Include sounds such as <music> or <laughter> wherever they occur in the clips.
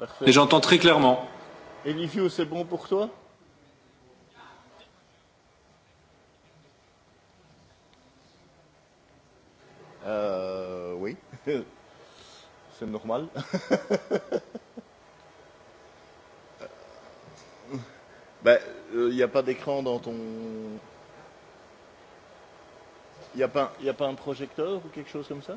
Parfait. Et j'entends très clairement. Et Livio, c'est bon pour toi Euh, oui, <laughs> c'est normal. <laughs> Euh, ben, il euh, n'y a pas d'écran dans ton. Il n'y a, a pas un projecteur ou quelque chose comme ça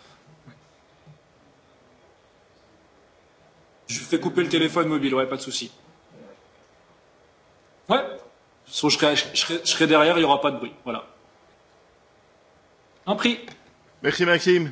Je fais couper le téléphone mobile, ouais, pas de souci. Ouais. Sinon, je serai, je serai, je serai derrière, il n'y aura pas de bruit. Voilà. Un prix. Merci Maxime.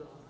Da.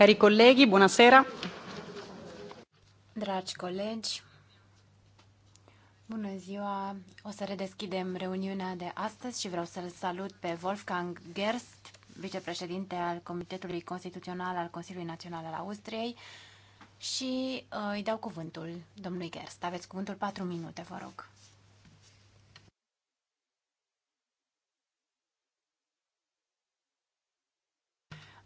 Cari colleghi, buonasera. Dragi colegi, bună ziua! O să redeschidem reuniunea de astăzi și vreau să-l salut pe Wolfgang Gerst, vicepreședinte al Comitetului Constituțional al Consiliului Național al Austriei și uh, îi dau cuvântul domnului Gerst. Aveți cuvântul 4 minute, vă rog.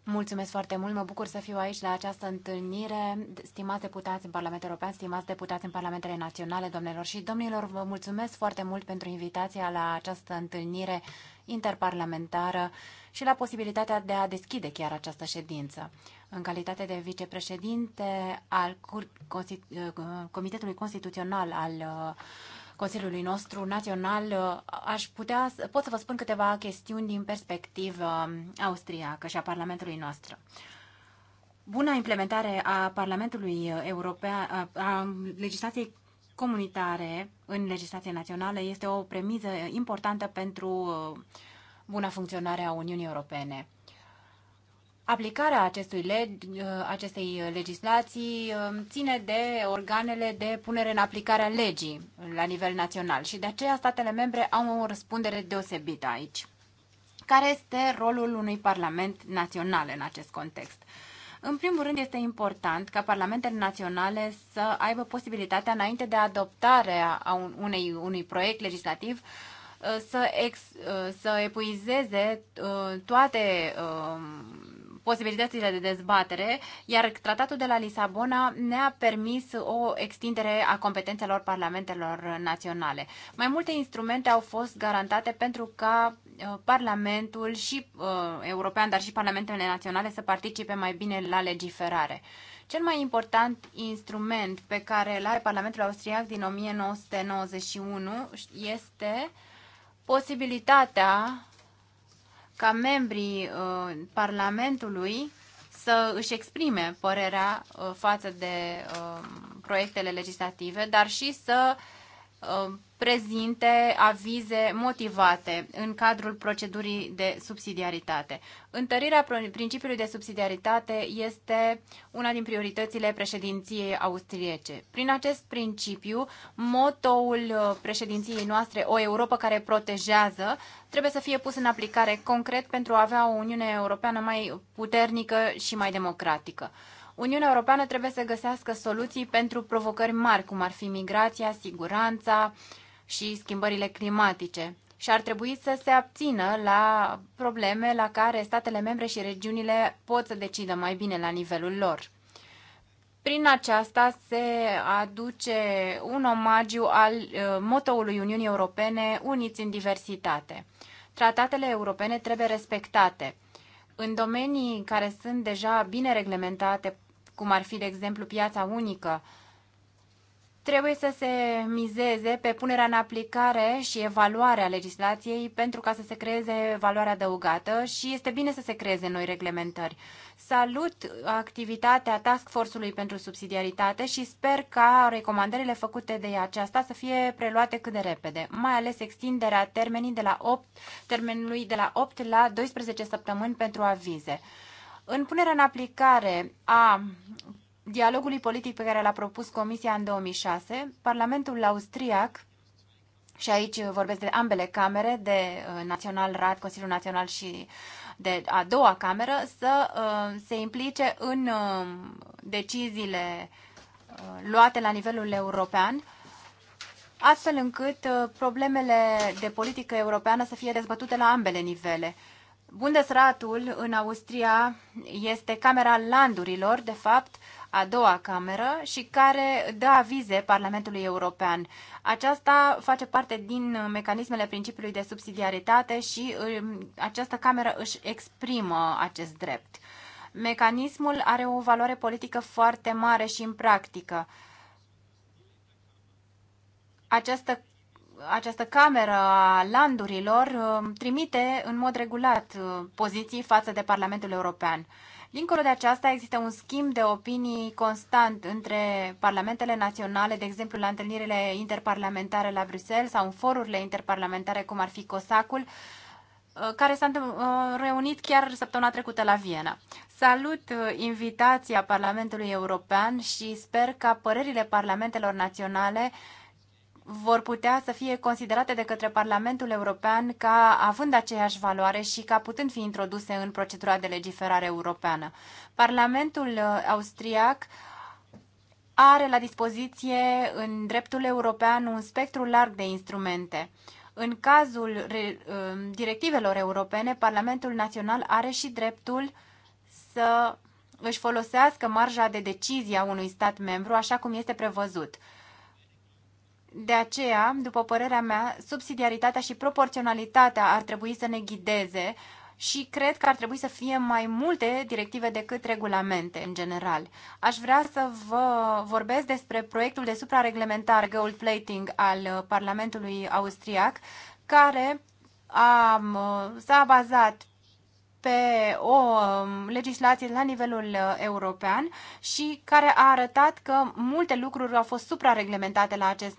Mulțumesc foarte mult, mă bucur să fiu aici la această întâlnire. Stimați deputați în Parlamentul European, stimați deputați în Parlamentele Naționale, domnilor și domnilor, vă mulțumesc foarte mult pentru invitația la această întâlnire interparlamentară și la posibilitatea de a deschide chiar această ședință. În calitate de vicepreședinte al Comitetului Constituțional al uh, Consiliului nostru național, uh, aș putea, pot să vă spun câteva chestiuni din perspectivă um, austriacă și a Parlamentului nostru. Buna implementare a Parlamentului uh, European, uh, a legislației comunitare în legislație națională este o premiză importantă pentru buna funcționare a Uniunii Europene. Aplicarea acestui leg, uh, acestei legislații um, ține de organele de punere în aplicare a legii la nivel național și de aceea statele membre au o răspundere deosebită aici. Care este rolul unui parlament național în acest context? În primul rând, este important ca parlamentele naționale să aibă posibilitatea, înainte de adoptarea a unei, unui proiect legislativ, uh, să, ex, uh, să epuizeze toate um, posibilitățile de dezbatere, iar tratatul de la Lisabona ne-a permis o extindere a competențelor parlamentelor naționale. Mai multe instrumente au fost garantate pentru ca uh, Parlamentul și uh, european, dar și parlamentele naționale să participe mai bine la legiferare. Cel mai important instrument pe care îl are Parlamentul Austriac din 1991 este posibilitatea ca membrii uh, Parlamentului să își exprime părerea uh, față de uh, proiectele legislative, dar și să uh, prezinte avize motivate în cadrul procedurii de subsidiaritate. Întărirea principiului de subsidiaritate este una din prioritățile președinției austriece. Prin acest principiu, motoul uh, președinției noastre, o Europa care protejează, trebuie să fie pus în aplicare concret pentru a avea o Uniune Europeană mai puternică și mai democratică. Uniunea Europeană trebuie să găsească soluții pentru provocări mari, cum ar fi migrația, siguranța, uh, și schimbările climatice și ar trebui să se abțină la probleme la care statele membre și regiunile pot să decidă mai bine la nivelul lor. Prin aceasta se aduce un omagiu al uh, motoului Uniunii Europene Uniți în diversitate. Tratatele europene trebuie respectate. În domenii care sunt deja bine reglementate, cum ar fi, de exemplu, piața unică, trebuie să se mizeze pe punerea în aplicare și evaluarea legislației pentru ca să se creeze valoarea adăugată și este bine să se creeze noi reglementări. Salut activitatea Task Force-ului pentru subsidiaritate și sper ca recomandările făcute de aceasta să fie preluate cât de repede, mai ales extinderea termenii de la 8, termenului de la 8 la 12 săptămâni pentru avize. În punerea în aplicare a dialogului politic pe care l-a propus Comisia în 2006, Parlamentul austriac, și aici vorbesc de ambele camere, de uh, Național Rad, Consiliul Național și de a doua cameră, să uh, se implice în uh, deciziile luate la nivelul european, astfel încât problemele de politică europeană să fie dezbătute la ambele nivele. Bundesratul în Austria este Camera Landurilor, de fapt, a doua cameră și care dă avize Parlamentului European. Aceasta face parte din mecanismele principiului de subsidiaritate și um, această cameră își exprimă acest drept. Mecanismul are o valoare politică foarte mare și în practică. Această această cameră a landurilor um, trimite în mod regulat uh, poziții față de Parlamentul European. Dincolo de aceasta, există un schimb de opinii constant între parlamentele naționale, de exemplu la întâlnirile interparlamentare la Bruxelles sau în forurile interparlamentare, cum ar fi COSAC-ul, uh, care s-a uh, reunit chiar săptămâna trecută la Viena. Salut uh, invitația Parlamentului European și sper ca părerile parlamentelor naționale vor putea să fie considerate de către Parlamentul European ca având aceeași valoare și ca putând fi introduse în procedura de legiferare europeană. Parlamentul uh, austriac are la dispoziție în dreptul european un spectru larg de instrumente. În cazul uh, directivelor europene, Parlamentul Național are și dreptul să își folosească marja de decizie a unui stat membru așa cum este prevăzut. De aceea, după părerea mea, subsidiaritatea și proporționalitatea ar trebui să ne ghideze și cred că ar trebui să fie mai multe directive decât regulamente în general. Aș vrea să vă vorbesc despre proiectul de suprareglementare gold plating al Parlamentului Austriac, care s-a bazat pe o um, legislație la nivelul uh, european și care a arătat că multe lucruri au fost suprareglementate la acest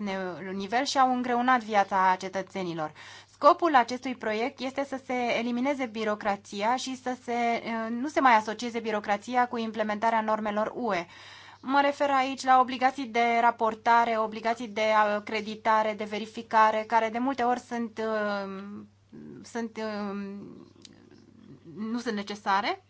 nivel și au îngreunat viața cetățenilor. Scopul acestui proiect este să se elimineze birocrația și să se, uh, nu se mai asocieze birocrația cu implementarea normelor UE. Mă refer aici la obligații de raportare, obligații de acreditare, uh, de verificare, care de multe ori sunt, sunt nu sunt necesare.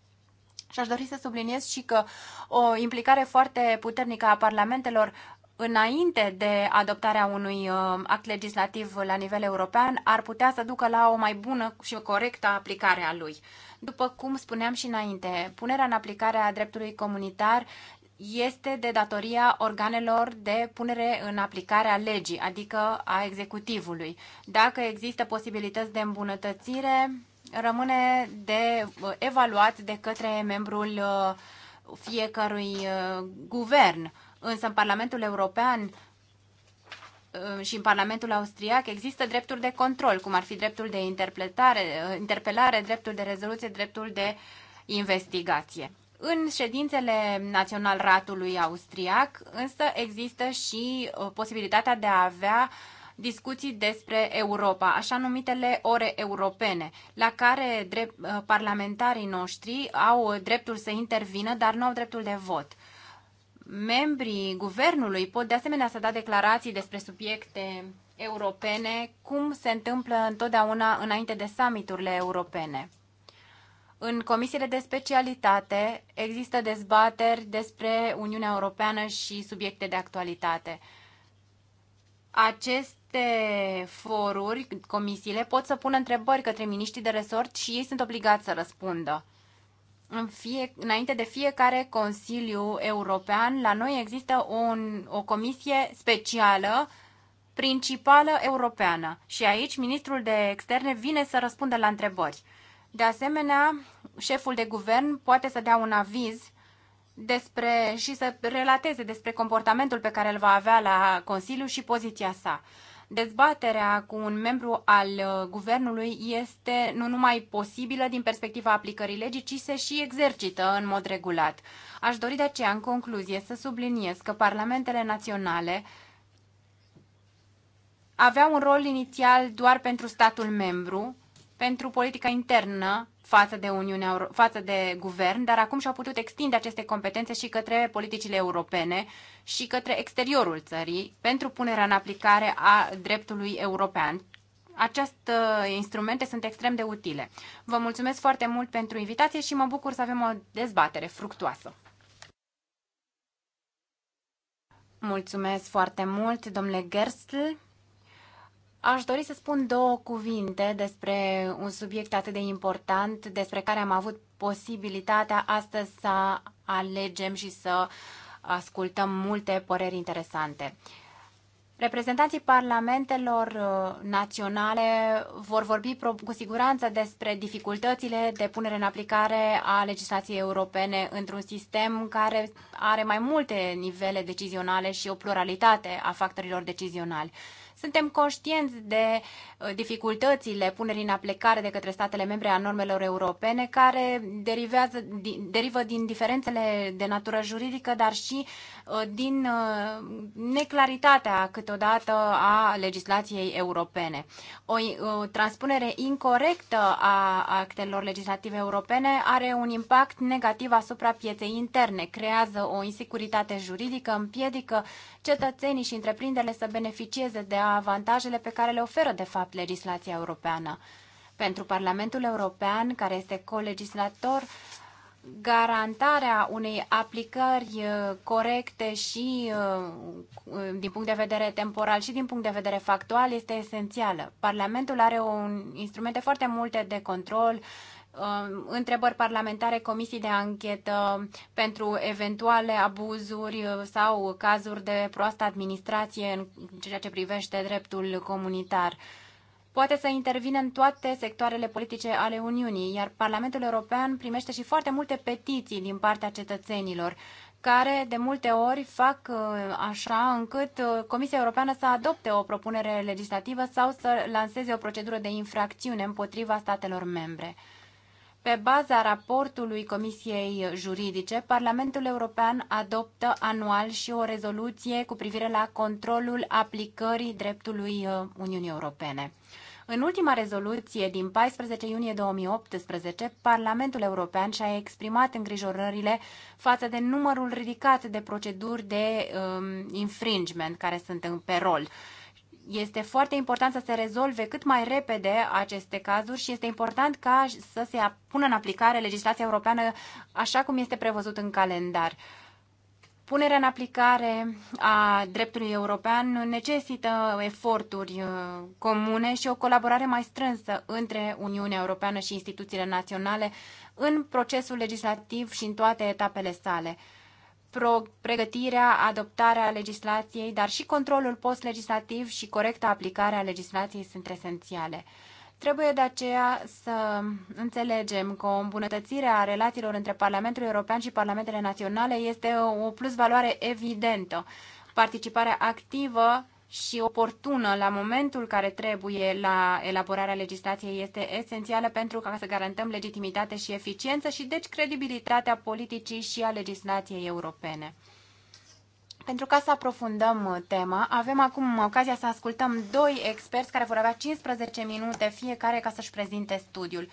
Și aș dori să subliniez și că o implicare foarte puternică a parlamentelor înainte de adoptarea unui uh, act legislativ la nivel european ar putea să ducă la o mai bună și corectă aplicare a lui. După cum spuneam și înainte, punerea în aplicare a dreptului comunitar este de datoria organelor de punere în aplicare a legii, adică a executivului. Dacă există posibilități de îmbunătățire, rămâne de uh, evaluat de către membrul uh, fiecărui uh, guvern. Însă în Parlamentul European și în Parlamentul Austriac există drepturi de control, cum ar fi dreptul de interpretare, interpelare, dreptul de rezoluție, dreptul de investigație. În ședințele Național Ratului Austriac, însă există și posibilitatea de a avea uh, discuții despre Europa, așa numitele ore europene, la care drept, uh, parlamentarii noștri au dreptul să intervină, dar nu au dreptul de vot. Membrii guvernului pot de asemenea să da declarații despre subiecte europene, cum se întâmplă întotdeauna înainte de summiturile europene. În comisiile de specialitate există dezbateri despre Uniunea Europeană și subiecte de actualitate. Acest aceste foruri, comisiile, pot să pună întrebări către miniștrii de resort și ei sunt obligați să răspundă. În fie, înainte de fiecare Consiliu European, la noi există un, o comisie specială, principală europeană. Și aici ministrul de externe vine să răspundă la întrebări. De asemenea, șeful de guvern poate să dea un aviz despre, și să relateze despre comportamentul pe care îl va avea la Consiliu și poziția sa. Dezbaterea cu un membru al uh, guvernului este nu numai posibilă din perspectiva aplicării legii, ci se și exercită în mod regulat. Aș dori de aceea, în concluzie, să subliniez că parlamentele naționale aveau un rol inițial doar pentru statul membru, pentru politica internă față de, Uniunea, față de guvern, dar acum și-au putut extinde aceste competențe și către politicile europene și către exteriorul țării pentru punerea în aplicare a dreptului european. Aceste uh, instrumente sunt extrem de utile. Vă mulțumesc foarte mult pentru invitație și mă bucur să avem o dezbatere fructuoasă. Mulțumesc foarte mult, domnule Gerstl. Aș dori să spun două cuvinte despre un subiect atât de important, despre care am avut posibilitatea astăzi să alegem și să ascultăm multe păreri interesante. Reprezentanții parlamentelor uh, naționale vor vorbi cu siguranță despre dificultățile de punere în aplicare a legislației europene într-un sistem care are mai multe nivele decizionale și o pluralitate a factorilor decizionali. Suntem conștienți de uh, dificultățile punerii în aplicare de către statele membre a normelor europene, care derivează, derivă din diferențele de natură juridică, dar și uh, din uh, neclaritatea câteodată a legislației europene. O transpunere incorrectă a actelor legislative europene are un impact negativ asupra pieței interne, creează o insecuritate juridică, împiedică cetățenii și întreprinderile să beneficieze de avantajele pe care le oferă, de fapt, legislația europeană. Pentru Parlamentul European, care este colegislator, garantarea unei aplicări uh, corecte și uh, din punct de vedere temporal și din punct de vedere factual este esențială. Parlamentul are un de foarte multe de control Um, întrebări parlamentare, comisii de anchetă pentru eventuale abuzuri uh, sau cazuri de proastă administrație în ceea ce privește dreptul comunitar. Poate să intervină în toate sectoarele politice ale Uniunii, iar Parlamentul European primește și foarte multe petiții din partea cetățenilor care de multe ori fac uh, așa încât uh, Comisia Europeană să adopte o propunere legislativă sau să lanseze o procedură de infracțiune împotriva statelor membre. Pe baza raportului Comisiei Juridice, Parlamentul European adoptă anual și o rezoluție cu privire la controlul aplicării dreptului uh, Uniunii Europene. În ultima rezoluție din 14 iunie 2018, Parlamentul European și-a exprimat îngrijorările față de numărul ridicat de proceduri de um, infringement care sunt în perol. Este foarte important să se rezolve cât mai repede aceste cazuri și este important ca să se pună în aplicare legislația europeană așa cum este prevăzut în calendar. Punerea în aplicare a dreptului european necesită eforturi uh, comune și o colaborare mai strânsă între Uniunea Europeană și instituțiile naționale în procesul legislativ și în toate etapele sale pregătirea, adoptarea legislației, dar și controlul post-legislativ și corecta aplicare a legislației sunt esențiale. Trebuie de aceea să înțelegem că o îmbunătățire a relațiilor între Parlamentul European și Parlamentele Naționale este o plusvaloare evidentă. Participarea activă și oportună la momentul care trebuie la elaborarea legislației este esențială pentru ca să garantăm legitimitate și eficiență și deci credibilitatea politicii și a legislației europene. Pentru ca să aprofundăm tema, avem acum ocazia să ascultăm doi experți care vor avea 15 minute fiecare ca să-și prezinte studiul.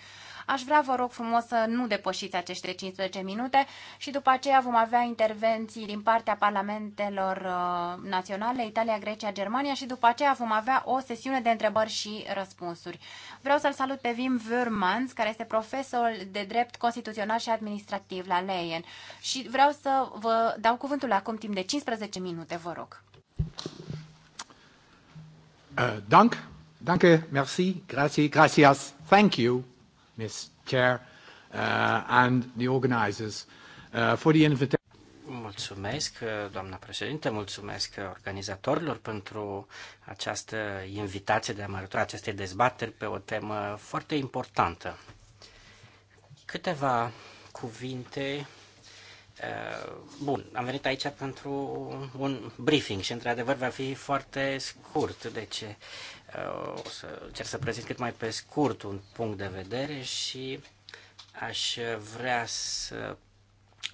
Aș vrea, vă rog frumos, să nu depășiți aceste 15 minute și după aceea vom avea intervenții din partea parlamentelor uh, naționale, Italia, Grecia, Germania și după aceea vom avea o sesiune de întrebări și răspunsuri. Vreau să-l salut pe Wim Wurmans, care este profesor de drept constituțional și administrativ la Leyen și vreau să vă dau cuvântul acum timp de 15 minute, vă rog. Uh, dank, danke, merci, grazie, gracias, thank you. Ms. Chair, uh, and the organizers uh, for the invitation. Mulțumesc, uh, doamna președinte, mulțumesc organizatorilor pentru această invitație de a mărătura aceste dezbateri pe o temă foarte importantă. Câteva cuvinte. Uh, bun, am venit aici pentru un briefing și într-adevăr va fi foarte scurt. Deci o să încerc să prezint cât mai pe scurt un punct de vedere și aș vrea să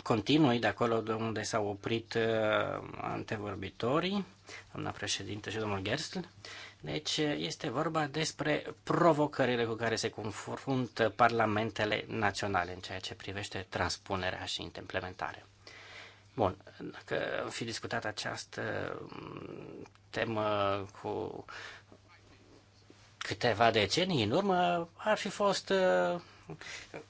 continui de acolo de unde s-au oprit uh, antevorbitorii, doamna președinte și domnul Gerstl. Deci uh, este vorba despre provocările cu care se confruntă parlamentele naționale în ceea ce privește transpunerea și implementarea. Bun, dacă am fi discutat această mm, temă cu uh, câteva decenii în urmă ar fi fost uh,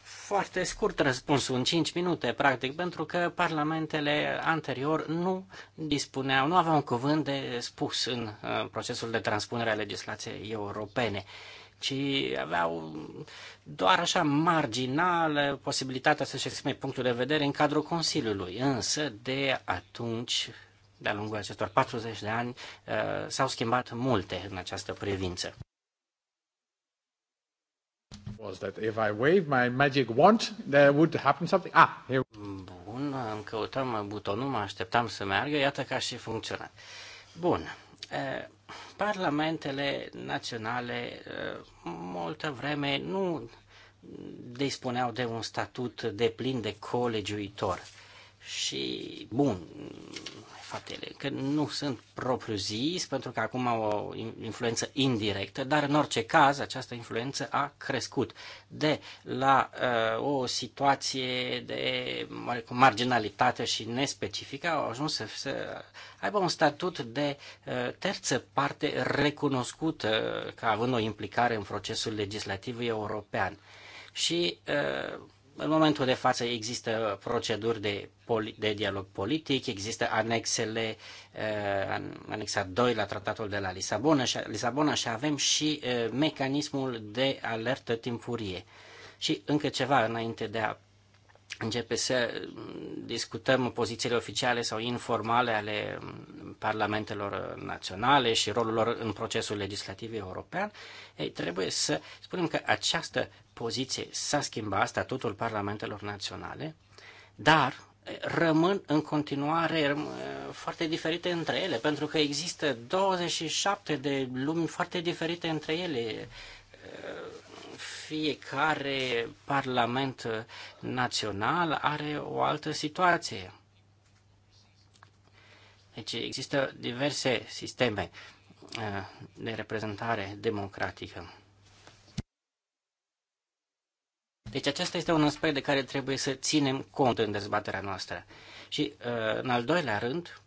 foarte scurt răspunsul, în 5 minute, practic, pentru că parlamentele anterior nu dispuneau, nu aveau un cuvânt de spus în uh, procesul de transpunere a legislației europene ci aveau doar așa marginal posibilitatea să-și exprime punctul de vedere în cadrul Consiliului. Însă, de atunci, de-a lungul acestor 40 de ani, uh, s-au schimbat multe în această privință. Was that if I wave my magic wand, there would happen something? Ah, here... Bun, am căutam butonul, mă așteptam să meargă, iată că a și funcționat. Bun, parlamentele naționale multă vreme nu dispuneau de un statut de plin de colegiuitor. Și, bun, faptele, că nu sunt propriu-zis, pentru că acum au o influență indirectă, dar în orice caz această influență a crescut de la uh, o situație de marginalitate și nespecifică, au ajuns să, să aibă un statut de uh, terță parte recunoscută uh, ca având o implicare în procesul legislativ european. Și uh, în momentul de față există proceduri de, poli, de dialog politic, există anexele, uh, anexa 2 la tratatul de la Lisabona și, Lisabona și avem și uh, mecanismul de alertă timpurie. Și încă ceva înainte de a începe să discutăm pozițiile oficiale sau informale ale parlamentelor naționale și rolul lor în procesul legislativ european, ei, trebuie să spunem că această poziție s-a schimbat, statutul parlamentelor naționale, dar rămân în continuare foarte diferite între ele, pentru că există 27 de lumi foarte diferite între ele fiecare parlament național are o altă situație. Deci există diverse sisteme eh, de reprezentare democratică. Deci acesta este un aspect de care trebuie să ținem cont în dezbaterea noastră. Și eh, în al doilea rând,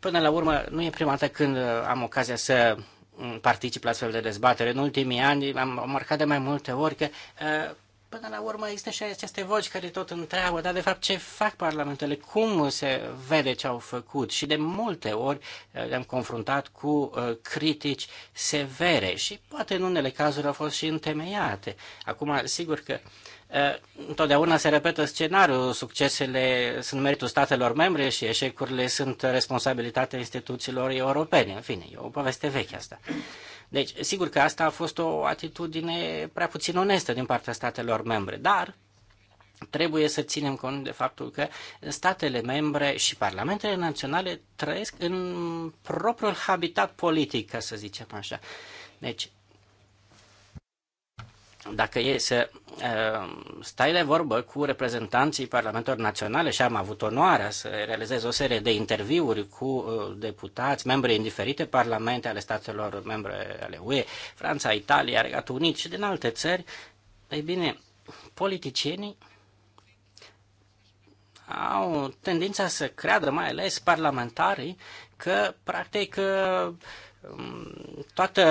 Până la urmă, nu e prima dată când uh, am ocazia să mm, particip la astfel de dezbatere. În ultimii ani am marcat de mai multe ori că până la urmă există și aceste voci care tot întreabă, dar de fapt ce fac parlamentele, cum se vede ce au făcut și de multe ori le-am confruntat cu critici severe și poate în unele cazuri au fost și întemeiate. Acum, sigur că Întotdeauna se repetă scenariul, succesele sunt meritul statelor membre și eșecurile sunt responsabilitatea instituțiilor europene. În fine, e o poveste veche asta. Deci, sigur că asta a fost o atitudine prea puțin onestă din partea statelor membre, dar trebuie să ținem cont de faptul că statele membre și parlamentele naționale trăiesc în propriul habitat politic, ca să zicem așa. Deci, dacă e să uh, stai de vorbă cu reprezentanții parlamentelor naționale și am avut onoarea să realizez o serie de interviuri cu uh, deputați, membri în diferite parlamente ale statelor membre ale UE, Franța, Italia, Regatul Unit și din alte țări, ei bine, politicienii au tendința să creadă, mai ales parlamentarii, că practic uh, toată,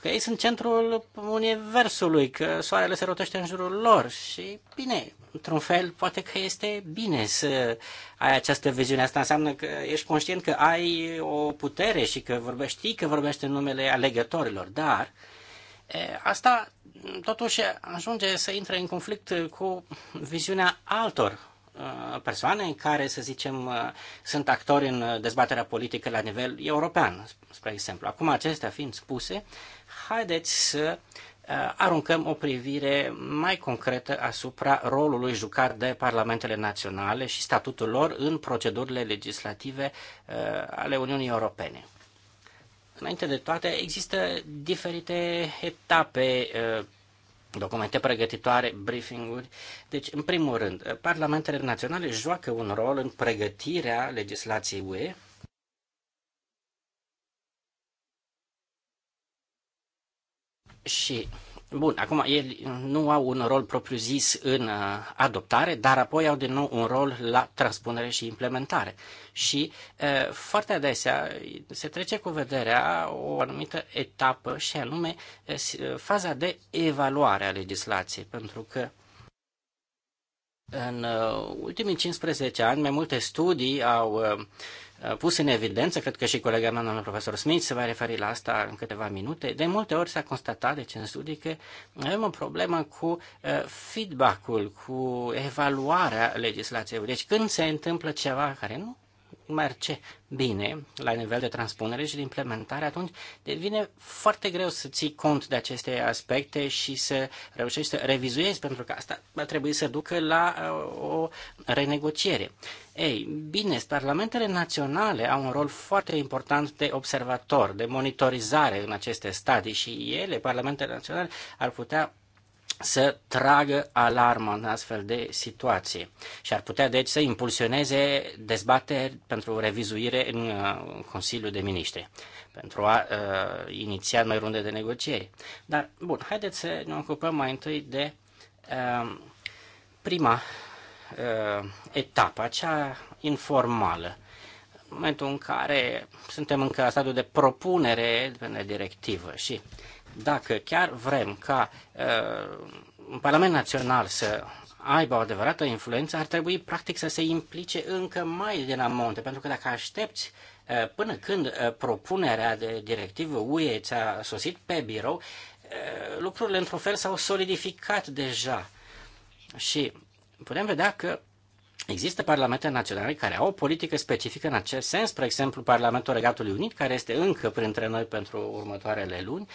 că ei sunt centrul universului, că soarele se rotește în jurul lor și bine, într-un fel poate că este bine să ai această viziune. Asta înseamnă că ești conștient că ai o putere și că vorbești, că vorbești în numele alegătorilor, dar e, asta totuși ajunge să intre în conflict cu viziunea altor Uh, persoane care, să zicem, uh, sunt actori în uh, dezbaterea politică la nivel european, spre exemplu. Acum, acestea fiind spuse, haideți să aruncăm o privire mai concretă asupra rolului jucat de parlamentele naționale și statutul lor în procedurile legislative ale Uniunii Europene. Înainte de toate, există diferite etape documente pregătitoare, briefinguri. Deci, în primul rând, parlamentele naționale joacă un rol în pregătirea legislației UE, și Bun, acum ei nu au un rol propriu-zis în uh, adoptare, dar apoi au din nou un rol la transpunere și implementare. Și uh, foarte adesea se trece cu vederea o anumită etapă și anume uh, faza de evaluare a legislației, pentru că în ultimii 15 ani mai multe studii au Uh, pus în evidență, cred că și colega mea, domnul profesor Smith, se va referi la asta în câteva minute, de multe ori s-a constatat, deci în studii, că avem o problemă cu uh, feedback-ul, cu evaluarea legislației. Deci când se întâmplă ceva care nu merge bine la nivel de transpunere și de implementare, atunci devine foarte greu să ții cont de aceste aspecte și să reușești să revizuiezi, pentru că asta va trebui să ducă la uh, o renegociere. Ei, bine, parlamentele naționale au un rol foarte important de observator, de monitorizare în aceste stadii și ele, parlamentele naționale, ar putea să tragă alarmă în astfel de situații și ar putea deci să impulsioneze dezbateri pentru revizuire uh, în Consiliul de Miniștri pentru a uh, iniția noi runde de negocieri. Dar, bun, haideți să ne ocupăm mai întâi de uh, prima uh, etapă, acea informală, în momentul în care suntem încă la stadiul de propunere de directivă și uh, dacă chiar vrem ca uh, un Parlament Național să aibă o adevărată influență, ar trebui practic să se implice încă mai din amonte, pentru că dacă aștepți uh, până când uh, propunerea de directivă UE ți-a sosit pe birou, uh, lucrurile într-un fel s-au solidificat deja. Și putem vedea că Există parlamente naționale care au o politică specifică în acest sens, spre exemplu Parlamentul Regatului Unit, care este încă printre noi pentru următoarele luni,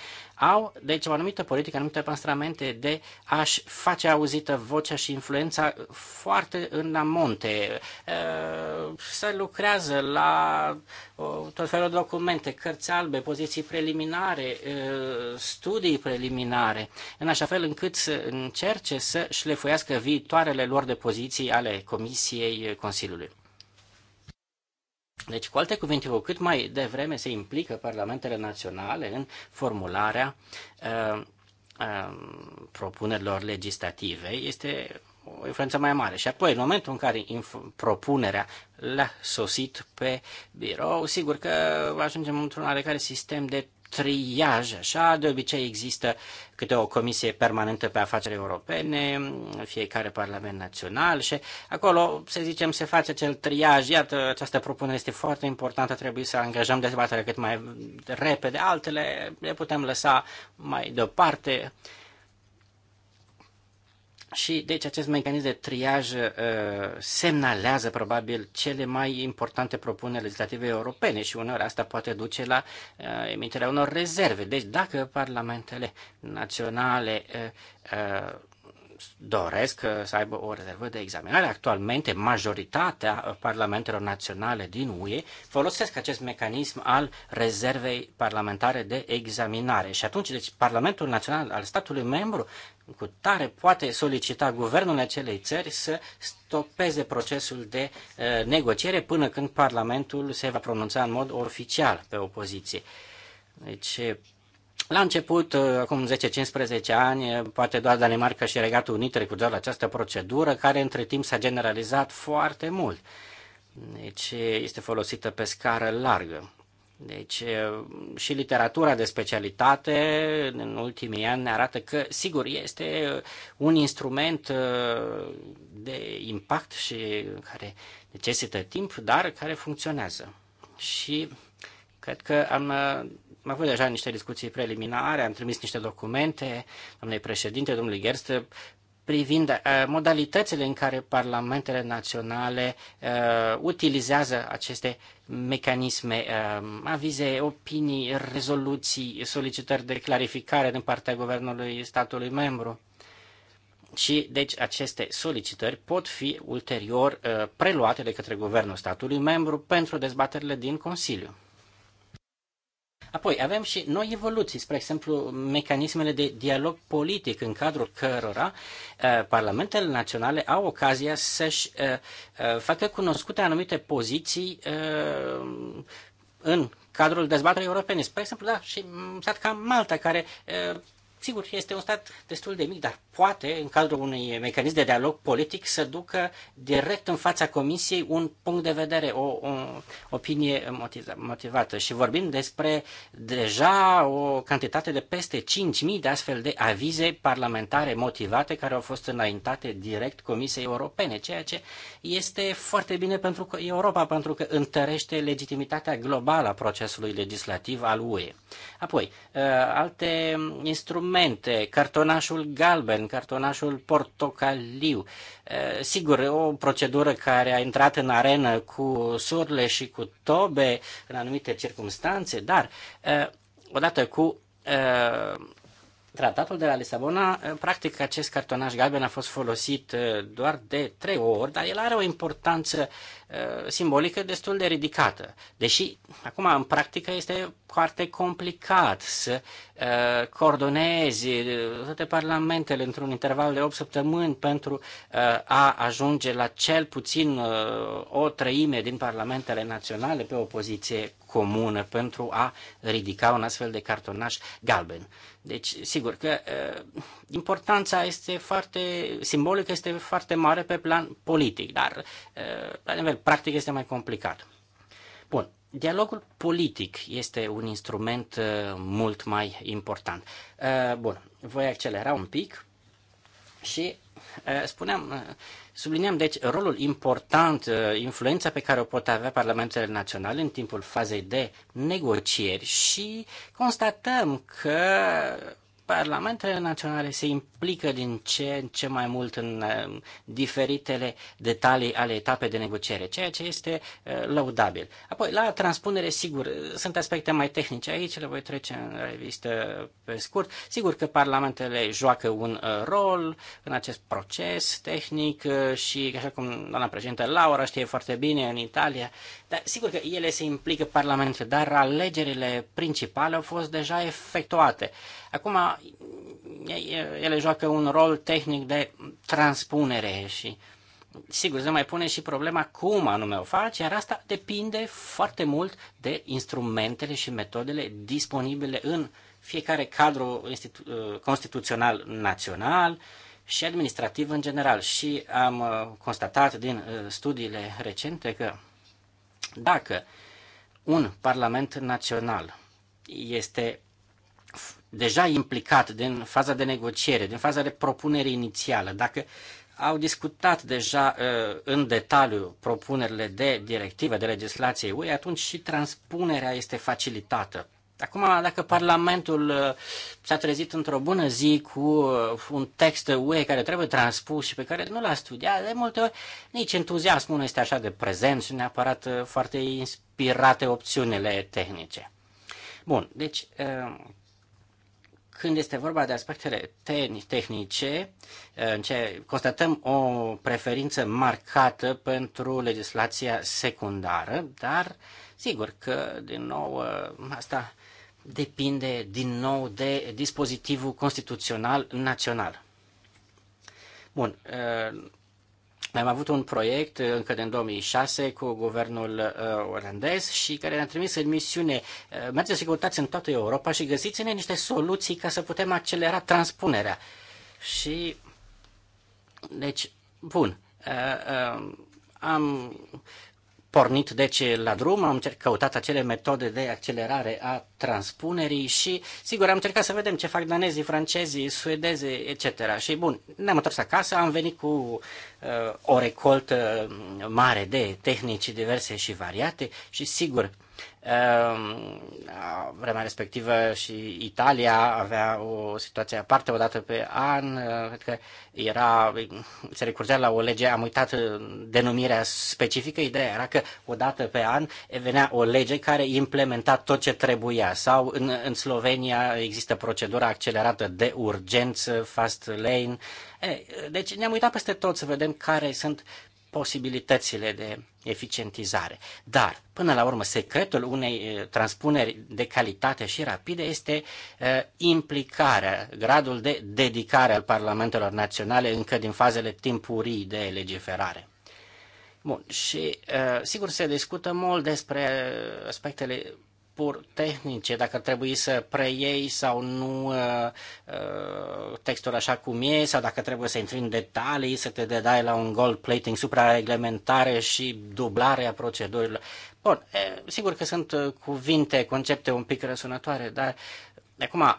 au, deci, o anumită politică, anumite păstramente de a-și face auzită vocea și influența foarte în amonte. Să lucrează la tot felul de documente, cărți albe, poziții preliminare, studii preliminare, în așa fel încât să încerce să șlefuiască viitoarele lor de poziții ale Comisiei Consiliului. Deci, cu alte cuvinte, cu cât mai devreme se implică parlamentele naționale în formularea uh, uh, propunerilor legislative, este o influență mai mare. Și apoi, în momentul în care propunerea l a sosit pe birou, sigur că ajungem într-un care sistem de triaj, așa, de obicei există câte o comisie permanentă pe afaceri europene, fiecare parlament național și acolo, să zicem, se face acel triaj, iată, această propunere este foarte importantă, trebuie să angajăm dezbaterea cât mai repede, altele le putem lăsa mai deoparte, și deci acest mecanism de triaj uh, semnalează probabil cele mai importante propuneri legislative europene și uneori asta poate duce la uh, emiterea unor rezerve. Deci dacă parlamentele naționale uh, uh, doresc uh, să aibă o rezervă de examinare. Actualmente, majoritatea parlamentelor naționale din UE folosesc acest mecanism al rezervei parlamentare de examinare. Și atunci, deci, Parlamentul Național al statului membru cu tare poate solicita guvernul acelei țări să stopeze procesul de uh, negociere până când Parlamentul se va pronunța în mod oficial pe opoziție. Deci, la început, uh, acum 10-15 ani, uh, poate doar Danemarca și Regatul Unit recurgeau această procedură, care între timp s-a generalizat foarte mult. Deci este folosită pe scară largă. Deci și literatura de specialitate în ultimii ani ne arată că, sigur, este un instrument de impact și care necesită timp, dar care funcționează. Și cred că am, am avut deja niște discuții preliminare, am trimis niște documente doamnei președinte, domnului Gerst, privind uh, modalitățile în care parlamentele naționale uh, utilizează aceste mecanisme, uh, avize, opinii, rezoluții, solicitări de clarificare din partea guvernului statului membru. Și, deci, aceste solicitări pot fi ulterior uh, preluate de către guvernul statului membru pentru dezbaterile din Consiliu. Apoi, avem și noi evoluții, spre exemplu, mecanismele de dialog politic în cadrul cărora uh, parlamentele naționale au ocazia să-și uh, uh, facă cunoscute anumite poziții uh, în cadrul dezbaterii europene. Spre exemplu, da, și mm, stat ca Malta, care uh, Sigur, este un stat destul de mic, dar poate, în cadrul unui mecanism de dialog politic, să ducă direct în fața Comisiei un punct de vedere, o, o opinie motivată. Și vorbim despre deja o cantitate de peste 5.000 de astfel de avize parlamentare motivate care au fost înaintate direct Comisiei Europene, ceea ce este foarte bine pentru Europa, pentru că întărește legitimitatea globală a procesului legislativ al UE. Apoi, ă, alte instrumente alimente, cartonașul galben, cartonașul portocaliu. Sigur, o procedură care a intrat în arenă cu surle și cu tobe în anumite circunstanțe, dar odată cu Tratatul de la Lisabona, practic acest cartonaș galben a fost folosit doar de trei ori, dar el are o importanță Uh, simbolică destul de ridicată. Deși, acum, în practică este foarte complicat să uh, coordonezi uh, toate parlamentele într-un interval de 8 săptămâni pentru uh, a ajunge la cel puțin uh, o treime din parlamentele naționale pe o poziție comună pentru a ridica un astfel de cartonaș galben. Deci, sigur că uh, importanța este foarte simbolică, este foarte mare pe plan politic, dar uh, la nivel practic este mai complicat. Bun, dialogul politic este un instrument uh, mult mai important. Uh, bun, voi accelera un pic și uh, spuneam, subliniam deci rolul important, influența pe care o pot avea parlamentele naționale în timpul fazei de negocieri și constatăm că Parlamentele naționale se implică din ce în ce mai mult în uh, diferitele detalii ale etapei de negociere, ceea ce este uh, laudabil. Apoi, la transpunere, sigur, sunt aspecte mai tehnice aici, le voi trece în revistă pe scurt. Sigur că parlamentele joacă un uh, rol în acest proces tehnic și, așa cum doamna președintă Laura știe foarte bine în Italia, dar sigur că ele se implică parlamentele, dar alegerile principale au fost deja efectuate. Acum ele joacă un rol tehnic de transpunere și sigur, se mai pune și problema cum anume o faci, iar asta depinde foarte mult de instrumentele și metodele disponibile în fiecare cadru uh, constituțional național și administrativ în general. Și am uh, constatat din uh, studiile recente că dacă un parlament național este deja implicat din faza de negociere, din faza de propunere inițială, dacă au discutat deja uh, în detaliu propunerile de directivă, de legislație UE, atunci și transpunerea este facilitată. Acum, dacă Parlamentul uh, s-a trezit într-o bună zi cu uh, un text UE care trebuie transpus și pe care nu l-a studiat, de multe ori nici entuziasmul nu este așa de prezent și neapărat uh, foarte inspirate opțiunile tehnice. Bun, deci când este vorba de aspectele tehnice, constatăm o preferință marcată pentru legislația secundară, dar sigur că, din nou, asta depinde din nou de dispozitivul constituțional național. Bun, noi am avut un proiect uh, încă din 2006 cu guvernul uh, olandez și care ne-a trimis în misiune. Uh, mergeți și căutați în toată Europa și găsiți-ne niște soluții ca să putem accelera transpunerea. Și, deci, bun, uh, uh, am pornit deci la drum, am căutat acele metode de accelerare a transpunerii și, sigur, am încercat să vedem ce fac danezii, francezii, suedezi etc. Și, bun, ne-am întors acasă, am venit cu uh, o recoltă uh, mare de tehnici diverse și variate și, sigur, uh, vremea respectivă și Italia avea o situație aparte odată pe an, uh, cred că era, se recurgea la o lege, am uitat denumirea specifică, ideea era că odată pe an venea o lege care implementa tot ce trebuia sau în, în Slovenia există procedura accelerată de urgență, fast lane. Deci ne-am uitat peste tot să vedem care sunt posibilitățile de eficientizare. Dar, până la urmă, secretul unei transpuneri de calitate și rapide este uh, implicarea, gradul de dedicare al parlamentelor naționale încă din fazele timpurii de legiferare. Bun, și uh, sigur se discută mult despre aspectele pur tehnice, dacă trebuie să preiei sau nu uh, uh, textul așa cum e, sau dacă trebuie să intri în detalii, să te dedai la un gold plating, suprareglementare și dublarea procedurilor. Bun, sigur că sunt uh, cuvinte, concepte un pic răsunătoare, dar acum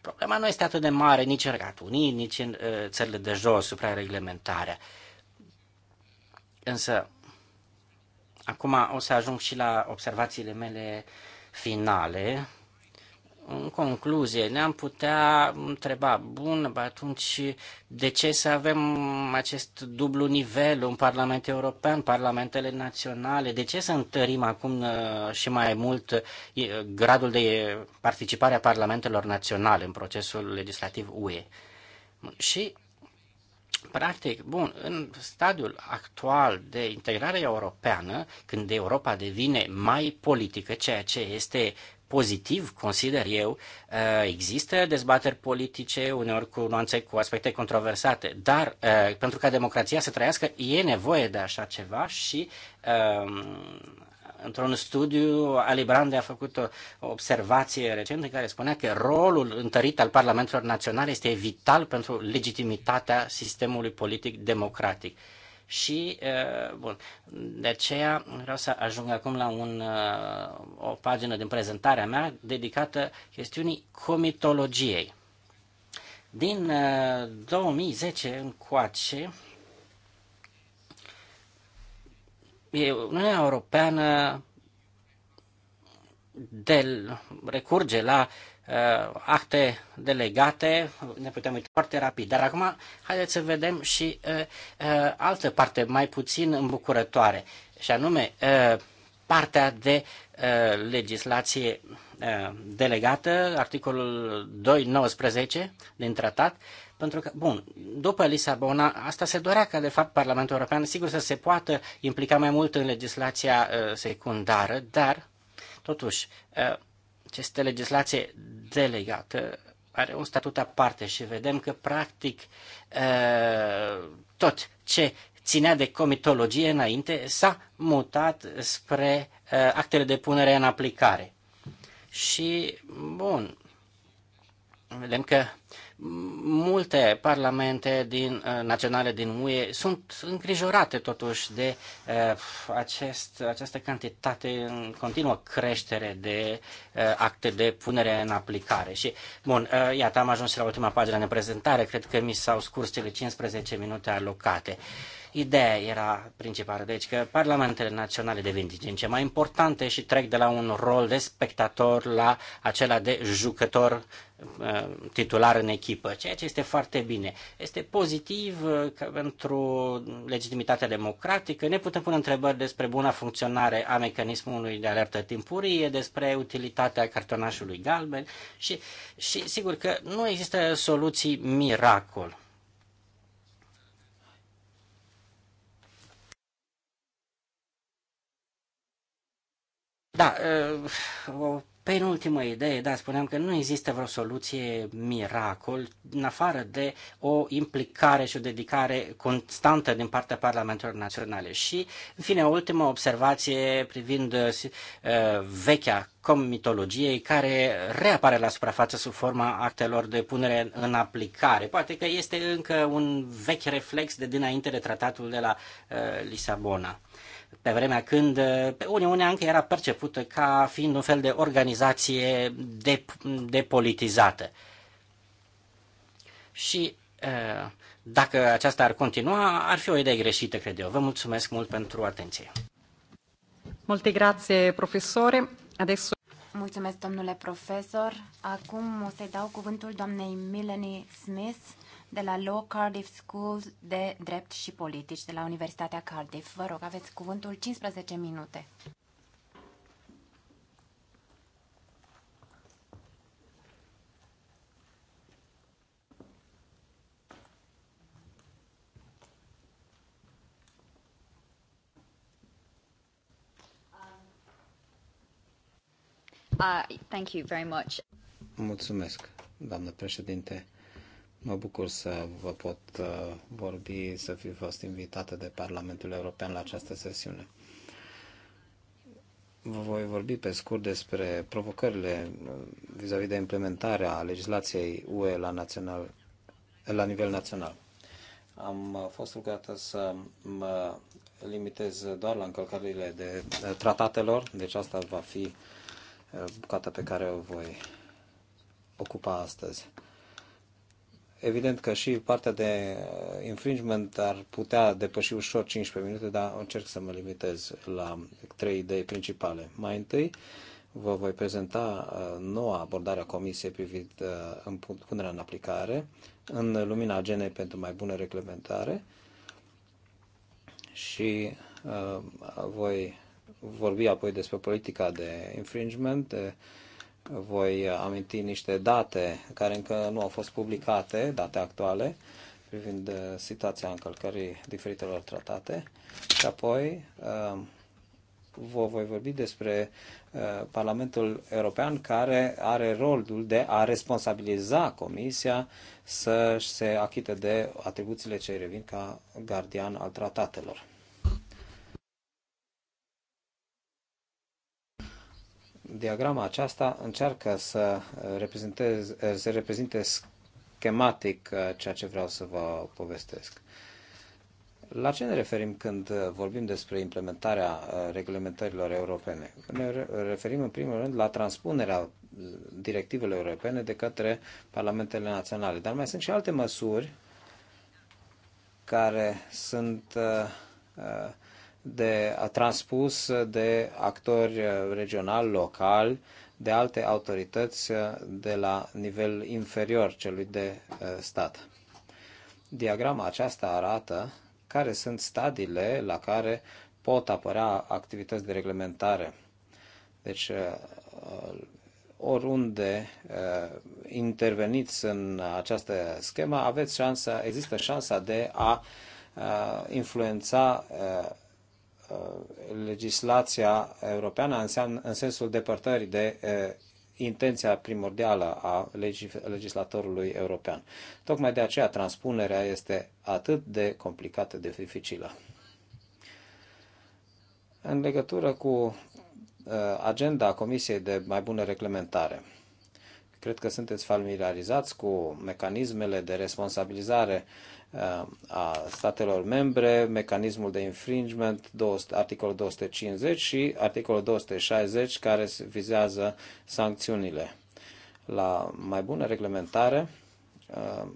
problema nu este atât de mare nici în Regatul Unit, nici în țările de jos, suprareglementarea. Însă, acum o să ajung și la observațiile mele uh, finale, în concluzie, ne-am putea întreba, bun, atunci de ce să avem acest dublu nivel în Parlament European, Parlamentele Naționale, de ce să întărim acum uh, și mai mult uh, gradul de participare a Parlamentelor Naționale în procesul legislativ UE? Și Practic, bun, în stadiul actual de integrare europeană, când Europa devine mai politică, ceea ce este pozitiv, consider eu, uh, există dezbateri politice, uneori cu nuanțe, cu aspecte controversate, dar uh, pentru ca democrația să trăiască, e nevoie de așa ceva și uh, Într-un studiu, Ali Brande a făcut o observație recentă care spunea că rolul întărit al Parlamentelor Naționale este vital pentru legitimitatea sistemului politic democratic. Și, bun, de aceea vreau să ajung acum la un, o pagină din prezentarea mea dedicată chestiunii comitologiei. Din 2010 încoace, Uniunea Europeană de, recurge la uh, acte delegate, ne putem uita foarte rapid. Dar acum haideți să vedem și uh, uh, altă parte mai puțin îmbucurătoare, și anume uh, partea de uh, legislație uh, delegată, articolul 2.19 din tratat, uh, pentru că, bun, după Lisabona, asta se dorea ca, de fapt, Parlamentul European, sigur, să se poată implica mai mult în legislația uh, secundară, dar, totuși, uh, această legislație delegată are un statut aparte și vedem că, practic, uh, tot ce ținea de comitologie înainte s-a mutat spre uh, actele de punere în aplicare. Și, bun, vedem că Multe parlamente din, uh, naționale din UE sunt îngrijorate totuși de uh, acest, această cantitate în continuă creștere de uh, acte de punere în aplicare. Și, bun, iată, am ajuns la ultima pagină de prezentare. Cred că mi s-au scurs cele 15 minute alocate. Ideea era principală, deci că parlamentele naționale devin din ce în ce mai importante și trec de la un rol de spectator la acela de jucător uh, titular în echipă, ceea ce este foarte bine. Este pozitiv uh, că pentru legitimitatea democratică. Ne putem pune întrebări despre buna funcționare a mecanismului de alertă timpurie, despre utilitatea cartonașului galben și, și sigur că nu există soluții miracol. Da, uh, o penultimă idee, da, spuneam că nu există vreo soluție miracol, în afară de o implicare și o dedicare constantă din partea Parlamentelor Naționale. Și, în fine, o ultimă observație privind uh, uh vechea comitologiei care reapare la suprafață sub forma actelor de punere în aplicare. Poate că este încă un vechi reflex de dinainte de tratatul de la uh, Lisabona pe vremea când uh, Uniunea încă era percepută ca fiind un fel de organizație depolitizată. Și uh, dacă aceasta ar continua, ar fi o idee greșită, cred eu. Vă mulțumesc mult pentru atenție. Multe grație, profesore. Adesso... Mulțumesc, domnule profesor. Acum o să-i dau cuvântul doamnei Melanie Smith, de la Law Cardiff School de Drept și Politici de la Universitatea Cardiff. Vă rog, aveți cuvântul 15 minute. Uh, thank you very much. Mulțumesc, doamnă președinte. Mă bucur să vă pot uh, vorbi, să fi fost invitată de Parlamentul European la această sesiune. Vă voi vorbi pe scurt despre provocările uh, vis-a-vis -vis de implementarea legislației UE la, național, la nivel național. Am uh, fost rugată să mă limitez doar la încălcările de tratatelor, deci asta va fi bucata pe care o voi ocupa astăzi. Evident că și partea de uh, infringement ar putea depăși ușor 15 minute, dar încerc să mă limitez la trei idei principale. Mai întâi, vă voi prezenta uh, noua abordare a Comisiei privind uh, punerea în aplicare în lumina agenei pentru mai bună reglementare și voi vorbi apoi despre politica de infringement, de voi aminti niște date care încă nu au fost publicate, date actuale, privind uh, situația încălcării diferitelor tratate și apoi uh, vă voi vorbi despre uh, Parlamentul European care are rolul de a responsabiliza Comisia să se achite de atribuțiile ce revin ca gardian al tratatelor. diagrama aceasta încearcă să, să reprezinte schematic uh, ceea ce vreau să vă povestesc. La ce ne referim când uh, vorbim despre implementarea uh, reglementărilor europene? Ne referim în primul rând la transpunerea directivelor europene de către parlamentele naționale. Dar mai sunt și alte măsuri care sunt uh, de transpus de actori regional, local, de alte autorități uh, de la nivel inferior celui de uh, stat. Diagrama aceasta arată care sunt stadiile la care pot apărea activități de reglementare. Deci, uh, oriunde interveniți în această schemă, aveți șansa, există șansa de a influența Uh, legislația europeană înseamnă, în sensul depărtării de uh, intenția primordială a legislatorului european. Tocmai de aceea transpunerea este atât de complicată, de dificilă. În legătură cu uh, agenda Comisiei de mai bună reglementare, cred că sunteți familiarizați cu mecanismele de responsabilizare Uh, a statelor membre, mecanismul de infringement, articolul 250 și articolul 260 care vizează sancțiunile. La mai bună reglementare, uh,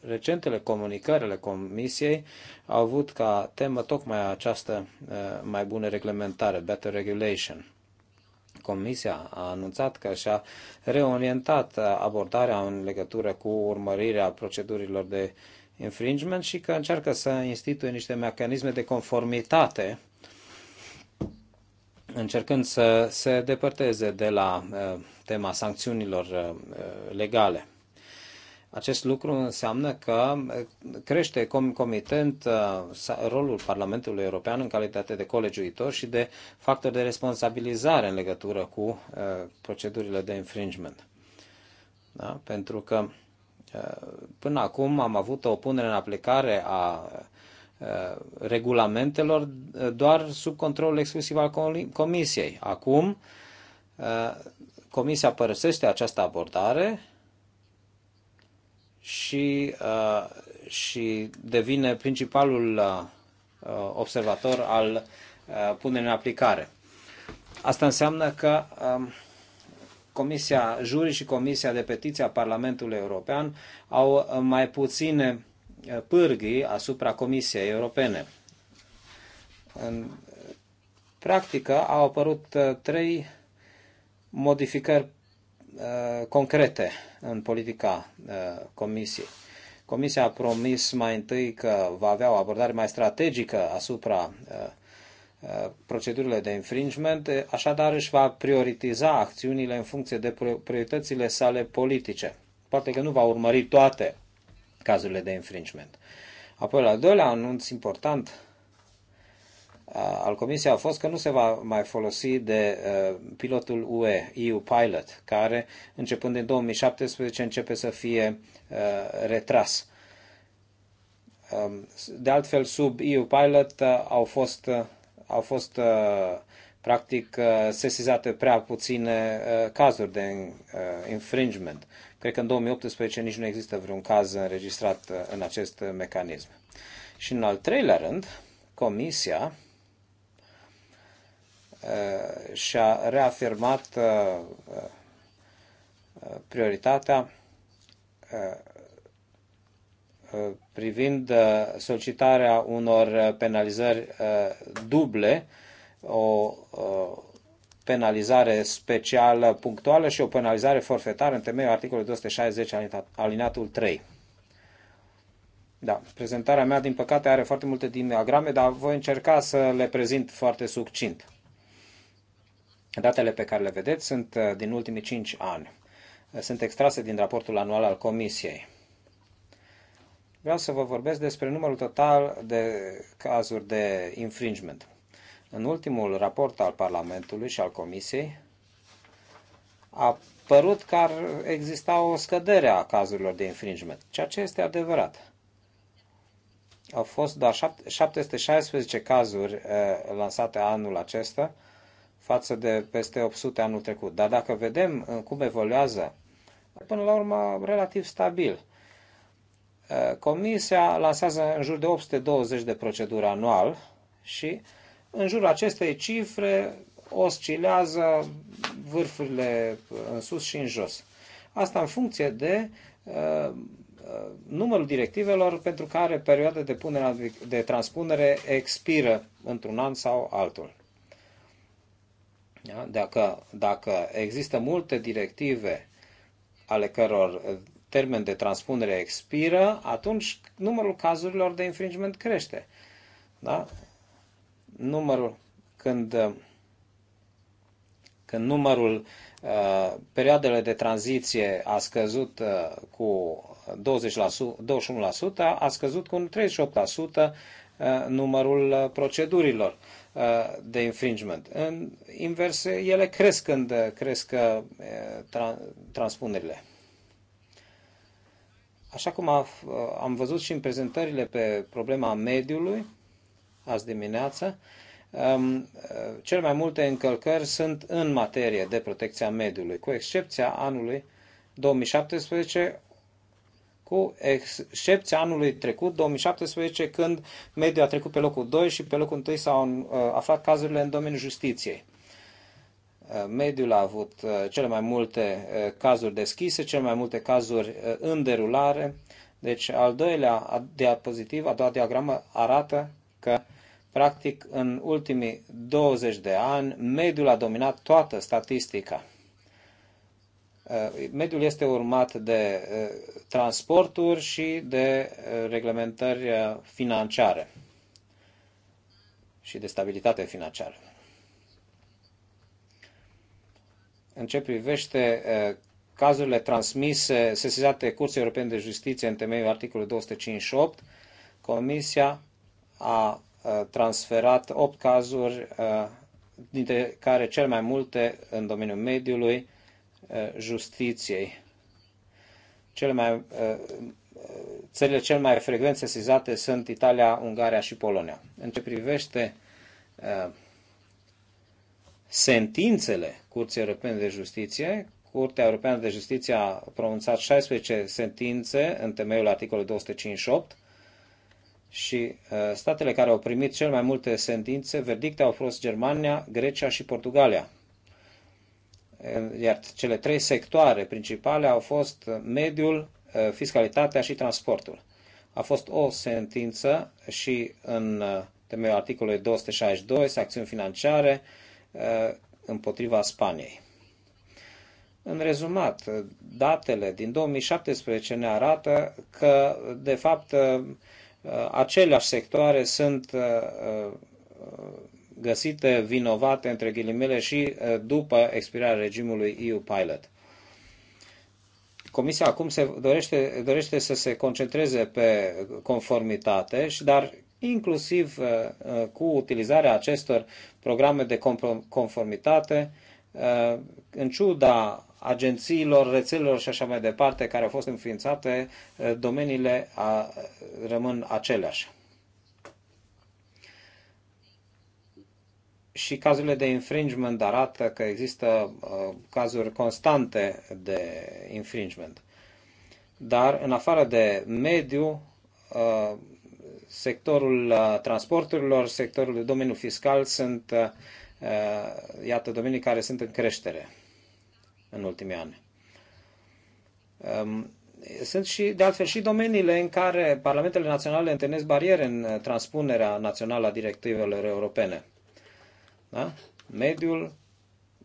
recentele comunicări ale Comisiei au avut ca temă tocmai această uh, mai bună reglementare, better regulation. Comisia a anunțat că și-a reorientat abordarea în legătură cu urmărirea procedurilor de uh, infringement și că încearcă să instituie niște mecanisme de conformitate încercând să se depărteze de la uh, tema sancțiunilor uh, uh, legale. Acest lucru înseamnă că crește concomitent rolul Parlamentului European în calitate de colegiuitor și de factor de responsabilizare în legătură cu procedurile de infringement. Da? Pentru că Până acum am avut o punere în aplicare a regulamentelor doar sub controlul exclusiv al Comisiei. Acum, Comisia părăsește această abordare și, și devine principalul observator al punerii în aplicare. Asta înseamnă că Comisia Juri și Comisia de Petiție a Parlamentului European au uh, mai puține uh, pârghii asupra Comisiei Europene. În practică au apărut uh, trei modificări concrete în politica Comisiei. Comisia a promis mai întâi că va avea o abordare mai strategică asupra procedurile de infringement, așadar își va prioritiza acțiunile în funcție de prioritățile sale politice. Poate că nu va urmări toate cazurile de infringement. Apoi, al doilea anunț important al Comisiei a fost că nu se va mai folosi de pilotul UE, EU Pilot, care începând din 2017 începe să fie retras. De altfel, sub EU Pilot au fost au fost uh, practic uh, sesizate prea puține uh, cazuri de infringement. Cred că în 2018 nici nu există vreun caz înregistrat în acest mecanism. Și în al treilea rând, Comisia și-a reafirmat prioritatea privind uh, solicitarea unor uh, penalizări uh, duble, o penalizare specială punctuală și o penalizare forfetară în temeiul articolului 260 alineatul 3. Da, prezentarea mea, din păcate, are foarte multe diagrame, dar voi încerca să le prezint foarte succint. Datele pe care le vedeți sunt din ultimii 5 ani. Sunt extrase din raportul anual al Comisiei vreau să vă vorbesc despre numărul total de cazuri de infringement. În ultimul raport al Parlamentului și al Comisiei a părut că ar exista o scădere a cazurilor de infringement, ceea ce este adevărat. Au fost doar 716 cazuri eh, lansate anul acesta față de peste 800 anul trecut. Dar dacă vedem eh, cum evoluează, până la urmă relativ stabil Uh, comisia lansează în jur de 820 de proceduri anual și în jurul acestei cifre oscilează vârfurile uh, în sus și în jos. Asta în funcție de uh, uh numărul directivelor pentru care perioada de, punere, de transpunere expiră într-un an sau altul. Da, dacă, dacă există multe directive ale căror termen de transpunere expiră, atunci numărul cazurilor de infringement crește. Da? Numărul, când, când numărul, uh, perioadele de tranziție a scăzut uh, cu 20%, 21%, a scăzut cu 38% uh, numărul uh, procedurilor uh, de infringement. În invers, ele cresc când cresc transpunerile. Așa cum uh, am văzut și în prezentările pe problema mediului, azi dimineață, um, uh, cele mai multe încălcări sunt în materie de protecția mediului, cu excepția anului 2017, cu excepția anului trecut, 2017, când mediul a trecut pe locul 2 și pe locul 1 s-au uh, aflat cazurile în domeniul justiției. Uh, mediul a avut uh, cele mai multe uh, cazuri deschise, cele mai multe cazuri în derulare. Deci al doilea diapozitiv, a doua diagramă arată că practic în ultimii 20 de ani mediul a dominat toată statistica. Mediul este urmat de transporturi și de reglementări financiare și de stabilitate financiară. în ce privește cazurile transmise, sesizate Curții Europene de Justiție în temeiul articolului 258, Comisia a transferat 8 cazuri, dintre care cel mai multe în domeniul mediului, justiției. Cele mai, țările cel mai frecvent sesizate sunt Italia, Ungaria și Polonia. În ce privește sentințele Curții Europene de Justiție. Curtea Europeană de Justiție a pronunțat 16 sentințe în temeiul articolului 258 și uh, statele care au primit cel mai multe sentințe, verdicte au fost Germania, Grecia și Portugalia. Uh, iar cele trei sectoare principale au fost uh, mediul, fiscalitatea și transportul. A fost o sentință și în temeiul articolului 262, sancțiuni financiare, Uh, împotriva Spaniei. În rezumat, uh, datele din 2017 ne arată că, de fapt, uh, aceleași sectoare sunt găsite vinovate, între ghilimele, și după expirarea regimului EU Pilot. Comisia acum se dorește, dorește să se concentreze pe conformitate, și dar inclusiv uh, uh, cu utilizarea acestor programe de conformitate, uh, în ciuda agențiilor, rețelelor și așa mai departe care au fost înființate, domeniile a, rămân aceleași. Și cazurile de infringement arată că există cazuri constante de infringement. Dar, în afară de mediu, sectorul uh, transporturilor, sectorul, domeniul fiscal sunt, uh, uh, iată, domenii care sunt în creștere în ultimii ani. Um, sunt și, de altfel, și domeniile în care parlamentele naționale întâlnesc bariere în transpunerea națională a directivelor europene. Da? Mediul,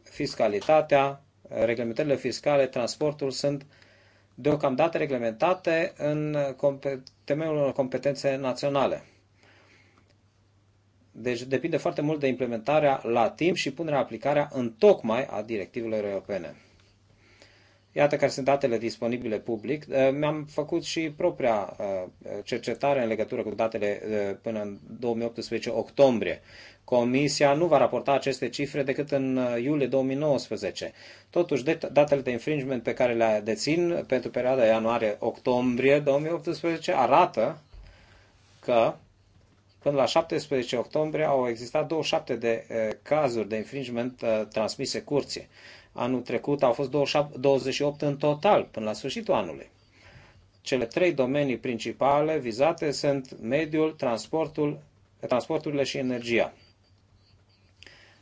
fiscalitatea, reglementările fiscale, transportul sunt deocamdată reglementate în temeiul unor competențe naționale. Deci depinde foarte mult de implementarea la timp și punerea aplicarea în tocmai a directivelor europene. Iată care sunt datele disponibile public. Eh, mi-am făcut și propria eh, cercetare în legătură cu datele eh, până în 2018 octombrie Comisia nu va raporta aceste cifre decât în uh, iulie 2019. Totuși, datele de infringement pe care le dețin pentru perioada ianuarie-octombrie 2018 arată că până la 17 octombrie au existat 27 de uh, cazuri de infringement uh, transmise curții. Anul trecut au fost 28 în total până la sfârșitul anului. Cele trei domenii principale vizate sunt mediul, transportul, transporturile și energia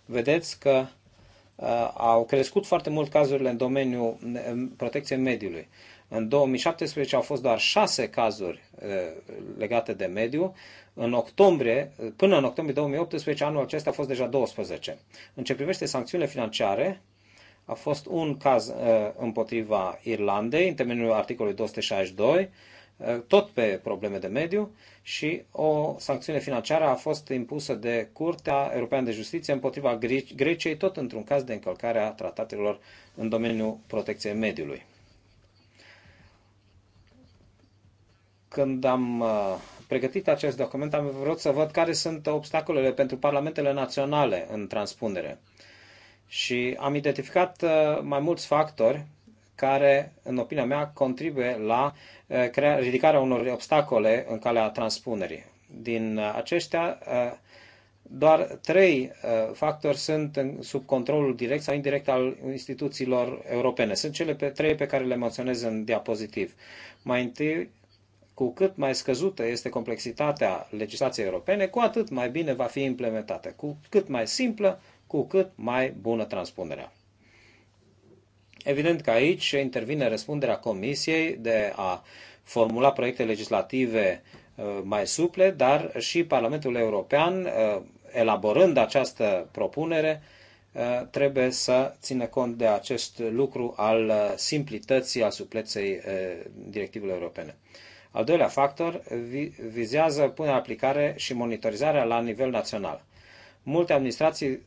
vedeți că uh, au crescut foarte mult cazurile în domeniul protecției mediului. În 2017 au fost doar șase cazuri uh, legate de mediu. În octombrie, uh, până în octombrie 2018, anul acesta a fost deja 12. În ce privește sancțiunile financiare, a fost un caz împotriva Irlandei, în termenul articolului 262, Eh, tot pe probleme de mediu și o sancțiune financiară a fost impusă de Curtea Europeană de Justiție împotriva Greciei, tot într-un caz de încălcare a tratatelor în domeniul protecției mediului. Când am eh, pregătit acest document, am vrut să văd care sunt obstacolele pentru parlamentele naționale în transpunere. Și am identificat eh, mai mulți factori care, în opinia mea, contribuie la eh, ridicarea unor obstacole în calea transpunerii. Din aceștia, eh, doar trei eh, factori sunt sub controlul direct sau indirect al instituțiilor europene. Sunt cele pe, trei pe care le menționez în diapozitiv. Mai întâi, cu cât mai scăzută este complexitatea legislației europene, cu atât mai bine va fi implementată, cu cât mai simplă, cu cât mai bună transpunerea. Evident că aici intervine răspunderea Comisiei de a formula proiecte legislative uh, mai suple, dar și Parlamentul European, uh, elaborând această propunere, uh, trebuie să țină cont de acest lucru al simplității, al supleței directivelor europene. Al doilea factor vizează punerea aplicare și monitorizarea la nivel național. Multe administrații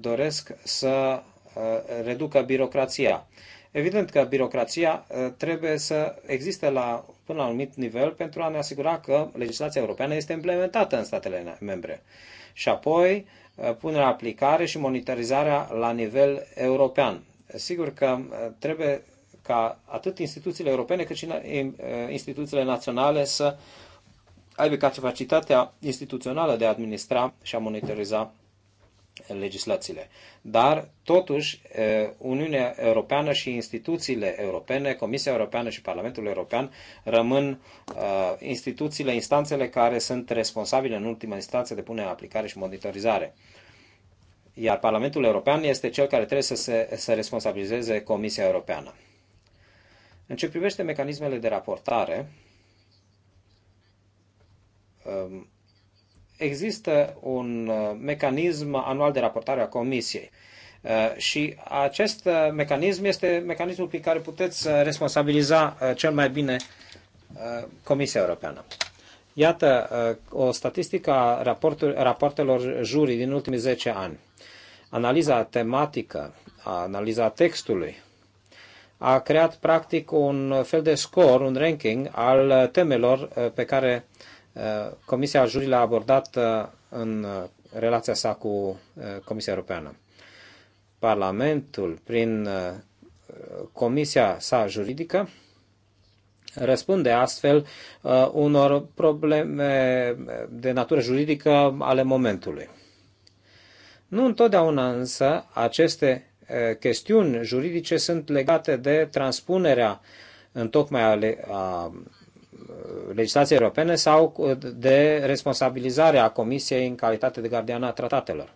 doresc să Uh, reducă birocrația. Evident că birocrația uh, trebuie să existe la, până la un anumit nivel pentru a ne asigura că legislația europeană este implementată în statele membre. Și apoi uh, punerea aplicare și monitorizarea la nivel european. Sigur că trebuie ca atât instituțiile europene cât și instituțiile naționale să aibă capacitatea instituțională de a administra și a monitoriza legislațiile. Dar, totuși, Uniunea Europeană și instituțiile europene, Comisia Europeană și Parlamentul European, rămân instituțiile, instanțele care sunt responsabile în ultima instanță de punere în aplicare și monitorizare iar Parlamentul European este cel care trebuie să, se, să responsabilizeze Comisia Europeană. În ce privește mecanismele de raportare, există un uh, mecanism anual de raportare a Comisiei. Uh, și acest uh, mecanism este mecanismul prin care puteți responsabiliza cel mai bine Comisia Europeană. Iată o statistică a rapoartelor jurii din ultimii 10 ani. Analiza tematică, analiza textului, a creat practic un fel de scor, un ranking al temelor pe care uh, Uh, Comisia Jurii l-a abordat uh, în uh, relația sa cu Comisia Europeană. Parlamentul, prin Comisia sa juridică, răspunde astfel unor probleme de natură juridică ale momentului. Nu întotdeauna însă aceste chestiuni juridice sunt legate de transpunerea în tocmai ale, a legislației europene sau de responsabilizare a Comisiei în calitate de gardiană a tratatelor.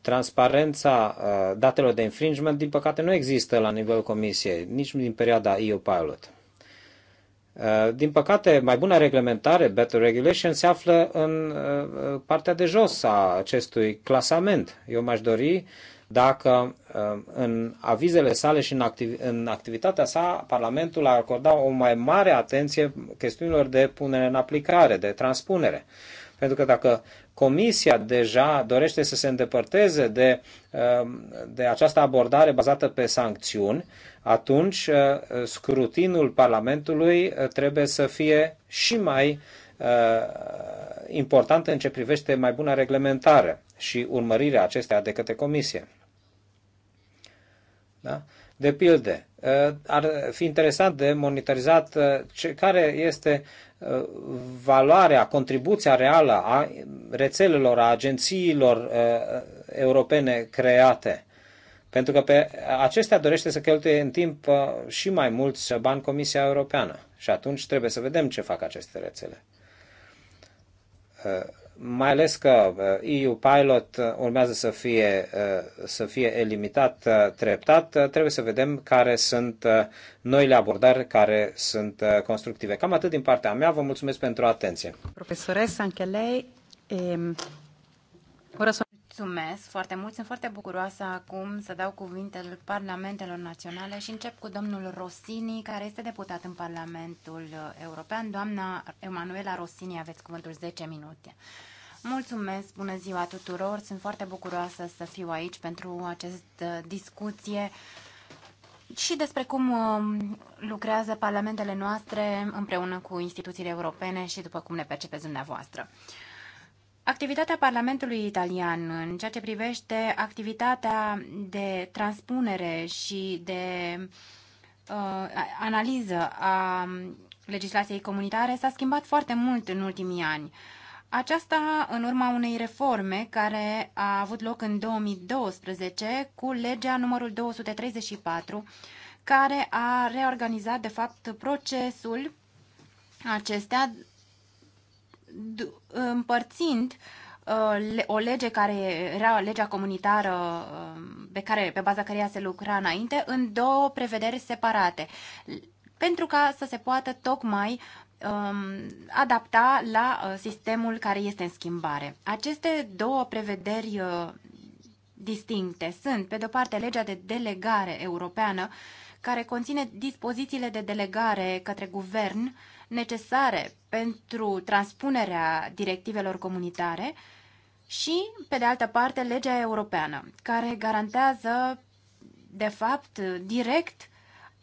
Transparența datelor de infringement, din păcate, nu există la nivelul Comisiei, nici din perioada EU Pilot. Din păcate, mai bună reglementare, better regulation, se află în partea de jos a acestui clasament. Eu m-aș dori dacă uh, în avizele sale și în, activitatea sa Parlamentul ar acorda o mai mare atenție chestiunilor de punere în aplicare, de transpunere. Pentru că dacă Comisia deja dorește să se îndepărteze de, uh, de această abordare bazată pe sancțiuni, atunci uh, scrutinul Parlamentului trebuie să fie și mai important în ce privește mai bună reglementare și urmărirea acesteia de către comisie. Da? De pilde, ă, ar fi interesant de monitorizat ă, ce, care este ă, valoarea, contribuția reală a rețelelor, a agențiilor europene create. Pentru că pe acestea dorește să cheltuie în timp și mai mulți bani Comisia Europeană. Și atunci trebuie să vedem ce fac aceste rețele mai ales că uh, EU Pilot uh, urmează să fie, uh, să fie elimitat treptat, trebuie să vedem care sunt noile abordări care sunt constructive. Cam atât din partea mea, vă mulțumesc pentru atenție. Profesoresa, anchelei E... Mulțumesc foarte mult. Sunt foarte bucuroasă acum să dau cuvintele Parlamentelor Naționale și încep cu domnul Rossini, care este deputat în Parlamentul European. Doamna Emanuela Rossini, aveți cuvântul 10 minute. Mulțumesc, bună ziua tuturor. Sunt foarte bucuroasă să fiu aici pentru această discuție și despre cum um, lucrează parlamentele noastre împreună cu instituțiile europene și după cum ne percepeți dumneavoastră. Activitatea Parlamentului italian în ceea ce privește activitatea de transpunere și de uh, analiză a legislației comunitare s-a schimbat foarte mult în ultimii ani. Aceasta în urma unei reforme care a avut loc în 2012 cu legea numărul 234, care a reorganizat, de fapt, procesul acestea împărțind uh, o lege care era legea comunitară um, pe, care, pe baza căreia se lucra înainte în două prevederi separate pentru ca să se poată tocmai um, adapta la uh, sistemul care este în schimbare. Aceste două prevederi uh, distincte sunt, pe de-o parte, legea de delegare europeană, care conține dispozițiile de delegare către guvern uh, necesare pentru transpunerea directivelor comunitare și, pe de altă parte, legea europeană, care garantează, de fapt, direct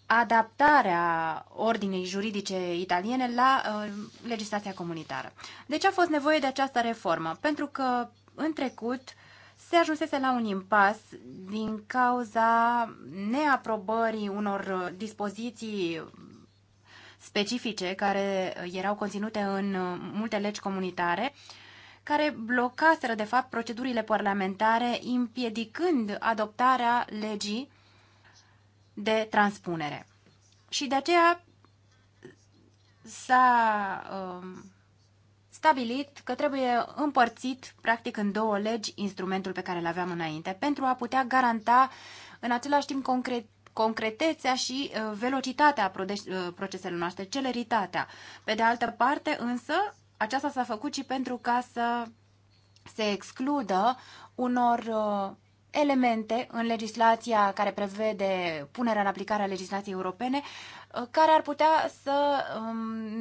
adaptarea ordinei juridice italiene la uh, legislația comunitară. De deci ce a fost nevoie de această reformă? Pentru că, în trecut, se ajunsese la un impas din cauza neaprobării unor dispoziții specifice care uh, erau conținute în uh, multe legi comunitare, care blocaseră, de fapt, procedurile parlamentare, împiedicând adoptarea legii de transpunere. Și de aceea s-a um, stabilit că trebuie împărțit, practic, în două legi instrumentul pe care îl aveam înainte, pentru a putea garanta, în același timp, concret concretețea și uh, velocitatea uh, proceselor noastre, celeritatea. Pe de altă parte, însă, aceasta s-a făcut și pentru ca să se excludă unor uh, elemente în legislația care prevede punerea în aplicare a legislației europene care ar putea să um,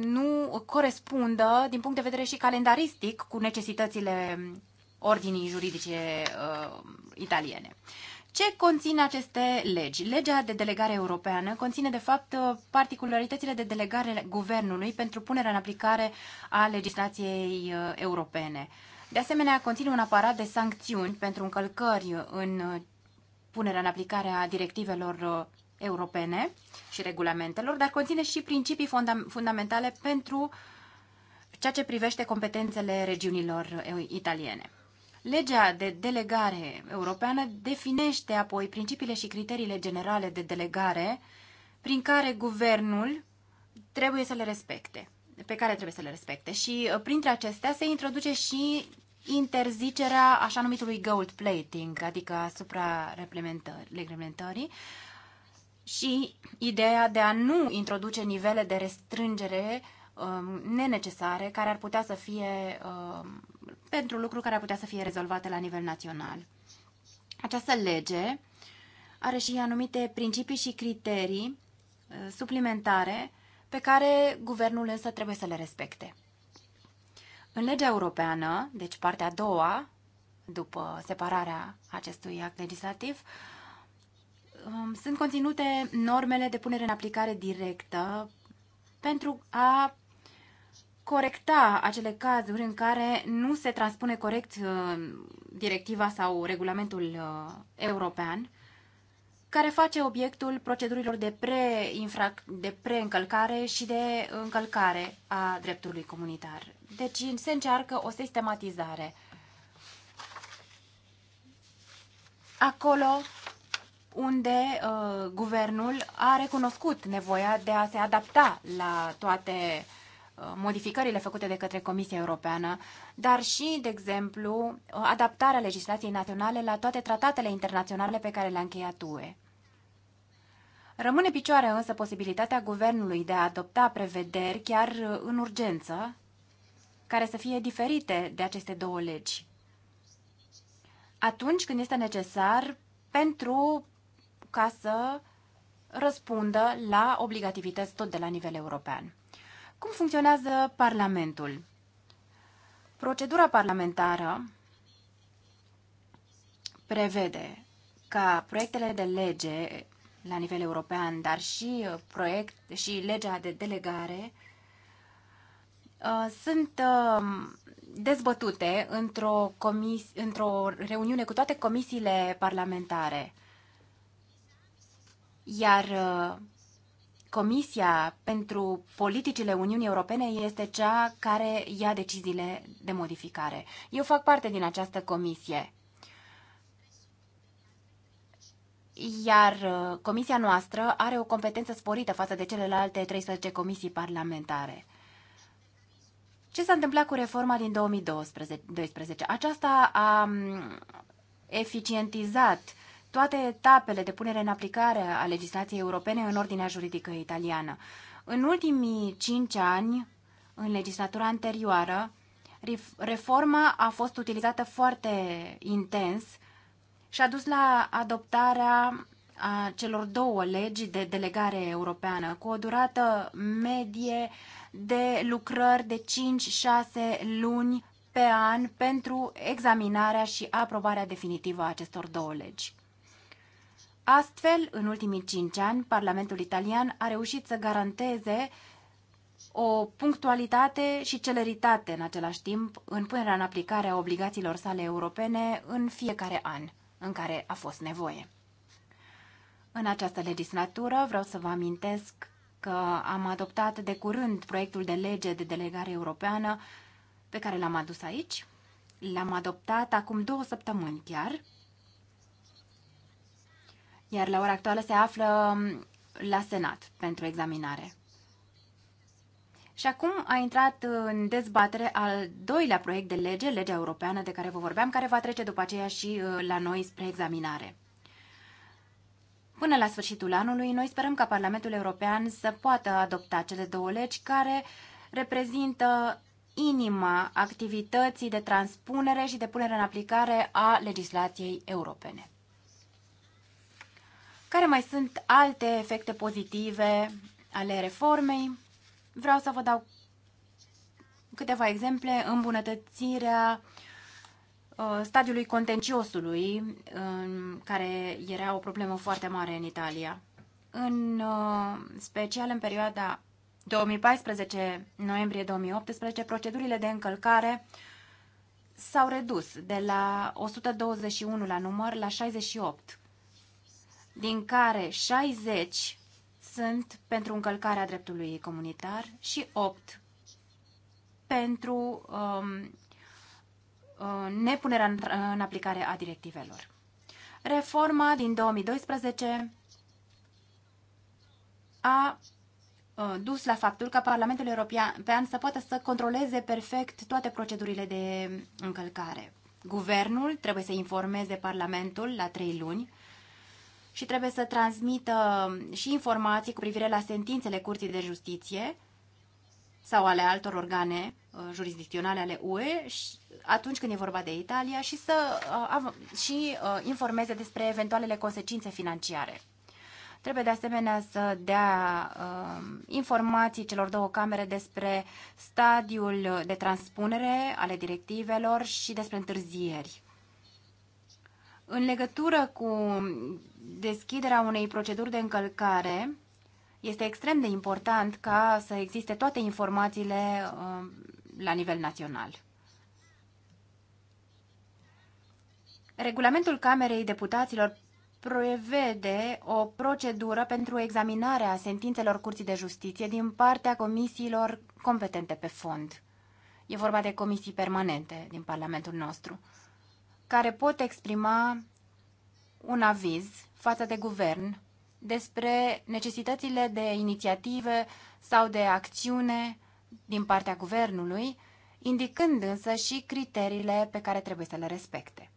nu corespundă din punct de vedere și calendaristic cu necesitățile um, ordinii juridice italiene. Ce conțin aceste legi? Legea de delegare europeană conține, de fapt, particularitățile de delegare guvernului pentru punerea în aplicare a legislației uh, europene. De asemenea, conține un aparat de sancțiuni pentru încălcări în punerea în aplicare a directivelor uh, europene și regulamentelor, dar conține și principii funda fundamentale pentru ceea ce privește competențele regiunilor uh, italiene. Legea de delegare europeană definește apoi principiile și criteriile generale de delegare prin care guvernul trebuie să le respecte, pe care trebuie să le respecte. Și uh, printre acestea se introduce și interzicerea așa numitului gold plating, adică asupra reglementării, și ideea de a nu introduce nivele de restrângere Um, nenecesare care ar putea să fie um, pentru lucruri care ar putea să fie rezolvate la nivel național. Această lege are și anumite principii și criterii uh, suplimentare pe care guvernul însă trebuie să le respecte. În legea europeană, deci partea a doua, după separarea acestui act legislativ, um, sunt conținute normele de punere în aplicare directă pentru a corecta acele cazuri în care nu se transpune corect uh, directiva sau regulamentul uh, european, care face obiectul procedurilor de, pre de pre pre-încălcare și de încălcare a dreptului comunitar. Deci se încearcă o sistematizare. Acolo unde uh, guvernul a recunoscut nevoia de a se adapta la toate uh, Uh, modificările făcute de către Comisia Europeană, dar și, de exemplu, uh, adaptarea legislației naționale la toate tratatele internaționale pe care le-a încheiat UE. Rămâne picioare însă posibilitatea guvernului de a adopta prevederi chiar uh, în urgență, care să fie diferite de aceste două legi. Atunci când este necesar pentru ca să răspundă la obligativități tot de la nivel european. Cum funcționează Parlamentul? Procedura parlamentară prevede ca proiectele de lege la nivel european, dar și uh, proiect și legea de delegare uh, sunt um, dezbătute într-o, comis, într-o reuniune cu toate comisiile parlamentare. Iar uh, Comisia pentru politicile Uniunii Europene este cea care ia deciziile de modificare. Eu fac parte din această comisie. Iar uh, comisia noastră are o competență sporită față de celelalte 13 comisii parlamentare. Ce s-a întâmplat cu reforma din 2012? Aceasta a mm, eficientizat toate etapele de punere în aplicare a legislației europene în ordinea juridică italiană. În ultimii cinci ani, în legislatura anterioară, reforma a fost utilizată foarte intens și a dus la adoptarea a celor două legi de delegare europeană, cu o durată medie de lucrări de 5-6 luni pe an pentru examinarea și aprobarea definitivă a acestor două legi. Astfel, în ultimii cinci ani, Parlamentul italian a reușit să garanteze o punctualitate și celeritate în același timp în punerea în aplicare a obligațiilor sale europene în fiecare an în care a fost nevoie. În această legislatură vreau să vă amintesc că am adoptat de curând proiectul de lege de delegare europeană pe care l-am adus aici. L-am adoptat acum două săptămâni chiar iar la ora actuală se află um, la Senat pentru examinare. Și acum a intrat în dezbatere al doilea proiect de lege, legea europeană de care vă vorbeam, care va trece după aceea și uh, la noi spre examinare. Până la sfârșitul anului, noi sperăm ca Parlamentul European să poată adopta cele două legi care reprezintă inima activității de transpunere și de punere în aplicare a legislației europene. Care mai sunt alte efecte pozitive ale reformei? Vreau să vă dau câteva exemple. Îmbunătățirea uh, stadiului contenciosului, care era o problemă foarte mare în Italia. În uh, special în perioada 2014 noiembrie 2018, procedurile de încălcare s-au redus de la 121 la număr la 68 din care 60 sunt pentru încălcarea dreptului comunitar și 8 pentru um, uh, nepunerea în, în aplicare a directivelor. Reforma din 2012 a uh, dus la faptul că Parlamentul European să poată să controleze perfect toate procedurile de încălcare. Guvernul trebuie să informeze Parlamentul la trei luni și trebuie să transmită și informații cu privire la sentințele Curții de Justiție sau ale altor organe uh, jurisdicționale ale UE atunci când e vorba de Italia și să uh, și uh, informeze despre eventualele consecințe financiare. Trebuie de asemenea să dea informații celor două camere despre stadiul de transpunere ale directivelor și despre întârzieri. În legătură cu deschiderea unei proceduri de încălcare, este extrem de important ca să existe toate informațiile uh, la nivel național. Regulamentul Camerei Deputaților prevede o procedură pentru examinarea sentințelor Curții de Justiție din partea comisiilor competente pe fond. E vorba de comisii permanente din Parlamentul nostru, care pot exprima un aviz față de guvern despre necesitățile de inițiative sau de acțiune din partea guvernului, indicând însă și criteriile pe care trebuie să le respecte.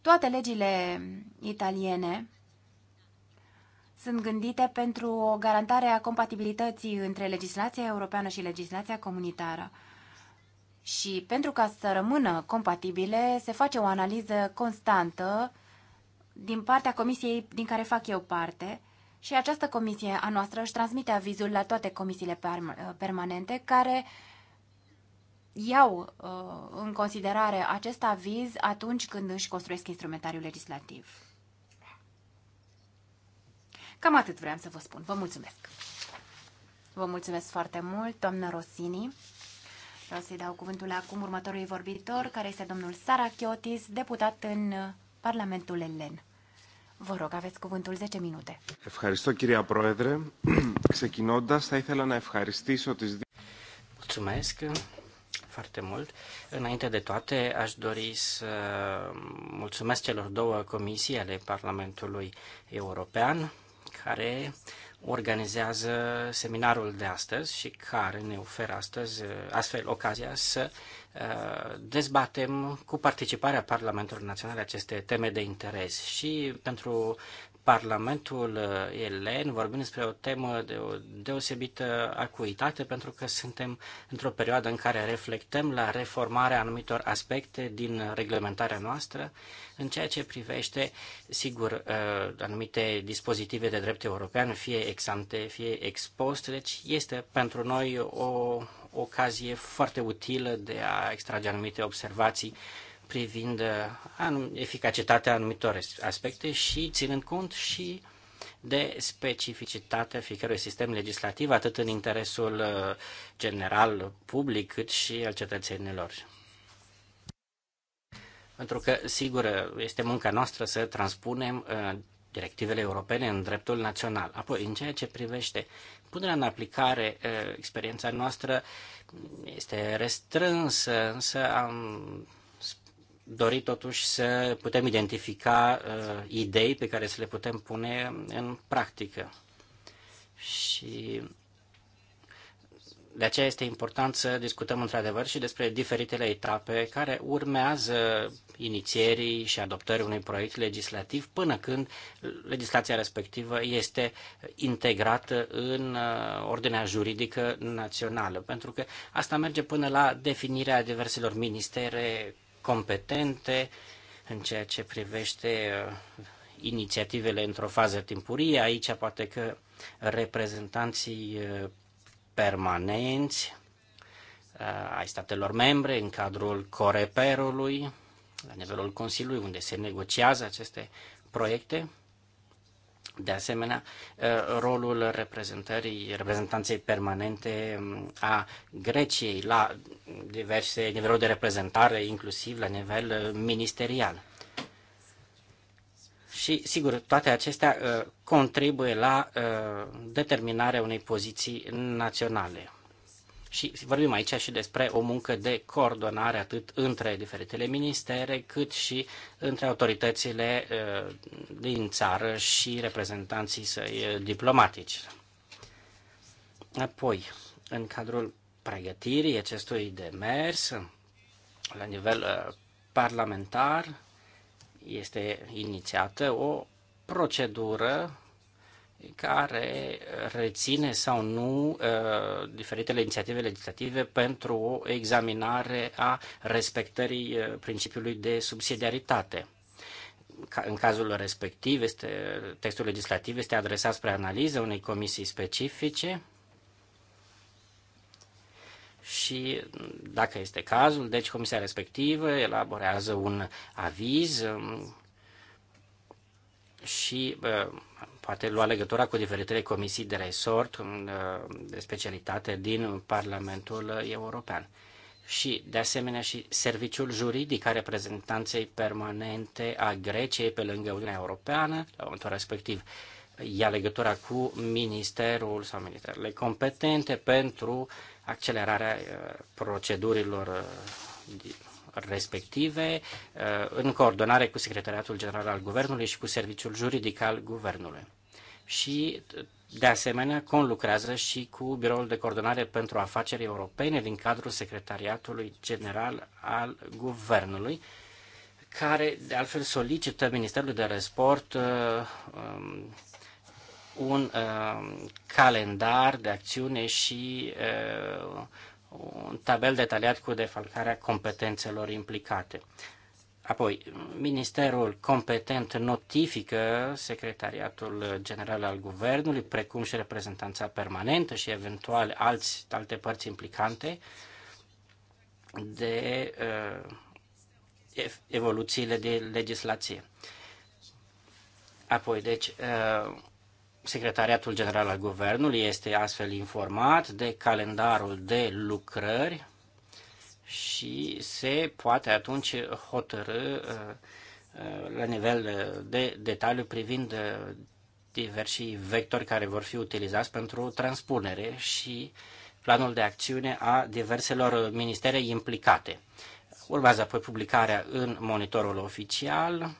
Toate legile italiene sunt gândite pentru o garantare a compatibilității între legislația europeană și legislația comunitară. Și pentru ca să rămână compatibile, se face o analiză constantă din partea comisiei din care fac eu parte și această comisie a noastră își transmite avizul la toate comisiile permanente care iau uh, în considerare acest aviz atunci când își construiesc instrumentariul legislativ. Cam atât vreau să vă spun. Vă mulțumesc! Vă mulțumesc foarte mult, doamnă Rosini. Vreau să-i dau cuvântul acum următorului vorbitor, care este domnul Sara Chiotis, deputat în Parlamentul Elen. Vă rog, aveți cuvântul 10 minute. Ευχαριστώ, κυρία Πρόεδρε. Ξεκινώντας, θα ήθελα να ευχαριστήσω τις Mulțumesc foarte mult. Înainte de toate, aș dori să mulțumesc celor două comisii ale Parlamentului European, care organizează seminarul de astăzi și care ne oferă astăzi uh, astfel ocazia să uh, dezbatem cu participarea Parlamentului Național aceste teme de interes și pentru Parlamentul uh, Elen, vorbim despre o temă de o deosebită acuitate, pentru că suntem într-o perioadă în care reflectăm la reformarea anumitor aspecte din reglementarea noastră, în ceea ce privește, sigur, uh, anumite dispozitive de drept european, fie exante, fie expost, deci este pentru noi o ocazie foarte utilă de a extrage anumite observații privind uh, anum, eficacitatea anumitor aspecte și ținând cont și de specificitatea fiecărui sistem legislativ, atât în interesul uh, general public, cât și al cetățenilor. Pentru că, sigur, uh, este munca noastră să transpunem directivele europene în dreptul național. Apoi, în ceea ce privește punerea în aplicare, experiența noastră este restrânsă, însă am dori totuși să putem identifica uh, idei pe care să le putem pune în practică. Și de aceea este important să discutăm într-adevăr și despre diferitele etape care urmează inițierii și adoptării unui proiect legislativ până când legislația respectivă este integrată în uh, ordinea juridică națională. Pentru că asta merge până la definirea diverselor ministere, competente în ceea ce privește uh, inițiativele într-o fază timpurie. Aici poate că reprezentanții uh, permanenți uh, ai statelor membre în cadrul coreperului, la nivelul Consiliului, unde se negociază aceste proiecte, de asemenea, eh, rolul reprezentării, reprezentanței permanente mm, a Greciei la diverse niveluri de reprezentare, inclusiv la nivel eh, ministerial. Și, sigur, toate acestea eh, contribuie la determinarea unei poziții naționale. Și vorbim aici și despre o muncă de coordonare atât între diferitele ministere, cât și între autoritățile uh, din țară și reprezentanții săi uh, diplomatici. Apoi, în cadrul pregătirii acestui demers, la nivel uh, parlamentar, este inițiată o procedură care reține sau nu uh, diferitele inițiative legislative pentru o examinare a respectării uh, principiului de subsidiaritate în cazul respectiv, este, textul legislativ este adresat spre analiză unei comisii specifice și, dacă este cazul, deci comisia respectivă elaborează un aviz um, și uh, poate lua legătura cu diferitele comisii de resort, uh, de specialitate din Parlamentul European. Și, de asemenea, și serviciul juridic a reprezentanței permanente a Greciei pe lângă Uniunea Europeană, la momentul respectiv ia legătura cu ministerul sau ministerele competente pentru accelerarea uh, procedurilor uh, respective, în coordonare cu Secretariatul General al Guvernului și cu Serviciul Juridic al Guvernului și de asemenea, conlucrează și cu Biroul de Coordonare pentru Afaceri Europene din cadrul Secretariatului General al Guvernului, care de altfel solicită Ministerului de Resport uh, um, un uh, calendar de acțiune și uh, un tabel detaliat cu defalcarea competențelor implicate. Apoi, ministerul competent notifică secretariatul general al guvernului, precum și reprezentanța permanentă și eventual alți, alte părți implicante de uh, evoluțiile de legislație. Apoi, deci, uh, Secretariatul General al Guvernului este astfel informat de calendarul de lucrări și se poate atunci hotărâ uh, uh, la nivel uh, de detaliu privind diversi vectori care vor fi utilizați pentru transpunere și planul de acțiune a diverselor ministere implicate. Urmează apoi publicarea în monitorul oficial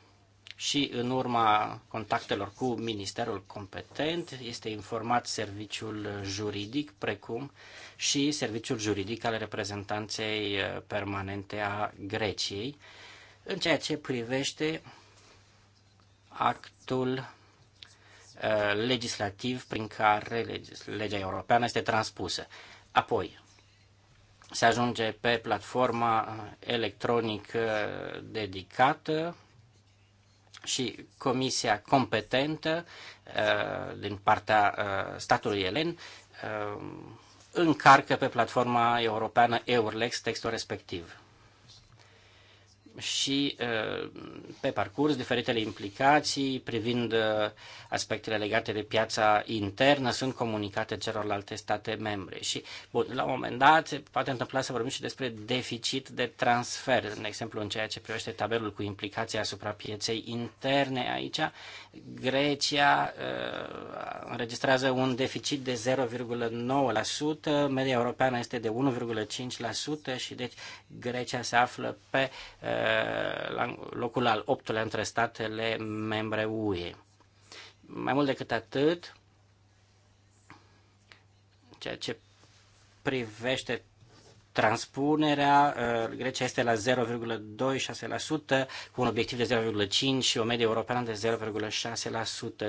și în urma contactelor cu ministerul competent este informat serviciul juridic precum uh, și serviciul juridic al reprezentanței uh, permanente a Greciei, în ceea ce privește actul uh, legislativ prin care legea europeană este transpusă. Apoi, se ajunge pe platforma uh, electronică dedicată și comisia competentă din partea statului elen încarcă pe platforma europeană Eurlex textul respectiv. Și uh, pe parcurs diferitele implicații privind uh, aspectele legate de piața internă sunt comunicate celorlalte state membre. Și bun, la un moment dat se poate întâmpla să vorbim și despre deficit de transfer. În exemplu, în ceea ce privește tabelul cu implicații asupra pieței interne aici, Grecia uh, înregistrează un deficit de 0,9%, media europeană este de 1,5% și deci Grecia se află pe uh, locul al optulea între statele membre UE. Mai mult decât atât, ceea ce privește Transpunerea, uh, Grecia este la 0,26%, cu un obiectiv de 0,5% și o medie europeană de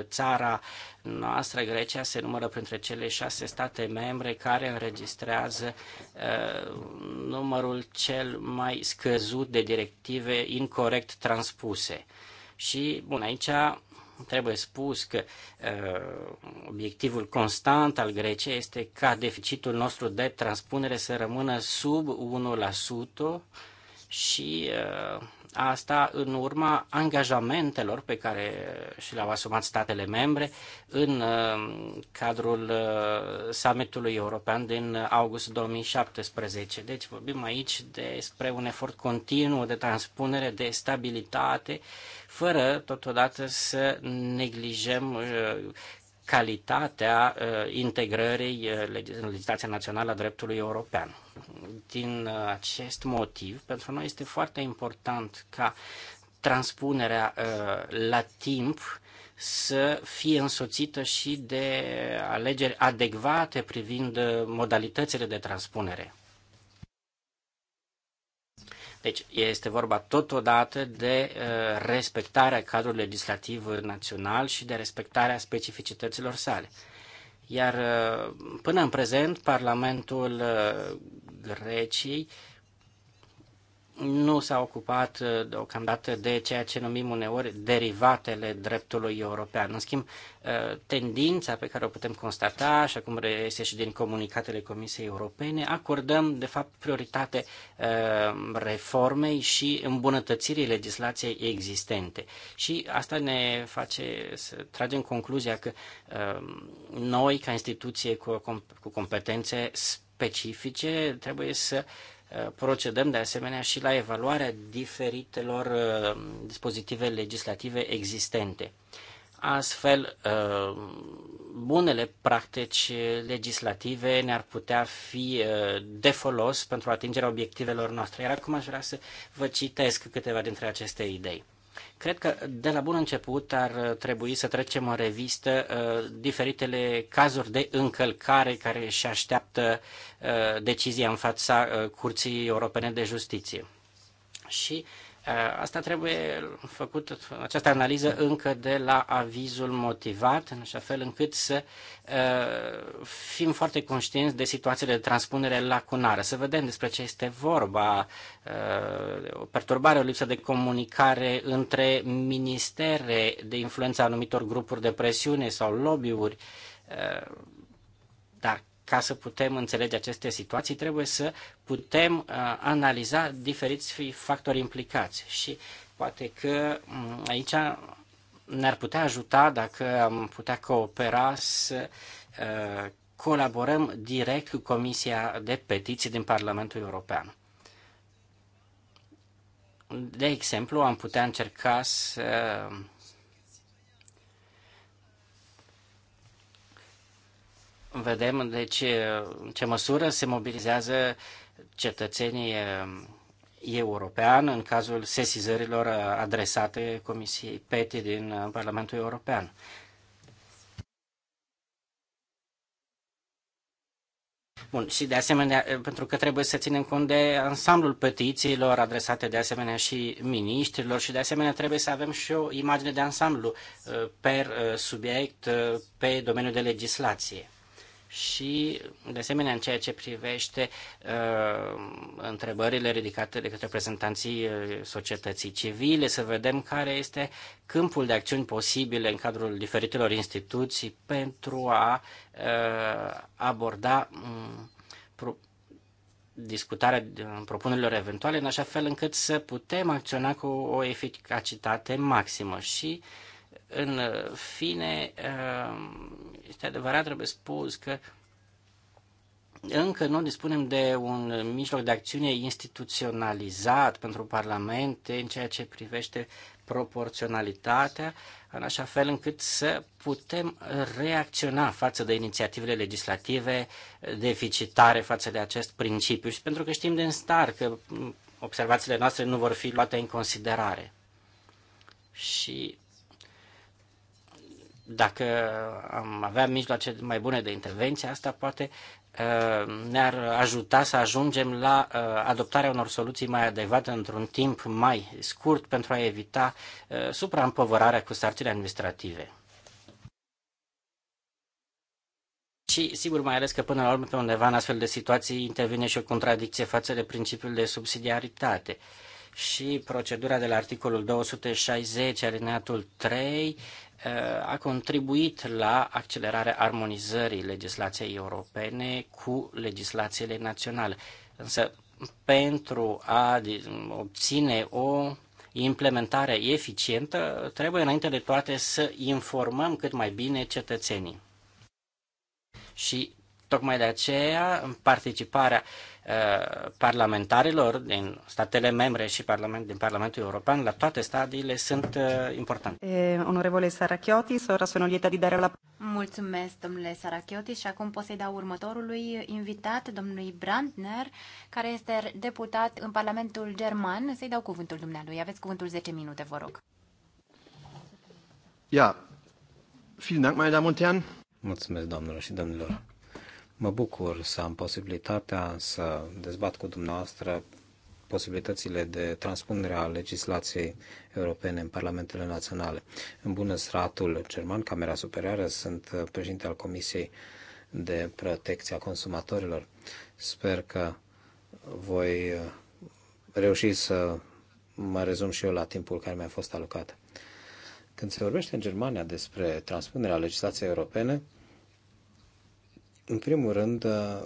0,6%. Țara noastră, Grecia, se numără printre cele șase state membre care înregistrează uh, numărul cel mai scăzut de directive incorrect transpuse. Și, bun, aici Trebuie spus că uh, obiectivul constant al Greciei este ca deficitul nostru de transpunere să rămână sub 1%, și uh, asta în urma angajamentelor pe care și le-au asumat statele membre în uh, cadrul uh, summitului european din august 2017. Deci vorbim aici despre un efort continuu de transpunere, de stabilitate, fără totodată să neglijăm calitatea uh, integrării uh, în legislația națională a dreptului european. Din uh, acest motiv, pentru noi este foarte important ca transpunerea la timp să fie însoțită și de alegeri adecvate privind modalitățile de transpunere. Deci este vorba totodată de uh, respectarea cadrului legislativ național și de respectarea specificităților sale. Iar uh, până în prezent, Parlamentul uh, Greciei nu s-a ocupat uh, deocamdată de ceea ce numim uneori derivatele dreptului european. În schimb, uh, tendința pe care o putem constata, așa cum reiese și din comunicatele Comisiei Europene, acordăm, de fapt, prioritate uh, reformei și îmbunătățirii legislației existente. Și asta ne face să tragem concluzia că noi, ca instituție cu, cu competențe specifice, trebuie să procedăm de asemenea și la evaluarea diferitelor uh, dispozitive legislative existente. Astfel, uh, bunele practici legislative ne-ar putea fi uh, de folos pentru atingerea obiectivelor noastre. Iar acum aș vrea să vă citesc câteva dintre aceste idei. Cred că de la bun început ar trebui să trecem în revistă uh, diferitele cazuri de încălcare care își așteaptă uh, decizia în fața uh, Curții Europene de Justiție. Și uh, Eh, asta trebuie făcut, această analiză încă de la avizul motivat, în așa fel încât să eh, fim foarte conștienți de situațiile de transpunere lacunară, să vedem despre ce este vorba, eh, o perturbare, o lipsă de comunicare între ministere, de influența anumitor grupuri de presiune sau lobby-uri ca să putem înțelege aceste situații, trebuie să putem uh, analiza diferiți factori implicați și poate că um, aici ne-ar putea ajuta dacă am putea coopera să uh, colaborăm direct cu Comisia de Petiții din Parlamentul European. De exemplu, am putea încerca să uh, vedem de ce, în ce măsură se mobilizează cetățenii european în cazul sesizărilor adresate Comisiei PETI din uh, Parlamentul European. Bun, și de asemenea, pentru că trebuie să ținem cont de ansamblul petițiilor adresate de asemenea și miniștrilor și de asemenea trebuie să avem și o imagine de ansamblu per subiect, pe domeniul de legislație și, de asemenea, în ceea ce privește uh, întrebările ridicate de către reprezentanții uh, societății civile, să vedem care este câmpul de acțiuni posibile în cadrul diferitelor instituții pentru a uh, aborda um, pro- discutarea uh, propunerilor eventuale, în așa fel încât să putem acționa cu o eficacitate maximă și uh, în fine, ehm, este adevărat, trebuie spus că încă nu dispunem de un mijloc de acțiune instituționalizat pentru parlamente în ceea ce privește proporționalitatea, în așa fel încât să putem reacționa față de inițiativele legislative deficitare față de acest principiu și pentru că știm din star că observațiile noastre nu vor fi luate în considerare. Și dacă am avea mijloace mai bune de intervenție, asta poate uh, ne-ar ajuta să ajungem la uh, adoptarea unor soluții mai adecvate într-un timp mai scurt pentru a evita uh, supraîmpovărarea cu sarcini administrative. Și, sigur, mai ales că până la urmă, pe undeva în astfel de situații intervine și o contradicție față de principiul de subsidiaritate. Și procedura de la articolul 260, alineatul 3, a contribuit la accelerarea armonizării legislației europene cu legislațiile naționale. Însă, pentru a obține o implementare eficientă, trebuie înainte de toate să informăm cât mai bine cetățenii. Și tocmai de aceea participarea Uh, parlamentarilor din statele membre și parlament, din Parlamentul European la toate stadiile sunt uh, importante. Eh, onorevole Sarachioti, sora sono lieta de dare la... Mulțumesc, domnule Sarachioti, și acum pot să-i dau următorului invitat, domnului Brandner, care este deputat în Parlamentul German. Să-i dau cuvântul dumnealui. Aveți cuvântul 10 minute, vă rog. Ja, vielen Dank, meine Damen und Herren. Mulțumesc, doamnelor și domnilor. Mă bucur să am posibilitatea să dezbat cu dumneavoastră posibilitățile de transpunere a legislației europene în parlamentele naționale. În bună stratul german, Camera Superioară, sunt președinte al Comisiei de Protecție a Consumatorilor. Sper că voi uh, reuși să mă rezum și eu la timpul care mi-a fost alocat. Când se vorbește în Germania despre transpunerea legislației europene, în primul rând, uh,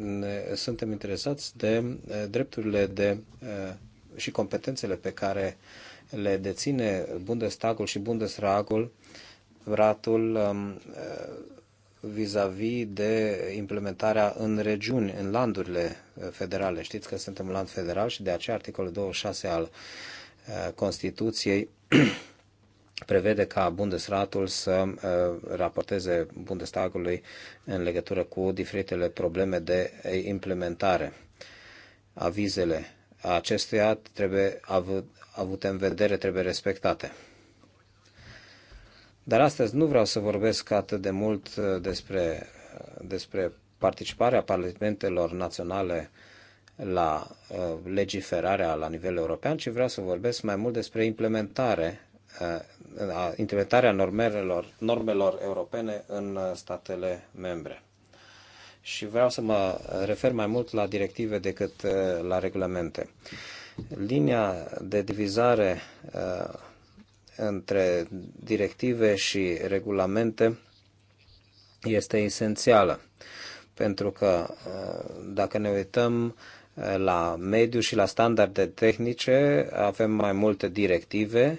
ne, suntem interesați de uh, drepturile de, uh, și competențele pe care le deține Bundestagul și Bundesragul, ratul um, vis-a-vis -vis de implementarea în regiuni, în landurile federale. Știți că suntem land federal și de aceea articolul 26 al Constituției prevede ca Bundesratul să uh, raporteze Bundestagului în legătură cu diferitele probleme de implementare. Avizele acestuia trebuie avute în vedere, trebuie respectate. Dar astăzi nu vreau să vorbesc atât de mult uh, despre, uh, despre participarea parlamentelor naționale la legiferarea la nivel european, ci vreau să vorbesc mai mult despre implementare Uh, a implementarea normelor, normelor europene în uh, statele membre. Și vreau să mă refer mai mult la directive decât uh, la regulamente. Linia de divizare între directive și regulamente este esențială, pentru că dacă ne uităm la mediu și la standarde tehnice, avem mai multe directive,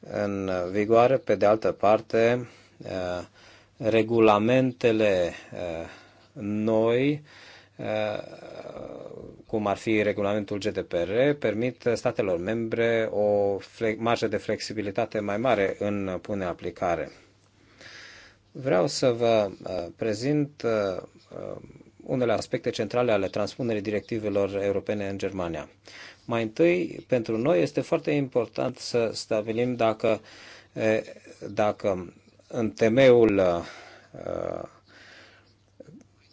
în vigoare, pe de altă parte, eh, regulamentele eh, noi, eh, cum ar fi regulamentul GDPR, permit statelor membre o marjă de flexibilitate mai mare în pune aplicare. Vreau să vă prezint unele aspecte centrale ale transpunerii directivelor europene în Germania. Mai întâi, pentru noi este foarte important să stabilim dacă, dacă în temeiul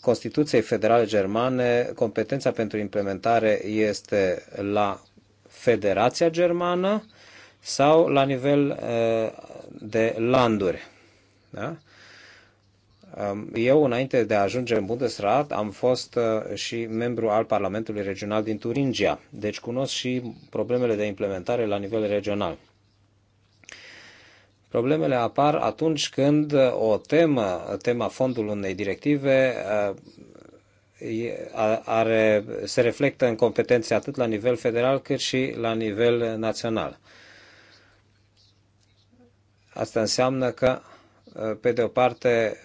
Constituției Federale Germane, competența pentru implementare este la Federația Germană sau la nivel de landuri. Da? Um, eu, înainte de a ajunge în Bundesrat, am fost uh, și membru al Parlamentului Regional din Turingia, deci cunosc și problemele de implementare la nivel regional. Problemele apar atunci când uh, o temă, tema fondului unei directive, uh, are, se reflectă în competențe atât la nivel federal cât și la nivel național. Asta înseamnă că, pe de o parte,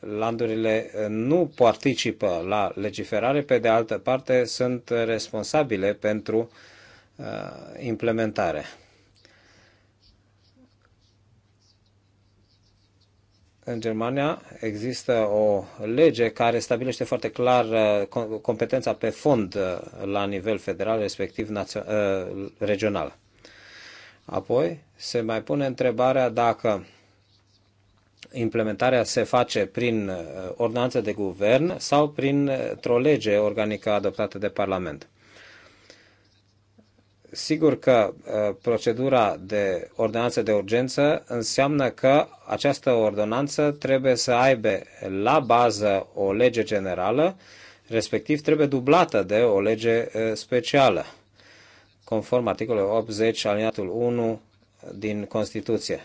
landurile eh, nu participă la legiferare, pe de altă parte sunt responsabile pentru eh, implementare. în Germania există o lege care stabilește foarte clar eh, competența pe fond la nivel federal, respectiv regional. Apoi se mai pune întrebarea dacă implementarea se face prin uh, ordonanță de guvern sau prin o lege organică adoptată de Parlament. Sigur că uh, procedura de ordonanță de urgență înseamnă că această ordonanță trebuie să aibă la bază o lege generală, respectiv trebuie dublată de o lege uh, specială, conform articolului 80 aliniatul 1 din Constituție.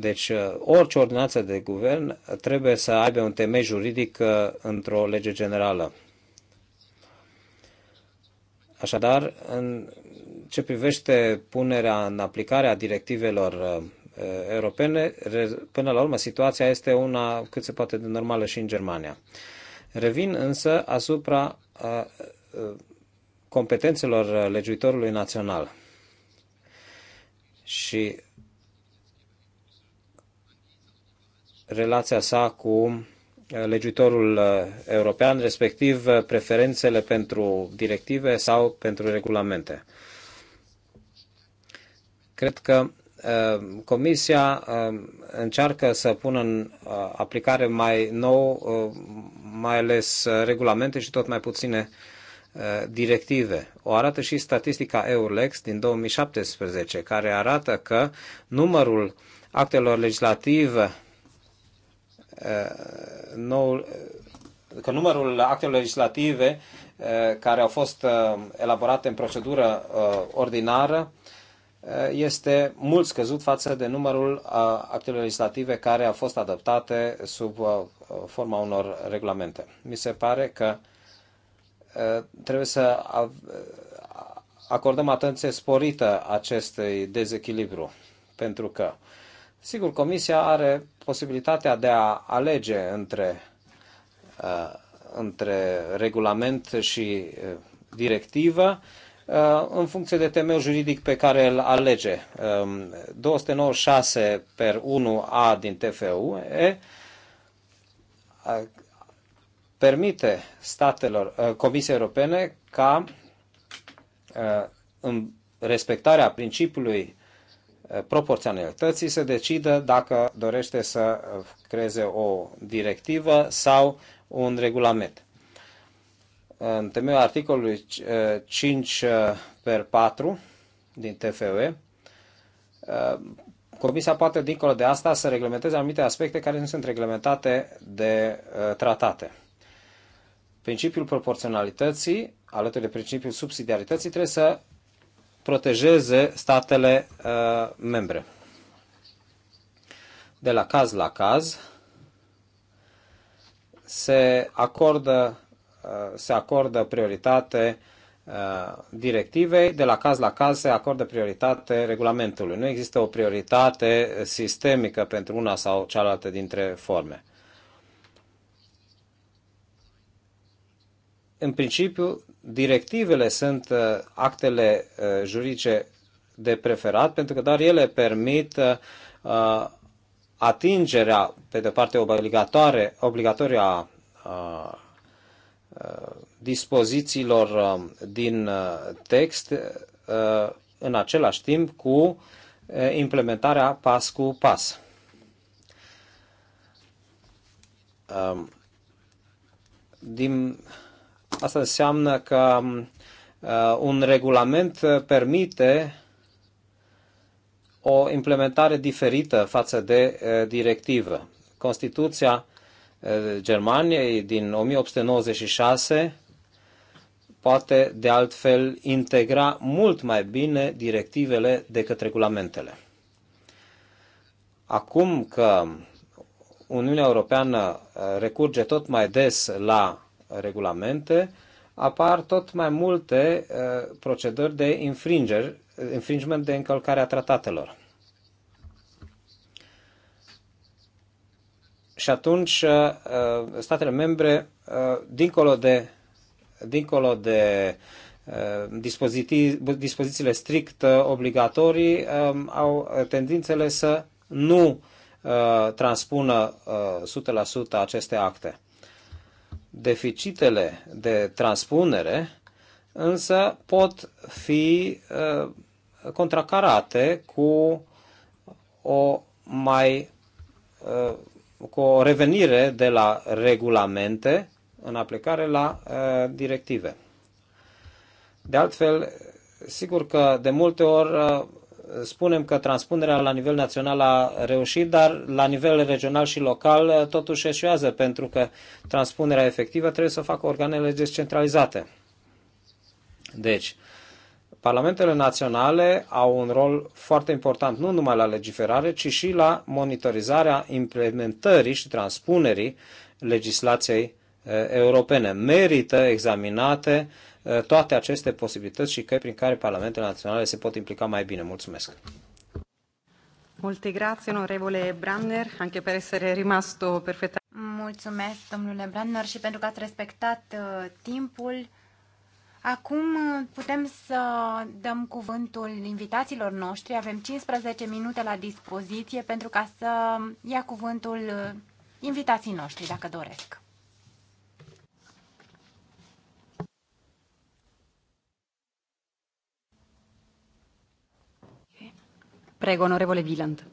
Deci uh, orice ordonanță de guvern trebuie să aibă un temei juridic uh, într-o lege generală. Așadar, în ce privește punerea în aplicare a directivelor uh, europene, până la urmă situația este una cât se poate de normală și în Germania. Revin însă asupra competențelor legiuitorului național. Și relația sa cu uh, legiuitorul uh, european, respectiv uh, preferențele pentru directive sau pentru regulamente. Cred că Comisia încearcă să pună în aplicare mai nou, mai ales regulamente și tot mai puține directive. O arată și statistica EURLEX din 2017, care arată că numărul actelor legislative Uh, noul, uh, că numărul actelor legislative uh, care au fost elaborate în procedură ordinară este mult scăzut față de numărul actelor legislative care au fost adoptate sub forma unor regulamente. Mi se pare că trebuie să acordăm atenție sporită acestui dezechilibru, pentru că, sigur, Comisia are posibilitatea de a alege între, uh, între regulament și uh, directivă uh, în funcție de temeiul juridic pe care îl alege. 296 um, per 1A din e, permite statelor, Comisiei Europene ca în respectarea principiului Eh, proporționalității să decidă dacă dorește să creeze o directivă sau un regulament. În temeiul articolului 5 eh, eh, per 4 din TFUE, Comisia poate, dincolo de asta, să reglementeze anumite aspecte care nu sunt reglementate de tratate. Principiul proporționalității, alături de principiul subsidiarității, trebuie să protejeze statele uh, membre. De la caz la caz se acordă, uh, se acordă prioritate uh, directivei, de la caz la caz se acordă prioritate regulamentului. Nu există o prioritate sistemică pentru una sau cealaltă dintre forme. în principiu, directivele sunt uh, actele uh, juridice de preferat, pentru că doar ele permit uh, atingerea, pe de parte obligatoare, obligatorie uh, dispozițiilor din text în același timp cu implementarea pas cu pas. Um, din Asta înseamnă că um, uh, un regulament uh, permite o implementare diferită față de uh, directivă. Constituția Germaniei din 1896 poate de altfel integra mult mai bine directivele decât regulamentele. Acum că Uniunea Europeană recurge tot mai des la regulamente, apar tot mai multe uh, proceduri de infringer, infringement de încălcare a tratatelor. Și atunci uh, uh, statele membre, dincolo de, dincolo de dispoziții, dispozițiile strict obligatorii, um, au tendințele să nu transpună 100% aceste acte deficitele de transpunere însă pot fi uh, contracarate cu o mai uh, cu o revenire de la regulamente în aplicare la uh, directive. De altfel, sigur că de multe ori spunem că transpunerea la nivel național a reușit, dar la nivel regional și local eh, totuși eșuează, pentru că transpunerea efectivă trebuie să o facă organele descentralizate. Deci, Parlamentele naționale au un rol foarte important nu numai la legiferare, ci și la monitorizarea implementării și transpunerii legislației eh, europene. Merită examinate Eh, toate aceste posibilități și căi prin care parlamentele naționale se pot implica mai bine. Mulțumesc! Multe grazie, onorevole anche per essere rimasto Mulțumesc, domnule Brandner, și pentru că ați respectat uh, timpul. Acum eh, putem să dăm cuvântul invitațiilor noștri. Avem 15 minute la dispoziție pentru ca să ia cuvântul invitații noștri, dacă doresc. Prego, onorevole Wieland.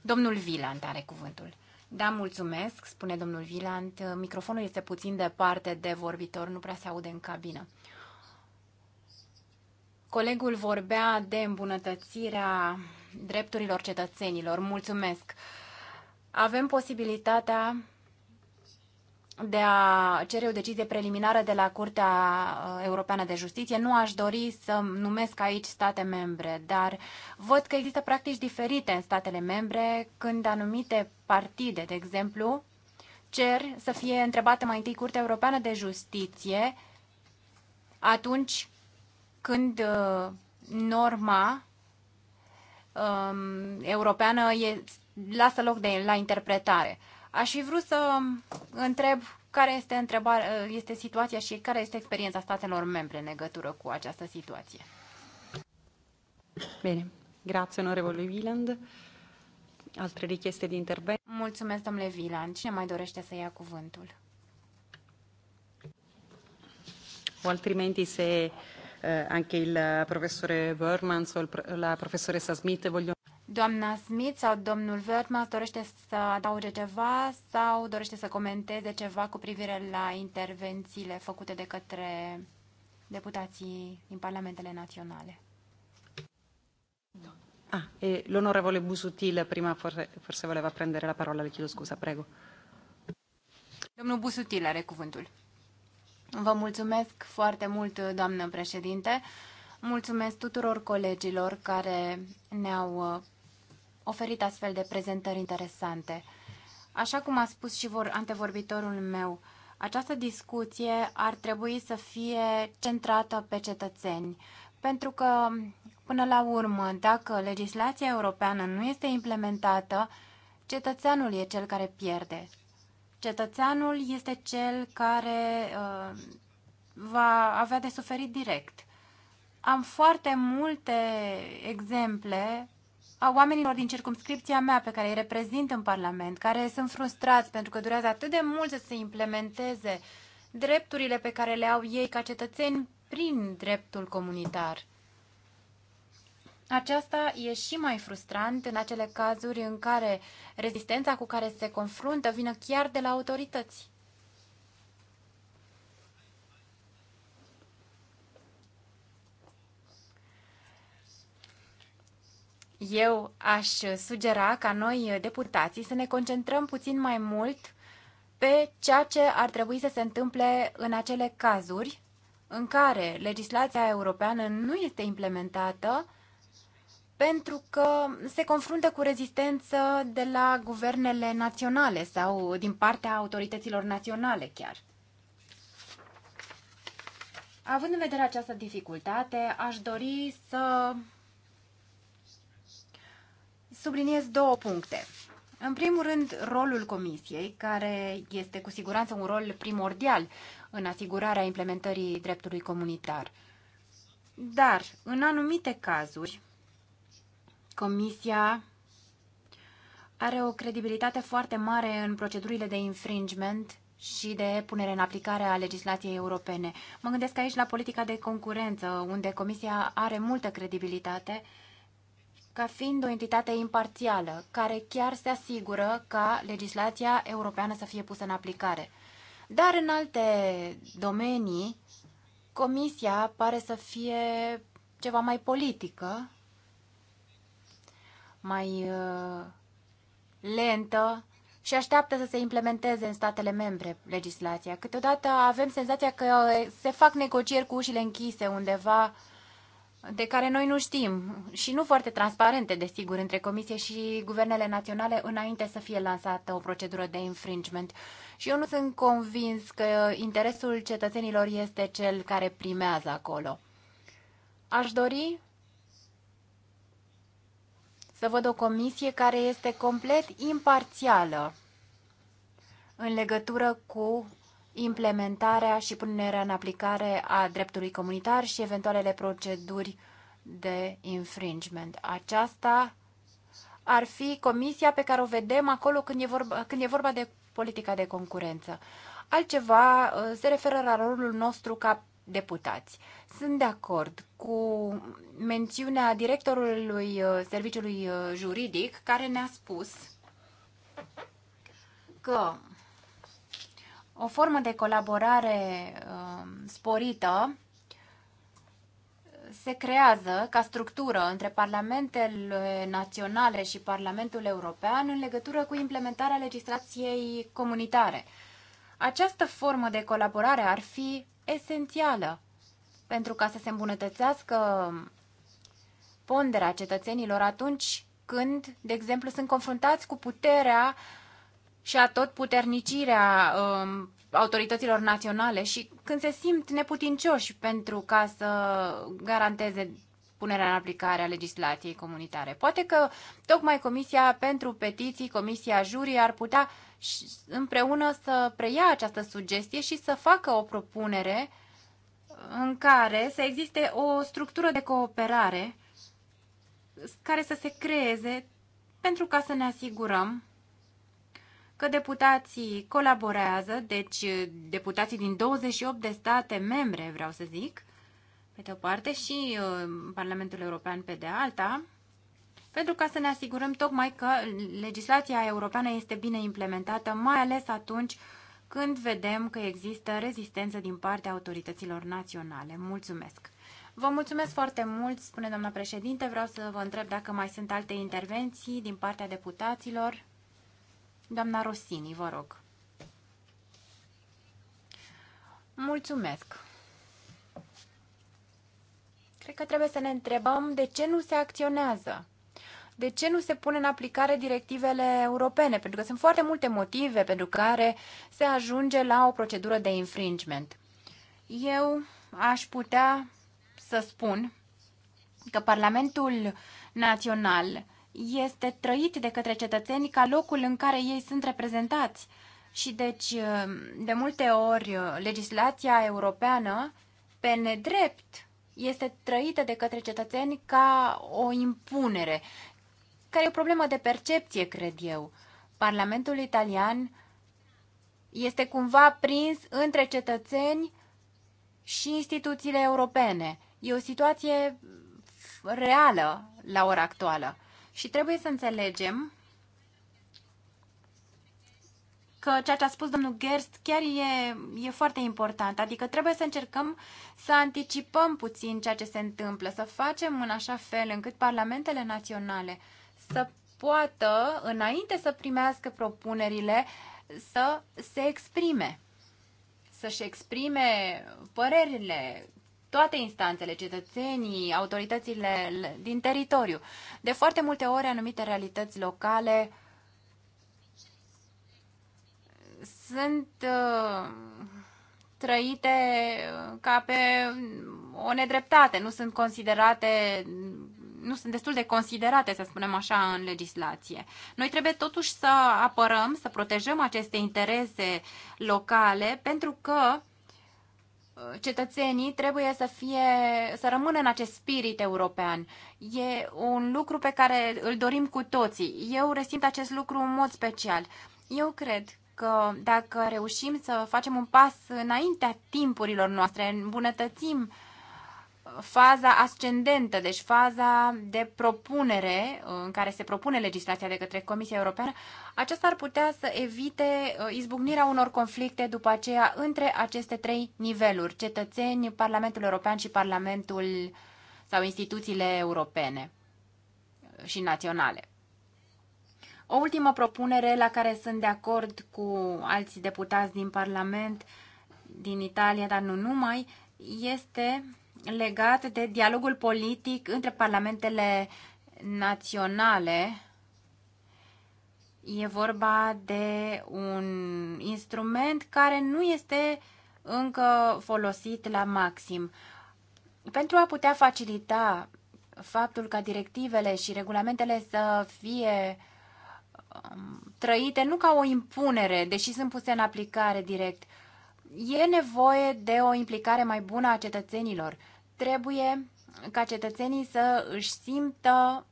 Domnul Wieland are cuvântul. Da, mulțumesc, spune domnul Viland. Microfonul este puțin departe de vorbitor, nu prea se aude în cabină. Colegul vorbea de îmbunătățirea drepturilor cetățenilor. Mulțumesc. Avem posibilitatea de a cere o decizie preliminară de la Curtea uh, Europeană de Justiție. Nu aș dori să numesc aici state membre, dar văd că există practici diferite în statele membre când anumite partide, de exemplu, cer să fie întrebată mai întâi Curtea Europeană de Justiție atunci când uh, norma um, europeană e, lasă loc de, la interpretare. Aș fi vrut să întreb care este, întrebare, este situația și care este experiența statelor membre în legătură cu această situație. Bine, grație, onorevole Wieland. Alte richeste de intervenție? Mulțumesc, domnule Wieland. Cine mai dorește să ia cuvântul? O altrimenti se eh, anche il professore Bermans o la professoressa Smith vogliono Doamna Smith sau domnul Vertmas dorește să adauge ceva sau dorește să comenteze ceva cu privire la intervențiile făcute de către deputații din parlamentele naționale. Ah, e l'onorevole Busutil prima forse, forse voleva prendere la parola, le chiedo scusa, prego. Domnul Busutil are cuvântul. Vă mulțumesc foarte mult, doamnă președinte. Mulțumesc tuturor colegilor care ne-au oferit astfel de prezentări interesante. Așa cum a spus și vor, antevorbitorul meu, această discuție ar trebui să fie centrată pe cetățeni, pentru că, până la urmă, dacă legislația europeană nu este implementată, cetățeanul e cel care pierde. Cetățeanul este cel care uh, va avea de suferit direct. Am foarte multe exemple a oamenilor din circumscripția mea pe care îi reprezint în Parlament, care sunt frustrați pentru că durează atât de mult să se implementeze drepturile pe care le au ei ca cetățeni prin dreptul comunitar. Aceasta e și mai frustrant în acele cazuri în care rezistența cu care se confruntă vine chiar de la autorități. eu aș sugera ca noi, eh, deputații, să ne concentrăm puțin mai mult pe ceea ce ar trebui să se întâmple în acele cazuri în care legislația europeană nu este implementată pentru că se confruntă cu rezistență de la guvernele naționale sau din partea autorităților naționale chiar. Având în vedere această dificultate, aș dori să subliniez două puncte. În primul rând, rolul Comisiei, care este cu siguranță un rol primordial în asigurarea implementării dreptului comunitar. Dar, în anumite cazuri, Comisia are o credibilitate foarte mare în procedurile de infringement și de punere în aplicare a legislației europene. Mă gândesc aici la politica de concurență, unde Comisia are multă credibilitate uh, ca fiind o entitate imparțială, care chiar se asigură ca legislația europeană să fie pusă în aplicare. Dar în alte domenii, Comisia pare să fie ceva mai politică, mai uh, lentă și așteaptă să se implementeze în statele membre legislația. Câteodată avem senzația că uh, se fac negocieri cu ușile închise undeva de care noi nu știm și nu foarte transparente, desigur, între Comisie și guvernele naționale înainte să fie lansată o procedură de infringement. Și eu nu sunt convins că interesul cetățenilor este cel care primează acolo. Aș dori să văd o comisie care este complet imparțială în legătură cu implementarea și punerea în aplicare a dreptului comunitar și eventualele proceduri de infringement. Aceasta ar fi comisia pe care o vedem acolo când e vorba, când e vorba de politica de concurență. Altceva uh, se referă la rolul nostru ca deputați. Sunt de acord cu mențiunea directorului uh, serviciului uh, juridic care ne-a spus că o formă de colaborare um, sporită se creează ca structură între parlamentele naționale și Parlamentul European în legătură cu implementarea legislației comunitare. Această formă de colaborare ar fi esențială pentru ca să se îmbunătățească ponderea cetățenilor atunci când, de exemplu, sunt confruntați cu puterea uh, și a tot puternicirea um, autorităților naționale și când se simt neputincioși pentru ca să garanteze punerea în aplicare a legislației comunitare. Poate că tocmai Comisia pentru Petiții, Comisia Jurii ar putea împreună să preia această sugestie și să facă o propunere în care să existe o structură de cooperare care să se creeze pentru ca să ne asigurăm că deputații colaborează, deci eh, deputații din 28 de state membre, vreau să zic, pe de o parte, și eh, Parlamentul European pe de alta, pentru ca să ne asigurăm tocmai că legislația europeană este bine implementată, mai ales atunci când vedem că există rezistență din partea autorităților naționale. Mulțumesc! Vă mulțumesc foarte mult, spune doamna președinte. Vreau să vă întreb dacă mai sunt alte intervenții din partea deputaților. Doamna Rosini, vă rog. Mulțumesc. Cred că trebuie să ne întrebăm de ce nu se acționează. De ce nu se pun în aplicare directivele europene? Pentru că sunt foarte multe motive pentru care se ajunge la o procedură de infringement. Eu aș putea să spun că Parlamentul Național este trăit de către cetățeni ca locul în care ei sunt reprezentați. Și deci, uh, de multe ori, uh, legislația europeană, pe nedrept, este trăită de către cetățeni ca o impunere, care e o problemă de percepție, cred eu. Parlamentul italian este cumva prins între cetățeni și instituțiile europene. E o situație reală la ora actuală. Și trebuie să înțelegem că ceea ce a spus domnul Gerst chiar e, e foarte important. Adică trebuie să încercăm să anticipăm puțin ceea ce se întâmplă, să facem în așa fel încât parlamentele naționale să poată, înainte să primească propunerile, să se exprime, să-și exprime părerile toate instanțele, cetățenii, autoritățile din teritoriu. De foarte multe ori, anumite realități locale sunt uh, trăite ca pe o nedreptate, nu sunt considerate nu sunt destul de considerate, să spunem așa, în legislație. Noi trebuie totuși să apărăm, să protejăm aceste interese locale, pentru că Uh, cetățenii trebuie să fie, să rămână în acest spirit european. E un lucru pe care îl dorim cu toții. Eu resimt acest lucru în mod special. Eu cred că dacă reușim să facem un pas înaintea timpurilor noastre, îmbunătățim uh, faza ascendentă, deci faza de propunere în care se propune legislația de către Comisia Europeană, aceasta ar putea să evite uh, izbucnirea unor conflicte după aceea între aceste trei niveluri, cetățeni, Parlamentul European și Parlamentul sau instituțiile europene uh, și naționale. O ultimă propunere la care sunt de acord cu alții deputați din Parlament, din Italia, dar nu numai, este legat de dialogul politic între parlamentele naționale. E vorba de un instrument care nu este încă folosit la maxim. Pentru a putea facilita faptul ca directivele și regulamentele să fie um, trăite nu ca o impunere, deși sunt puse în aplicare direct, e nevoie de o implicare mai bună a cetățenilor Trebuie ca cetățenii să își simtă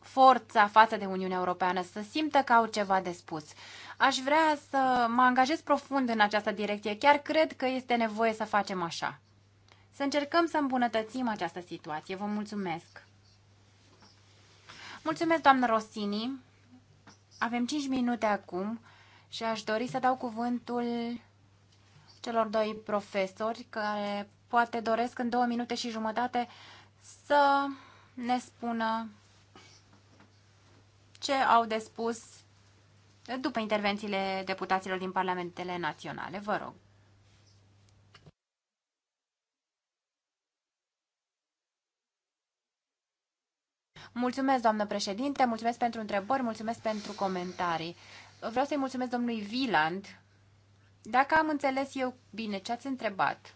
forța față de Uniunea Europeană, să simtă că au ceva de spus. Aș vrea să mă angajez profund în această direcție. Chiar cred că este nevoie să facem așa. Să încercăm să îmbunătățim această situație. Vă mulțumesc! Mulțumesc, doamnă Rosini. Avem 5 minute acum și aș dori să dau cuvântul celor doi profesori care poate doresc în două minute și jumătate să ne spună ce au de spus după intervențiile deputaților din parlamentele naționale. Vă rog. Mulțumesc, doamnă președinte, mulțumesc pentru întrebări, mulțumesc pentru comentarii. Vreau să-i mulțumesc domnului Viland. Dacă am înțeles eu bine ce ați întrebat,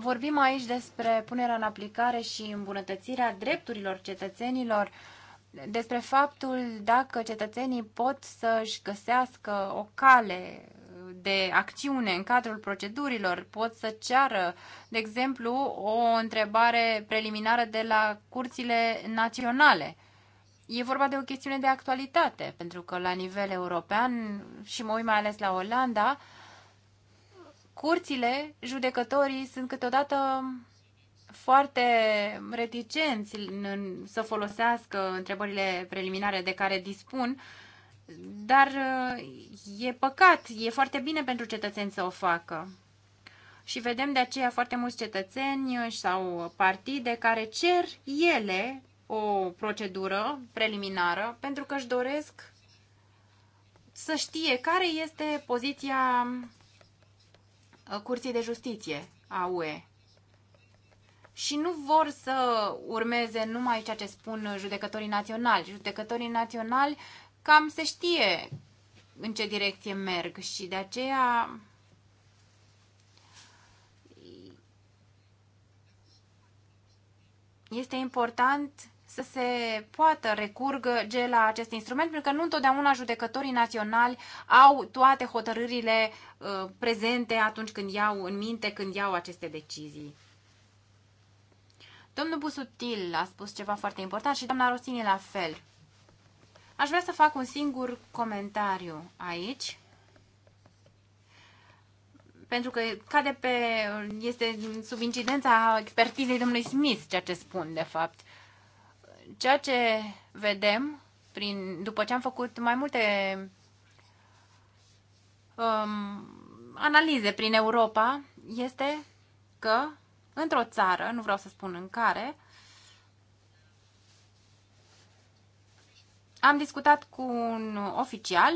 Vorbim aici despre punerea în aplicare și îmbunătățirea drepturilor cetățenilor, despre faptul dacă cetățenii pot să-și găsească o cale de acțiune în cadrul procedurilor, pot să ceară, de exemplu, o întrebare preliminară de la curțile naționale. E vorba de o chestiune de actualitate, pentru că la nivel european, și mă uit mai ales la Olanda, curțile, judecătorii sunt câteodată foarte reticenți în, să folosească întrebările preliminare de care dispun, dar uh, e păcat, e foarte bine pentru cetățeni să o facă. Și vedem de aceea foarte mulți cetățeni uh, sau partide care cer ele o procedură preliminară pentru că își doresc să știe care este poziția Uh, Curții de Justiție a UE și nu vor să urmeze numai ceea ce spun judecătorii naționali. Judecătorii naționali cam se știe în ce direcție merg și de aceea este important să se poată recurge la acest instrument, pentru că nu întotdeauna judecătorii naționali au toate hotărârile uh, prezente atunci când iau în minte, când iau aceste decizii. Domnul Busutil a spus ceva foarte important și doamna Rosini la fel. Aș vrea să fac un singur comentariu aici pentru că cade pe, este sub incidența expertizei domnului Smith ceea ce spun, de fapt. Ceea ce vedem, prin, după ce am făcut mai multe um, analize prin Europa, este că într-o țară, nu vreau să spun în care, am discutat cu un oficial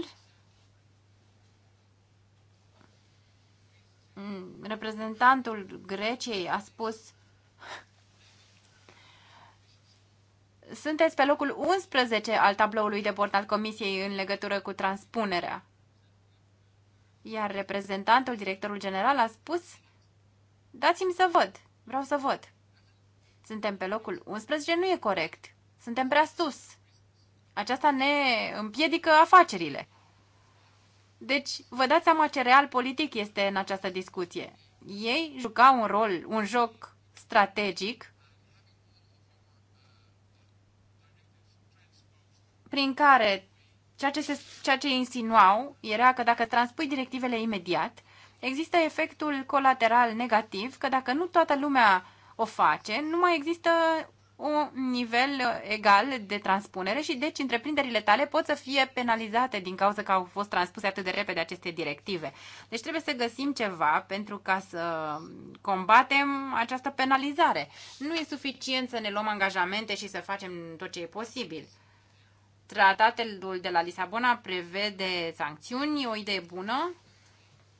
reprezentantul Greciei a spus sunteți pe locul 11 al tabloului de bord al Comisiei în legătură cu transpunerea. Iar reprezentantul, directorul general, a spus, dați-mi să văd, vreau să văd. Suntem pe locul 11, nu e corect. Suntem prea sus. Aceasta ne împiedică afacerile. Deci, vă dați seama ce real politic este în această discuție. Ei jucau un rol, un joc strategic prin care ceea ce, se, ceea ce insinuau era că dacă transpui directivele imediat, există efectul colateral negativ că dacă nu toată lumea o face, nu mai există un nivel egal de transpunere și deci întreprinderile tale pot să fie penalizate din cauza că au fost transpuse atât de repede aceste directive. Deci trebuie să găsim ceva pentru ca să combatem această penalizare. Nu e suficient să ne luăm angajamente și să facem tot ce e posibil. Tratatul de la Lisabona prevede sancțiuni, o idee bună,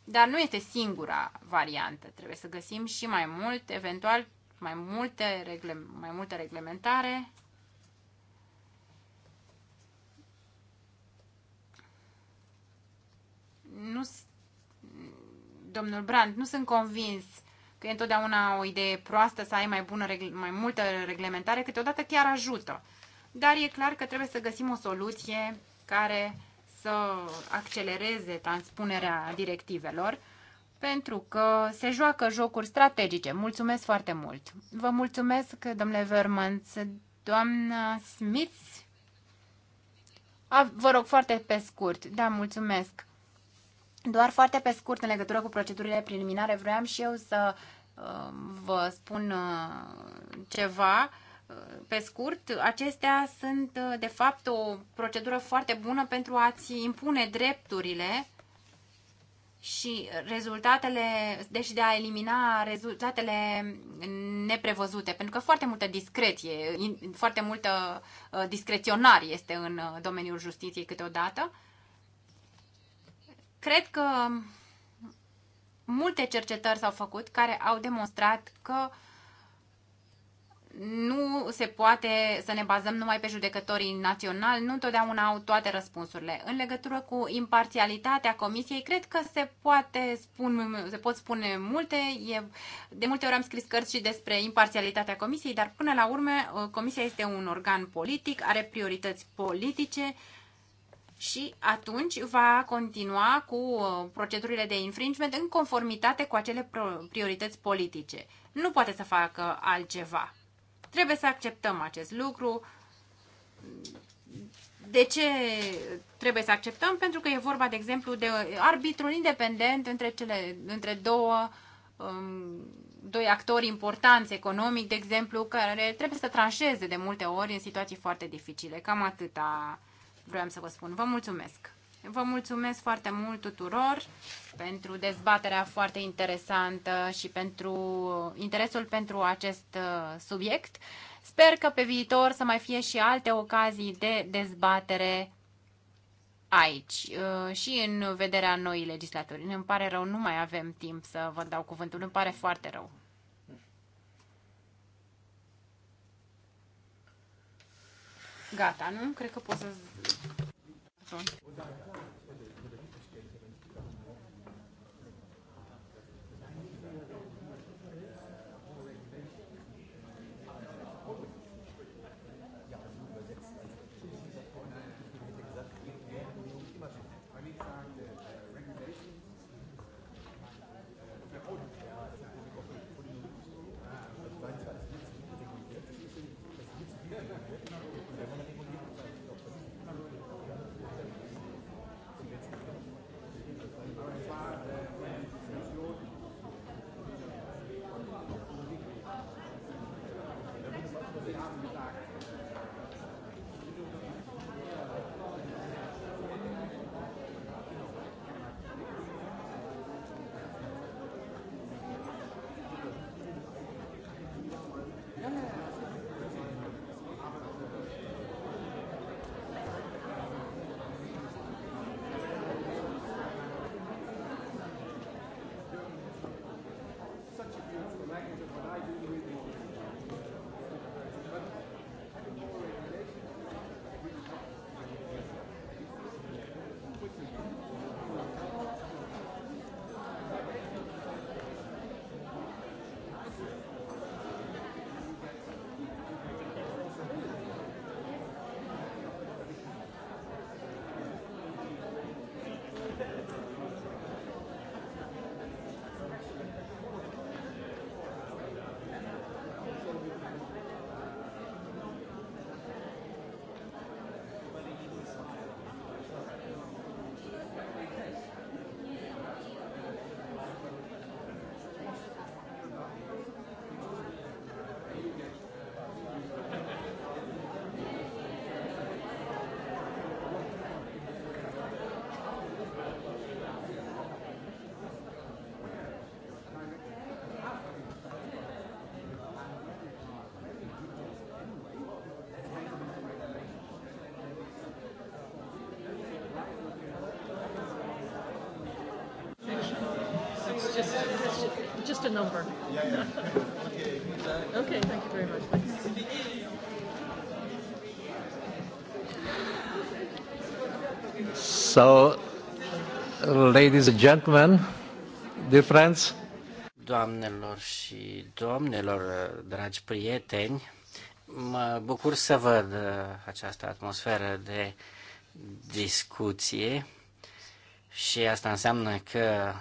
dar nu este singura variantă. Trebuie să găsim și mai mult, eventual mai multe, regle, mai multe reglementare. Nu, domnul Brand, nu sunt convins că e întotdeauna o idee proastă să ai mai, bună, mai multă reglementare, câteodată chiar ajută dar e clar că trebuie să găsim o soluție care să accelereze transpunerea directivelor, pentru că se joacă jocuri strategice. Mulțumesc foarte mult! Vă mulțumesc, domnule Vermans, doamna Smith. A, vă rog foarte pe scurt. Da, mulțumesc. Doar foarte pe scurt, în legătură cu procedurile preliminare, vreau și eu să uh, vă spun uh, ceva pe scurt, acestea sunt uh, de fapt o procedură foarte bună pentru a-ți impune drepturile și rezultatele, deci de a elimina rezultatele neprevăzute, pentru că foarte multă discreție, foarte multă uh, discreționare este în uh, domeniul justiției câteodată. Cred că multe cercetări s-au făcut care au demonstrat că uh, nu se poate să ne bazăm numai pe judecătorii naționali, nu întotdeauna au toate răspunsurile. În legătură cu imparțialitatea comisiei, cred că se poate spune, se pot spune multe. E, de multe ori am scris cărți și despre imparțialitatea comisiei, dar până la urmă uh, comisia este un organ politic, are priorități politice și atunci va continua cu uh, procedurile de infringement în conformitate cu acele priorități politice. Nu poate să facă altceva. Trebuie să acceptăm acest lucru. De ce trebuie să acceptăm? Pentru că e vorba, de exemplu, de arbitrul independent între, cele, între două um, doi actori importanți economic, de exemplu, care trebuie să tranșeze de multe ori în situații foarte dificile. Cam atâta vreau să vă spun. Vă mulțumesc! Vă mulțumesc foarte mult tuturor pentru dezbaterea foarte interesantă și pentru uh, interesul pentru acest uh, subiect. Sper că pe viitor să mai fie și alte ocazii de dezbatere aici uh, și în vederea noii legislaturi. Îmi pare rău, nu mai avem timp să vă dau cuvântul. Îmi pare foarte rău. Gata, nu? Cred că pot să Johnson. just a number. Yeah, okay, okay, thank you very much. Thanks. So, ladies and gentlemen, dear friends. Doamnelor și domnilor, dragi prieteni, mă bucur să văd uh, această atmosferă de discuție și asta înseamnă că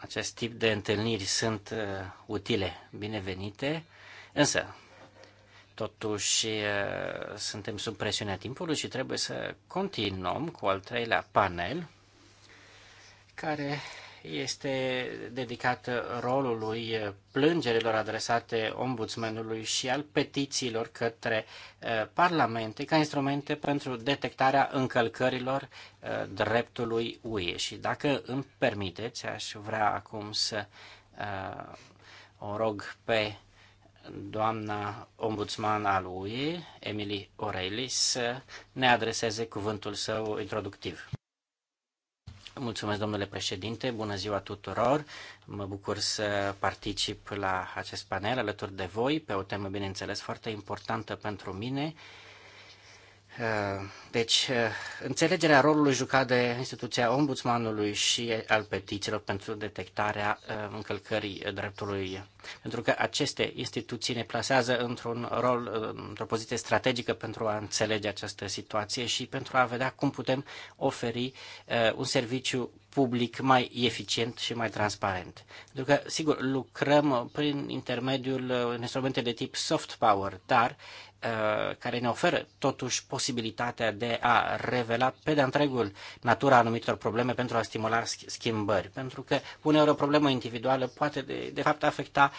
acest tip de întâlniri sunt uh, utile, binevenite, însă totuși uh, suntem sub presiunea timpului și trebuie să continuăm cu al treilea panel care este dedicat rolului plângerilor adresate ombudsmanului și al petițiilor către eh, parlamente ca instrumente pentru detectarea încălcărilor eh, dreptului UE. Și dacă îmi permiteți, aș vrea acum să eh, o rog pe doamna ombudsman al UE, Emily O'Reilly, să ne adreseze cuvântul său introductiv. Mulțumesc, domnule președinte, bună ziua tuturor. Mă bucur să particip la acest panel alături de voi pe o temă, bineînțeles, foarte importantă pentru mine. Uh, Eh, deci, eh, înțelegerea rolului jucat de instituția ombudsmanului și al petițiilor pentru detectarea eh, încălcării dreptului, pentru că aceste instituții ne plasează într-un rol, într-o poziție strategică pentru a înțelege această situație și pentru a vedea cum putem oferi un serviciu public mai eficient și mai transparent. Pentru că, sigur, lucrăm prin intermediul instrumente de tip soft power, dar Uh, care ne oferă totuși posibilitatea de a revela pe de întregul natura anumitor probleme pentru a stimula schimbări. Pentru că uneori o problemă individuală poate de, de fapt afecta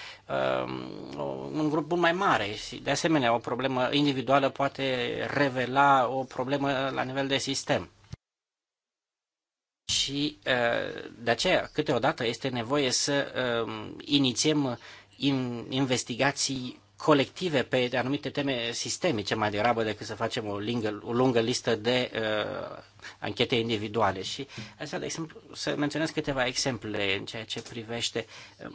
um, un grup mult mai mare și de asemenea o problemă individuală poate revela o problemă la nivel de sistem. Și uh, de aceea câteodată este nevoie să uh, inițiem investigații colective pe anumite teme sistemice mai degrabă decât să facem o lungă, o lungă listă de uh, anchete individuale. Și asta, de exemplu, să menționez câteva exemple în ceea ce privește uh,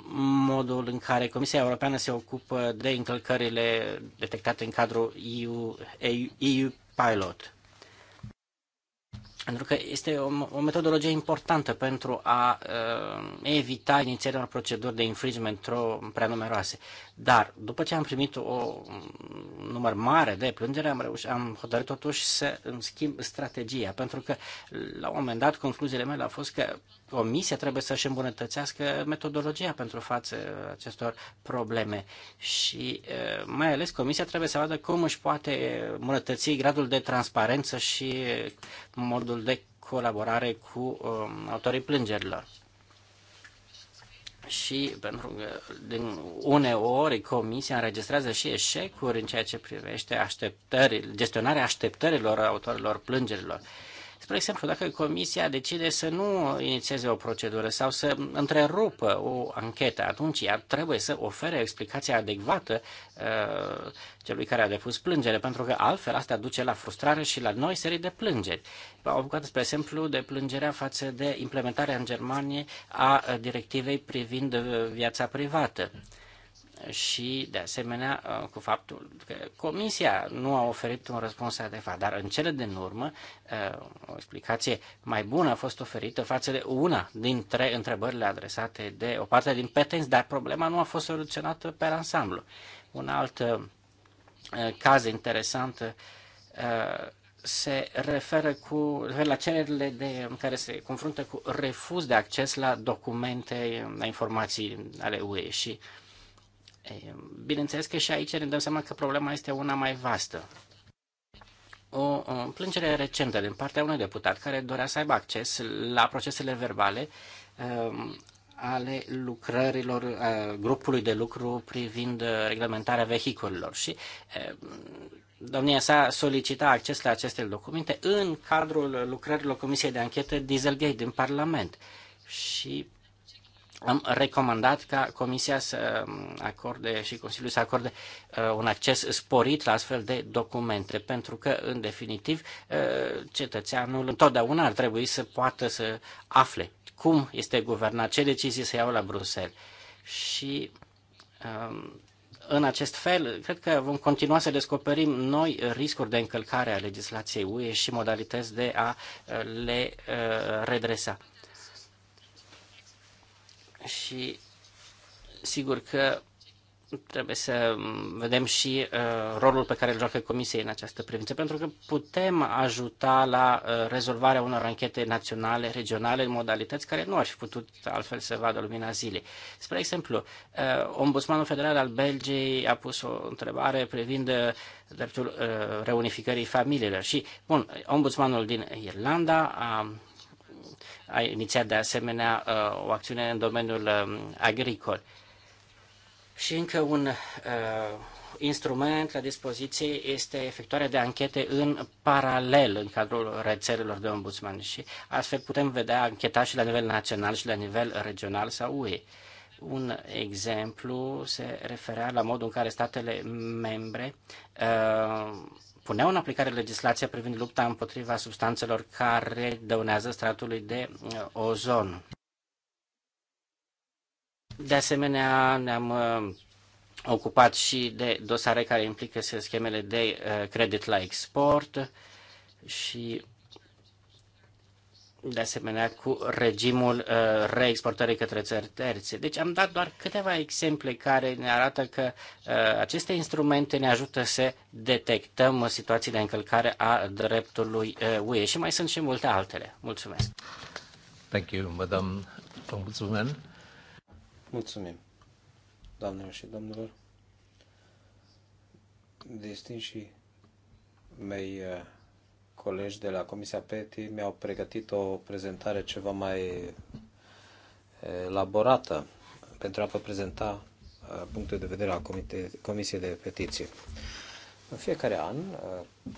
modul în care Comisia Europeană se ocupă de încălcările detectate în cadrul EU, EU, EU Pilot. Pentru că este o, o metodologie importantă pentru a uh, evita inițierea unor proceduri de infringement prea numeroase. Dar după ce am primit o număr mare de plângere, am, reușit, am hotărât totuși să îmi schimb strategia, pentru că la un moment dat concluziile mele au fost că comisia trebuie să-și îmbunătățească metodologia pentru față acestor probleme și mai ales comisia trebuie să vadă cum își poate îmbunătăți gradul de transparență și modul de colaborare cu um, autorii plângerilor și pentru că din uneori comisia înregistrează și eșecuri în ceea ce privește așteptări, gestionarea așteptărilor autorilor plângerilor. Spre exemplu, dacă comisia decide să nu inițieze o procedură sau să întrerupă o anchetă, atunci ea trebuie să ofere explicația adecvată uh, celui care a depus plângere, pentru că altfel asta duce la frustrare și la noi serii de plângeri. Au apucat, spre exemplu, de plângerea față de implementarea în Germanie a directivei privind viața privată și, de asemenea, uh, cu faptul că Comisia nu a oferit un răspuns adecvat, dar în cele din urmă uh, o explicație mai bună a fost oferită față de una dintre întrebările adresate de o parte din petenți, dar problema nu a fost soluționată pe ansamblu. Un alt uh, caz interesant se referă cu, la cererile de, care se confruntă cu refuz de acces la documente, la informații ale UE și uh, Bineînțeles că și aici ne dăm seama că problema este una mai vastă. O, o plângere recentă din partea unui deputat care dorea să aibă acces la procesele verbale um, ale lucrărilor uh, grupului de lucru privind uh, reglementarea vehiculelor și uh, domnia sa solicita acces la aceste documente în cadrul lucrărilor Comisiei de Anchetă Dieselgate din Parlament. Și am recomandat ca Comisia să um, acorde și Consiliul să acorde uh, un acces sporit la astfel de documente, pentru că, în definitiv, uh, cetățeanul întotdeauna ar trebui să poată să afle cum este guvernat, ce decizii se iau la Bruxelles. Și um, în acest fel, cred că vom continua să descoperim noi riscuri de încălcare a legislației UE și modalități de a uh, le redresa și sigur că trebuie să vedem și uh, rolul pe care îl joacă Comisia în această privință, pentru că putem ajuta la uh, rezolvarea unor anchete naționale, regionale, în modalități care nu ar fi putut altfel să vadă lumina zilei. Spre exemplu, uh, Ombudsmanul Federal al Belgiei a pus o întrebare privind uh, dreptul uh, reunificării familiilor și, bun, Ombudsmanul din Irlanda a a inițiat de asemenea uh, o acțiune în domeniul um, agricol. Și încă un uh, instrument la dispoziție este efectuarea de anchete în paralel în cadrul rețelelor de ombudsman și astfel putem vedea ancheta și la nivel național și la nivel regional sau UE. Un exemplu se referea la modul în care statele membre uh, puneau în aplicare legislația privind lupta împotriva substanțelor care dăunează stratului de uh, ozon. De asemenea, ne-am uh, ocupat și de dosare care implică schemele de uh, credit la export și de asemenea cu regimul uh, reexportării către țări terțe. Deci am dat doar câteva exemple care ne arată că uh, aceste instrumente ne ajută să detectăm situații de încălcare a dreptului uh, UE și mai sunt și multe altele. Mulțumesc. Thank you, madam. Ombudsman. mulțumim. doamnelor și domnilor. Destin și mei uh colegi de la Comisia PETI mi-au pregătit o prezentare ceva mai elaborată pentru a vă prezenta punctul de vedere al Comisiei de Petiții. În fiecare an,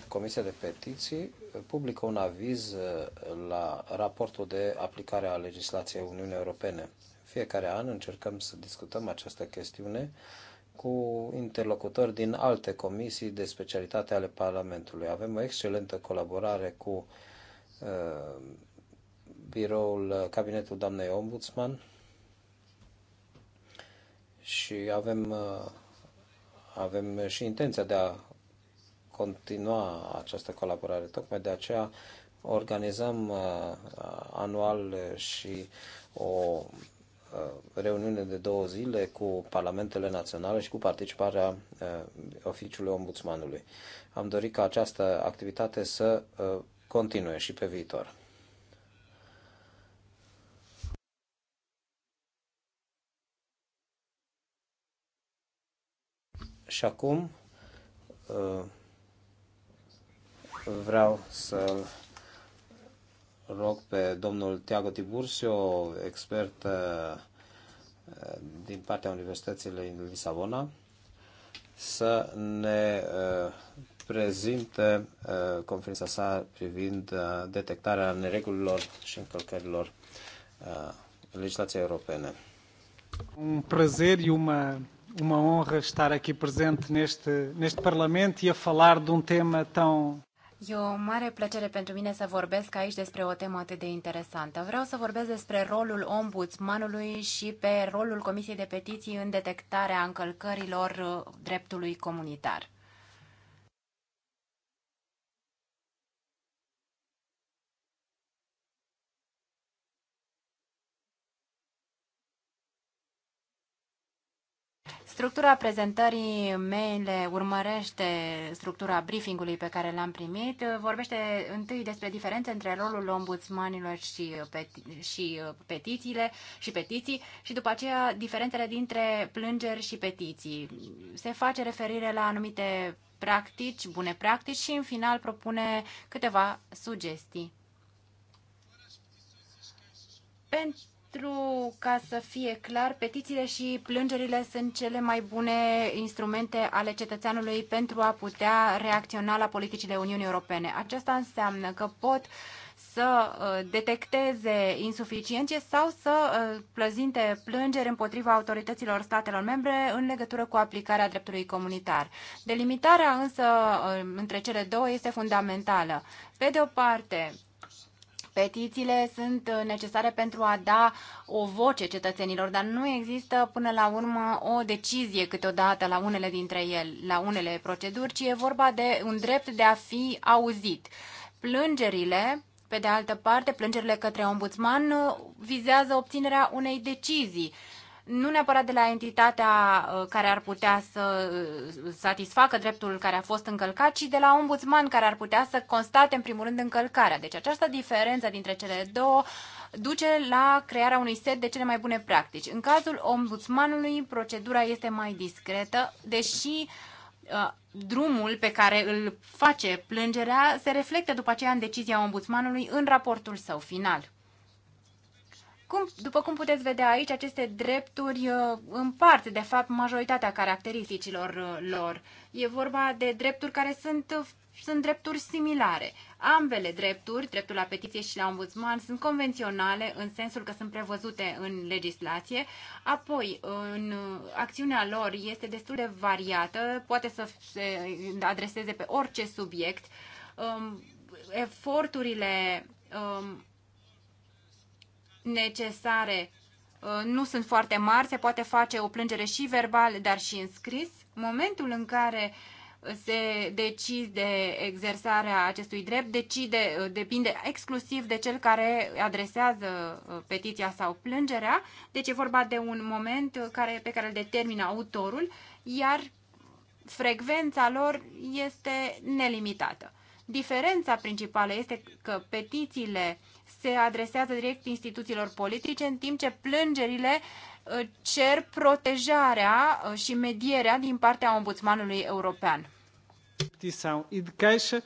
Comisia de Petiții publică un aviz la raportul de aplicare a legislației Uniunii Europene. Fiecare an încercăm să discutăm această chestiune cu interlocutori din alte comisii de specialitate ale Parlamentului. Avem o excelentă colaborare cu uh, biroul, uh, cabinetul doamnei ombudsman și avem, uh, avem și intenția de a continua această colaborare. Tocmai de aceea organizăm uh, anual și o Uh, reuniune de două zile cu parlamentele naționale și cu participarea uh, oficiului ombudsmanului. Am dorit ca această activitate să uh, continue și pe viitor. Și acum vreau să rog pe domnul Tiago Tiburcio, expert uh, din partea Universității din Lisabona, să ne uh, prezinte uh, conferința sa privind detectarea neregulilor și încălcărilor legislației europene. Um prazer e uma, uma honra estar aqui presente neste, neste Parlamento e a falar de um tema tão. E o mare plăcere pentru mine să vorbesc aici despre o temă atât de interesantă. Vreau să vorbesc despre rolul ombudsmanului și pe rolul Comisiei de Petiții în detectarea încălcărilor uh, dreptului comunitar. Structura prezentării mele urmărește structura briefingului pe care l-am primit. Vorbește întâi despre diferențe între rolul ombudsmanilor și, peti- și uh, petițiile și petiții și după aceea diferențele dintre plângeri și petiții. Se face referire la anumite practici, bune practici și în final propune câteva sugestii. Pentru pentru ca să fie clar, petițiile și plângerile sunt cele mai bune instrumente ale cetățeanului pentru a putea reacționa la politicile Uniunii Europene. Aceasta înseamnă că pot să uh, detecteze insuficiențe sau să uh, plăzinte plângeri împotriva autorităților statelor membre în legătură cu aplicarea dreptului comunitar. Delimitarea însă uh, între cele două este fundamentală. Pe de o parte, Petițiile sunt uh, necesare pentru a da o voce cetățenilor, dar nu există până la urmă o decizie câteodată la unele dintre ele, la unele proceduri, ci e vorba de un drept de a fi auzit. Plângerile pe de altă parte, plângerile către ombudsman uh, vizează obținerea unei decizii nu neapărat de la entitatea uh, care ar putea să uh, satisfacă dreptul care a fost încălcat, ci de la ombudsman care ar putea să constate în primul rând încălcarea. Deci această diferență dintre cele două duce la crearea unui set de cele mai bune practici. În cazul ombudsmanului, procedura este mai discretă, deși uh, drumul pe care îl face plângerea se reflectă după aceea în decizia ombudsmanului în raportul său final. Cum, după cum puteți vedea aici, aceste drepturi uh, împart, de fapt, majoritatea caracteristicilor uh, lor. E vorba de drepturi care sunt, uh, sunt drepturi similare. Ambele drepturi, dreptul la petiție și la ombudsman, sunt convenționale în sensul că sunt prevăzute în legislație. Apoi, în acțiunea lor este destul de variată, poate să se adreseze pe orice subiect. Um, eforturile um, necesare uh, nu sunt foarte mari, se poate face o plângere și verbal, dar și în scris. Momentul în care se decide exersarea acestui drept, decide, uh, depinde exclusiv de cel care adresează uh, petiția sau plângerea, deci e vorba de un moment care, pe care îl determină autorul, iar frecvența lor este nelimitată. Diferența principală este că petițiile se adresează direct instituțiilor politice, în timp ce plângerile uh, cer protejarea uh, și medierea din partea ombudsmanului european. São e de queixa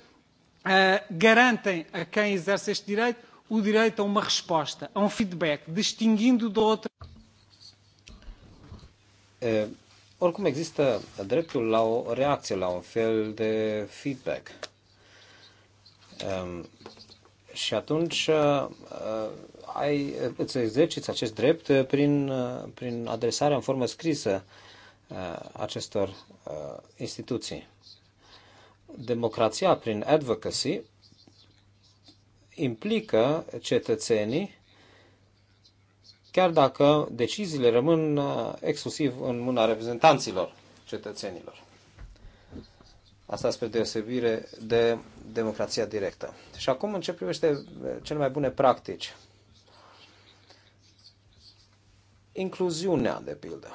eh, garantem a quem exerce este direito o direito a uma resposta, a um feedback, distinguindo do outro. E, eh, oricum există dreptul la o reacție, la un fel de feedback. Ehm, și atunci uh, uh, ai, îți exerciți acest drept uh, prin, prin adresarea în formă scrisă acestor instituții. Democrația prin advocacy implică cetățenii chiar dacă deciziile rămân exclusiv în mâna reprezentanților cetățenilor. Asta spre deosebire de democrația directă. Și acum în ce privește eh, cele mai bune practici. Incluziunea, de pildă.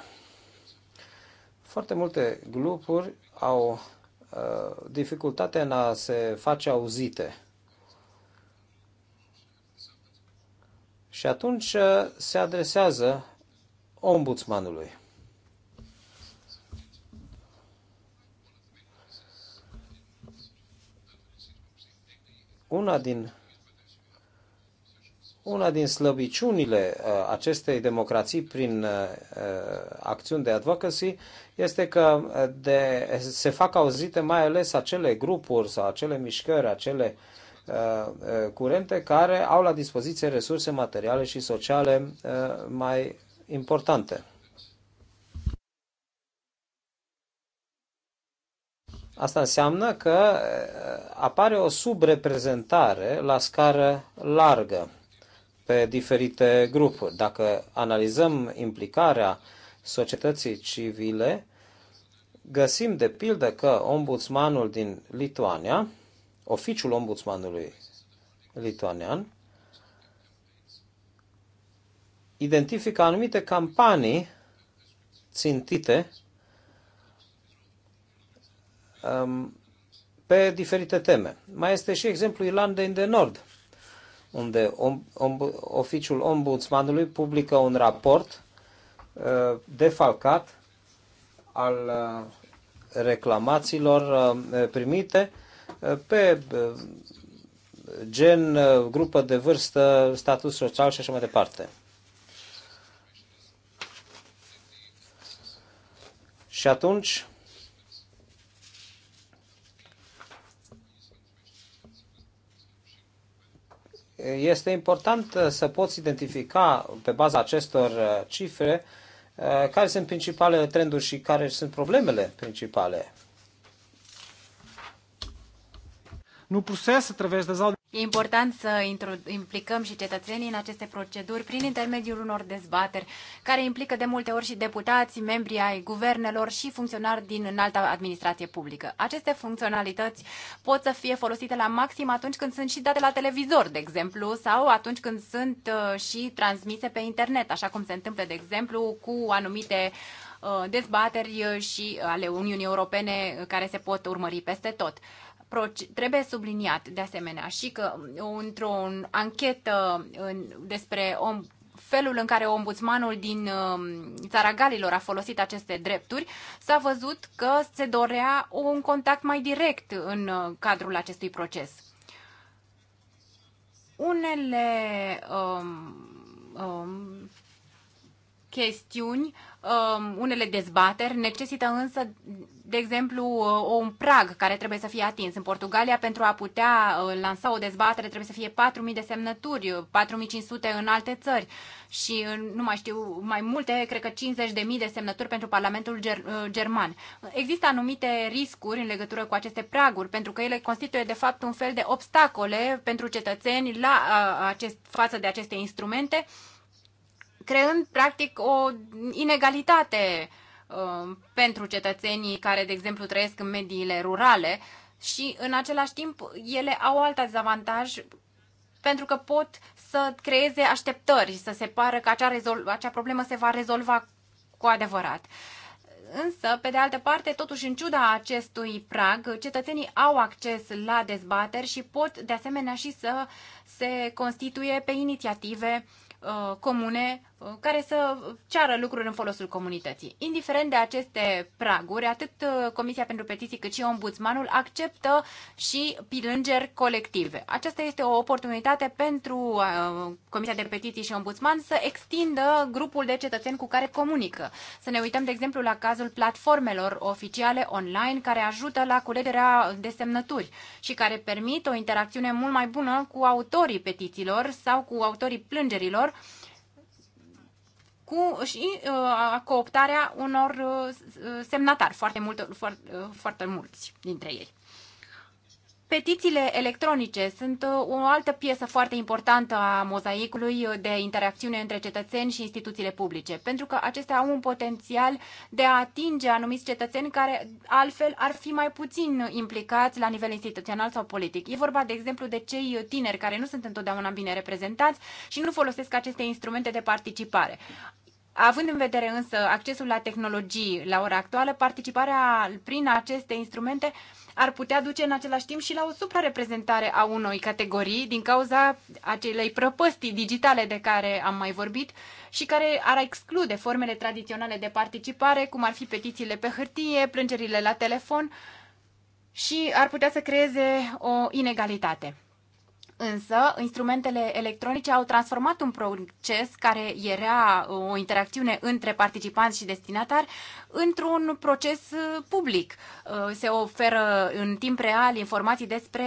Foarte multe grupuri au uh, eh, dificultate în a se face auzite. Și atunci eh, se adresează ombudsmanului. Una din, una din slăbiciunile uh, acestei democrații prin uh, uh, acțiuni de advocacy este că de, se fac auzite mai ales acele grupuri sau acele mișcări, acele curente care au la dispoziție resurse materiale și sociale mai importante. Asta înseamnă că uh, apare o subreprezentare la scară largă pe diferite grupuri. Dacă analizăm implicarea societății civile, găsim de pildă că ombudsmanul din Lituania, oficiul ombudsmanului lituanian, identifică anumite campanii țintite Um, pe diferite teme. Mai este și exemplul Irlandei de Nord, unde oficiul ombudsmanului publică un raport uh, defalcat al uh, reclamațiilor uh, primite pe gen, grupă de vârstă, status social și așa mai departe. Și atunci, este important uh, să poți identifica pe baza acestor uh, cifre uh, care sunt principalele trenduri și care sunt problemele principale. No processo, através das E important să implicăm și cetățenii în aceste proceduri prin intermediul unor dezbateri, care implică de multe ori și deputați, membri ai guvernelor și funcționari din înalta administrație publică. Aceste funcționalități pot să fie folosite la maxim atunci când sunt și date la televizor, de exemplu, sau atunci când sunt uh, și transmise pe internet, așa cum se întâmplă, de exemplu, cu anumite uh, dezbateri uh, și ale Uniunii Europene care se pot urmări peste tot. Trebuie subliniat de asemenea și că într-o anchetă despre om, felul în care ombudsmanul din um, țara Galilor a folosit aceste drepturi, s-a văzut că se dorea un contact mai direct în uh, cadrul acestui proces. Unele um, um, chestiuni, um, unele dezbateri necesită însă de exemplu, un prag care trebuie să fie atins. În Portugalia, pentru a putea uh, lansa o dezbatere, trebuie să fie 4.000 de semnături, 4.500 în alte țări și, uh, nu mai știu, mai multe, cred că 50.000 de semnături pentru Parlamentul ger- uh, German. Există anumite riscuri în legătură cu aceste praguri, pentru că ele constituie, de fapt, un fel de obstacole pentru cetățeni la acest, față de aceste instrumente, creând, practic, o inegalitate Um, pentru cetățenii care, de exemplu, trăiesc în mediile rurale și, în același timp, ele au alt dezavantaj pentru că pot să creeze așteptări, să se pară că acea, rezol- acea problemă se va rezolva cu adevărat. Însă, pe de altă parte, totuși, în ciuda acestui prag, cetățenii au acces la dezbateri și pot, de asemenea, și să se constituie pe inițiative uh, comune Uh, care să ceară lucruri în folosul comunității. Indiferent de aceste praguri, atât uh, Comisia pentru Petiții cât și Ombudsmanul acceptă și plângeri colective. Aceasta este o oportunitate pentru uh, Comisia de Petiții și Ombudsman să extindă grupul de cetățeni cu care comunică. Să ne uităm, de exemplu, la cazul platformelor oficiale online care ajută la culegerea de semnături și care permit o interacțiune mult mai bună cu autorii petițiilor sau cu autorii plângerilor cu și uh, cooptarea unor uh, semnatari, foarte, mult, foarte, uh, foarte mulți dintre ei. Petițiile electronice sunt uh, o altă piesă foarte importantă a mozaicului uh, de interacțiune între cetățeni și instituțiile publice, pentru că acestea au un potențial de a atinge anumiți cetățeni care altfel ar fi mai puțin implicați la nivel instituțional sau politic. E vorba, de exemplu, de cei uh, tineri care nu sunt întotdeauna bine reprezentați și nu folosesc aceste instrumente de participare. Având în vedere însă accesul la tehnologii la ora actuală, participarea prin aceste instrumente ar putea duce în același timp și la o suprareprezentare a unei categorii din cauza acelei prăpăstii digitale de care am mai vorbit și care ar exclude formele tradiționale de participare, cum ar fi petițiile pe hârtie, plângerile la telefon și ar putea să creeze o inegalitate. Însă, instrumentele electronice au transformat un proces care era uh, o interacțiune între participanți și destinatari într-un proces uh, public. Uh, se oferă în timp real informații despre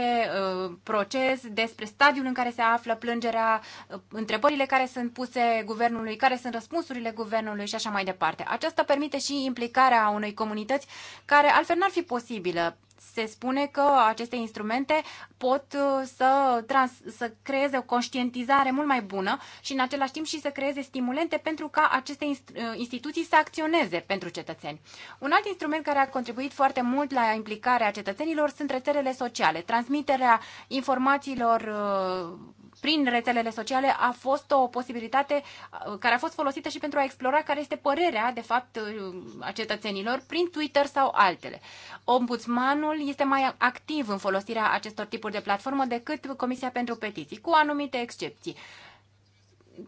proces, despre stadiul în care se află plângerea, întrebările care sunt puse guvernului, care sunt răspunsurile guvernului și așa mai departe. Aceasta permite și implicarea unei comunități care altfel n-ar fi posibilă se spune că aceste instrumente pot uh, să, trans, să creeze o conștientizare mult mai bună și în același timp și să creeze stimulente pentru ca aceste uh, instituții să acționeze pentru cetățeni. Un alt instrument care a contribuit foarte mult la implicarea cetățenilor sunt rețelele sociale, transmiterea informațiilor uh, prin rețelele sociale a fost o posibilitate uh, care a fost folosită și pentru a explora care este părerea, de fapt, uh, a cetățenilor prin Twitter sau altele. Ombudsmanul este mai activ în folosirea acestor tipuri de platformă decât Comisia pentru Petiții, cu anumite excepții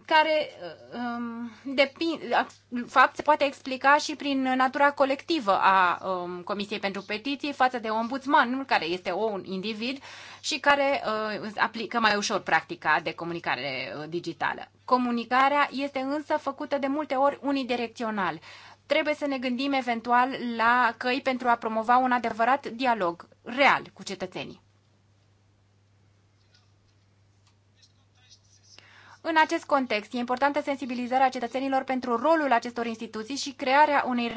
care um, depind, fapt se poate explica și prin natura colectivă a um, Comisiei pentru Petiții față de ombudsmanul, care este o, un individ și care uh, aplică mai ușor practica de comunicare uh, digitală. Comunicarea este însă făcută de multe ori unidirecțional. Trebuie să ne gândim eventual la căi pentru a promova un adevărat dialog real cu cetățenii. În acest context, e importantă sensibilizarea cetățenilor pentru rolul acestor instituții și crearea unei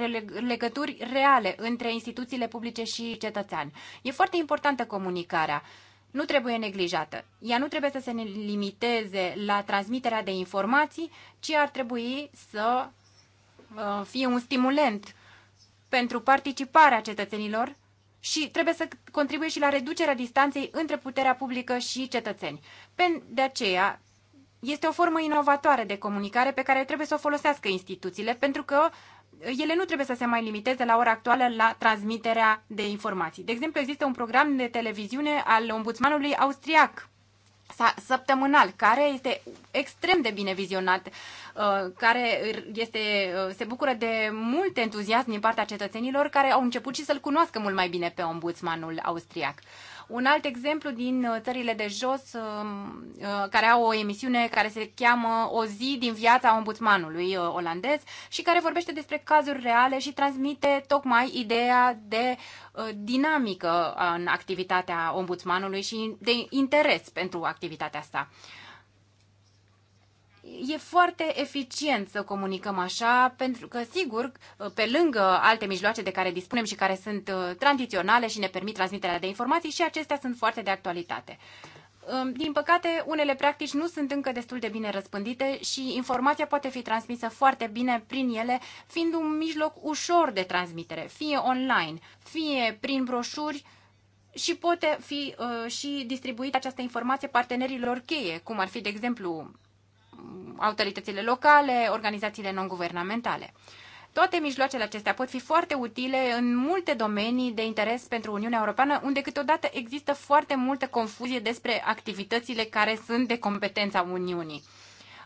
legături reale între instituțiile publice și cetățean. E foarte importantă comunicarea nu trebuie neglijată. Ea nu trebuie să se limiteze la transmiterea de informații, ci ar trebui să uh, fie un stimulent pentru participarea cetățenilor și trebuie să contribuie și la reducerea distanței între puterea publică și cetățeni. De aceea, este o formă inovatoare de comunicare pe care trebuie să o folosească instituțiile, pentru că uh, ele nu trebuie să se mai limiteze la ora actuală la transmiterea de informații. De exemplu, există un program de televiziune al ombudsmanului austriac săptămânal, care este extrem de bine vizionat, uh, care este, uh, se bucură de mult entuziasm din partea cetățenilor care au început și să-l cunoască mult mai bine pe ombudsmanul austriac. Un alt exemplu din uh, țările de jos um, uh, care au o emisiune care se cheamă O zi din viața ombudsmanului uh, olandez și care vorbește despre cazuri reale și transmite tocmai ideea de dinamică în activitatea ombudsmanului și de interes pentru activitatea sa e foarte eficient să comunicăm așa, pentru că, sigur, pe lângă alte mijloace de care dispunem și care sunt uh, tradiționale și ne permit transmiterea de informații, și acestea sunt foarte de actualitate. Um, din păcate, unele practici nu sunt încă destul de bine răspândite și informația poate fi transmisă foarte bine prin ele, fiind un mijloc ușor de transmitere, fie online, fie prin broșuri și poate fi uh, și distribuită această informație partenerilor cheie, cum ar fi, de exemplu, autoritățile locale, organizațiile non-guvernamentale. Toate mijloacele acestea pot fi foarte utile în multe domenii de interes pentru Uniunea Europeană, unde câteodată există foarte multă confuzie despre activitățile care sunt de competența Uniunii.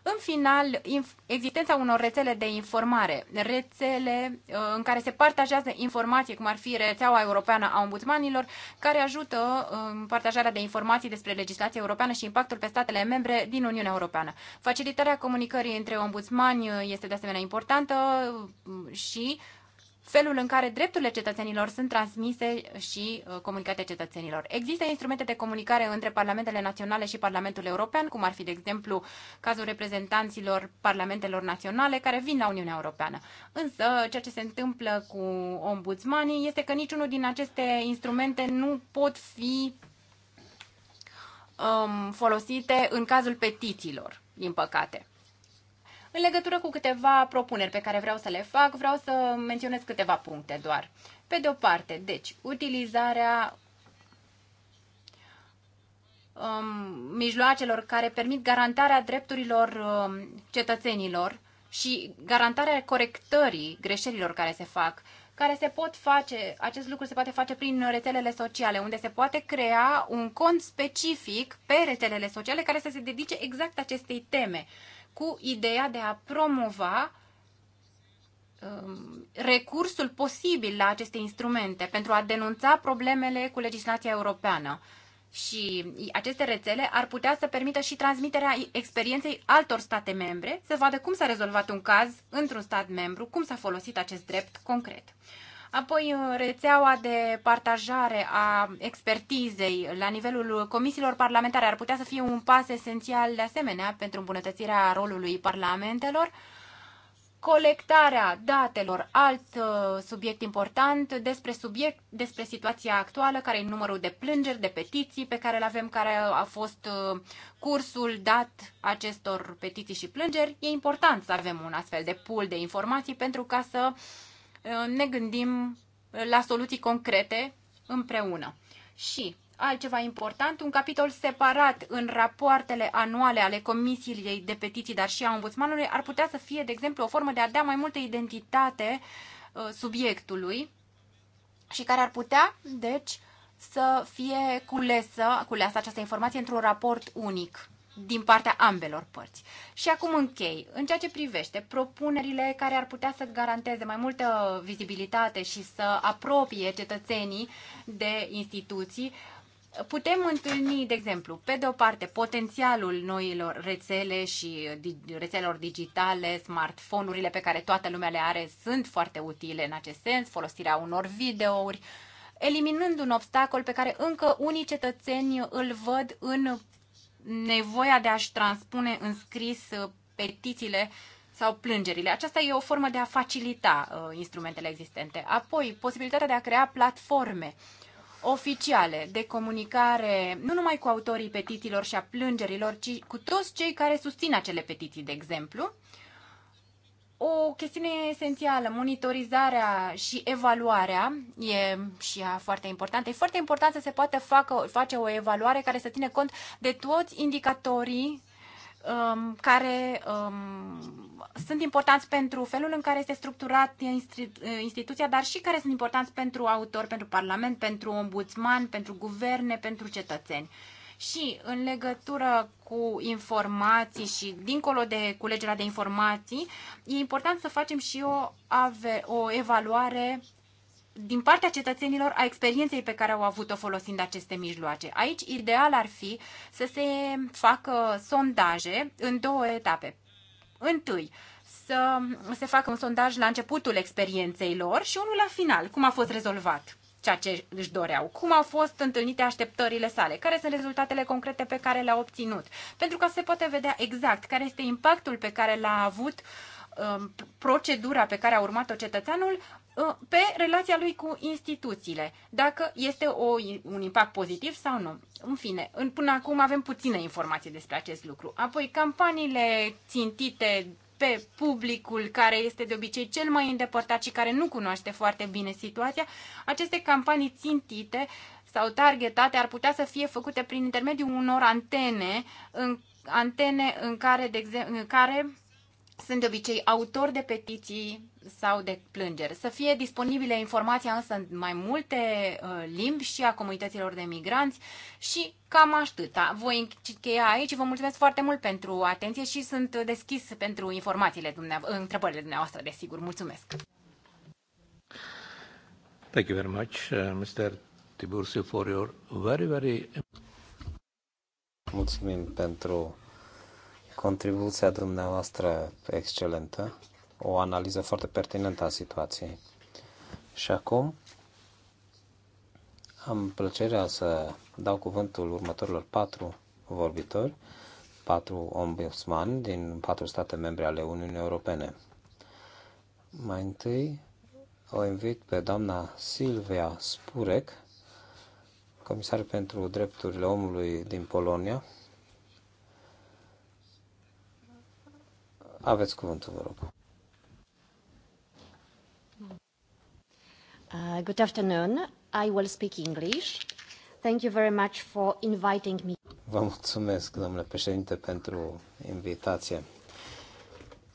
În final, existența unor rețele de informare, rețele uh, în care se partajează informații, cum ar fi rețeaua europeană a ombudsmanilor, care ajută în um, partajarea de informații despre legislația europeană și impactul pe statele membre din Uniunea Europeană. Facilitarea comunicării între ombudsmani uh, este de asemenea importantă uh, și felul în care drepturile cetățenilor sunt transmise și uh, comunicate cetățenilor. Există instrumente de comunicare între parlamentele naționale și Parlamentul European, cum ar fi, de exemplu, cazul reprezentanților parlamentelor naționale care vin la Uniunea Europeană. Însă, ceea ce se întâmplă cu ombudsmanii este că niciunul din aceste instrumente nu pot fi um, folosite în cazul petițiilor, din păcate. În legătură cu câteva propuneri pe care vreau să le fac, vreau să menționez câteva puncte doar. Pe de o parte, deci, utilizarea um, mijloacelor care permit garantarea drepturilor um, cetățenilor și garantarea corectării greșelilor care se fac, care se pot face, acest lucru se poate face prin rețelele sociale, unde se poate crea un cont specific pe rețelele sociale care să se dedice exact acestei teme cu ideea de a promova um, recursul posibil la aceste instrumente pentru a denunța problemele cu legislația europeană. Și aceste rețele ar putea să permită și transmiterea experienței altor state membre, să vadă cum s-a rezolvat un caz într-un stat membru, cum s-a folosit acest drept concret. Apoi rețeaua de partajare a expertizei la nivelul comisiilor parlamentare ar putea să fie un pas esențial de asemenea pentru îmbunătățirea rolului parlamentelor. Colectarea datelor, alt uh, subiect important despre, subiect, despre situația actuală, care e numărul de plângeri, de petiții pe care le avem, care a fost uh, cursul dat acestor petiții și plângeri. E important să avem un astfel de pool de informații pentru ca să uh, Uh, ne gândim la soluții concrete împreună. Și altceva important, un capitol separat în rapoartele anuale ale Comisiei de Petiții, dar și a Ombudsmanului, ar putea să fie, de exemplu, o formă de a da mai multă identitate uh, subiectului și care ar putea, deci, să fie culesă, culeasă această informație într-un raport unic din partea ambelor părți. Și acum închei. În ceea ce privește propunerile care ar putea să garanteze mai multă vizibilitate și să apropie cetățenii de instituții, putem întâlni, de exemplu, pe de o parte, potențialul noilor rețele și rețelelor digitale, smartphone-urile pe care toată lumea le are sunt foarte utile în acest sens, folosirea unor videouri, eliminând un obstacol pe care încă unii cetățeni îl văd în nevoia de a-și transpune în scris uh, petițiile sau plângerile. Aceasta e o formă de a facilita uh, instrumentele existente. Apoi, posibilitatea de a crea platforme oficiale de comunicare, nu numai cu autorii petițiilor și a plângerilor, ci cu toți cei care susțin acele petiții, de exemplu, o chestiune esențială, monitorizarea și evaluarea e și ea foarte importantă. E foarte important să se poată facă, face o evaluare care să ține cont de toți indicatorii um, care um, sunt importanți pentru felul în care este structurat instituția, dar și care sunt importanți pentru autor, pentru parlament, pentru ombudsman, pentru guverne, pentru cetățeni. Uh, și în legătură cu informații și dincolo de culegerea de informații, e important să facem și o, ave, o evaluare din partea cetățenilor a experienței pe care au avut-o folosind aceste mijloace. Aici ideal ar fi să se facă sondaje în două etape. Întâi, să se facă un sondaj la începutul experienței lor și unul la final, cum a fost rezolvat ceea ce își doreau. Cum au fost întâlnite așteptările sale? Care sunt rezultatele concrete pe care le-a obținut? Pentru că se poate vedea exact care este impactul pe care l-a avut um, procedura pe care a urmat-o cetățeanul uh, pe relația lui cu instituțiile, dacă este o, un impact pozitiv sau nu. În fine, în, până acum avem puține informații despre acest lucru. Apoi, campaniile țintite pe publicul care este de obicei cel mai îndepărtat și care nu cunoaște foarte bine situația, aceste campanii țintite sau targetate ar putea să fie făcute prin intermediul unor antene în, antene în care, de exemplu, în care sunt de obicei autori de petiții sau de plângeri. Să fie disponibile informația însă în mai multe uh, limbi și a comunităților de migranți și cam atâta. Voi încheia aici. Vă mulțumesc foarte mult pentru atenție și sunt deschis pentru informațiile dumneavoastră, întrebările dumneavoastră, desigur. Mulțumesc! Thank you very much, uh, Mr. Tiburcio, for your very, very... Mulțumim pentru contribuția dumneavoastră excelentă o analiză foarte pertinentă a situației. Și acum am plăcerea să dau cuvântul următorilor patru vorbitori, patru ombudsman din patru state membre ale Uniunii Europene. Mai întâi o invit pe doamna Silvia Spurek, comisar pentru drepturile omului din Polonia. Aveți cuvântul, vă rog. Uh, good afternoon. I will speak English. Thank you very much for inviting me. Vă mulțumesc, domnule președinte, pentru invitație.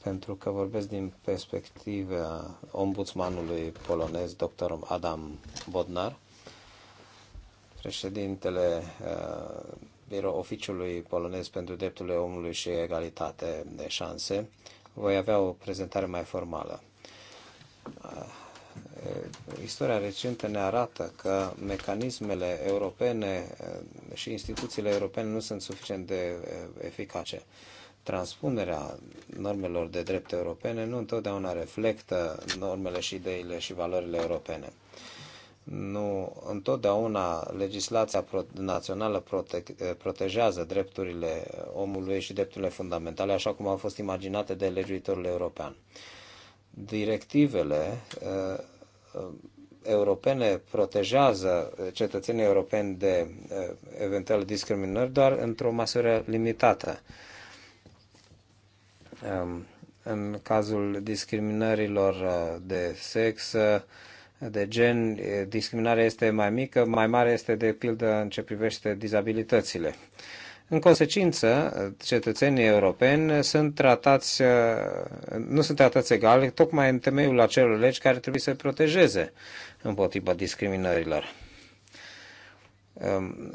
Pentru că vorbesc din perspectiva ombudsmanului polonez, dr. Adam Bodnar, președintele uh, Oficiului Polonez pentru Drepturile Omului și Egalitate de Șanse. Voi avea o prezentare mai formală uh, Eh, istoria recentă ne arată că mecanismele europene eh, și instituțiile europene nu sunt suficient de eh, eficace. Transpunerea normelor de drept europene nu întotdeauna reflectă normele și ideile și valorile europene. Nu întotdeauna legislația națională prote protejează drepturile omului și drepturile fundamentale, așa cum au fost imaginate de legiuitorul european directivele Uh, europene protejează cetățenii europeni de uh, eventuale discriminări doar într-o măsură limitată. Um, în cazul discriminărilor uh, de sex, de gen, discriminarea este mai mică, mai mare este de pildă în ce privește dizabilitățile. În consecință, cetățenii europeni sunt tratați, uh, nu sunt tratați egal, tocmai în temeiul acelor legi care trebuie să protejeze împotriva discriminărilor. Um,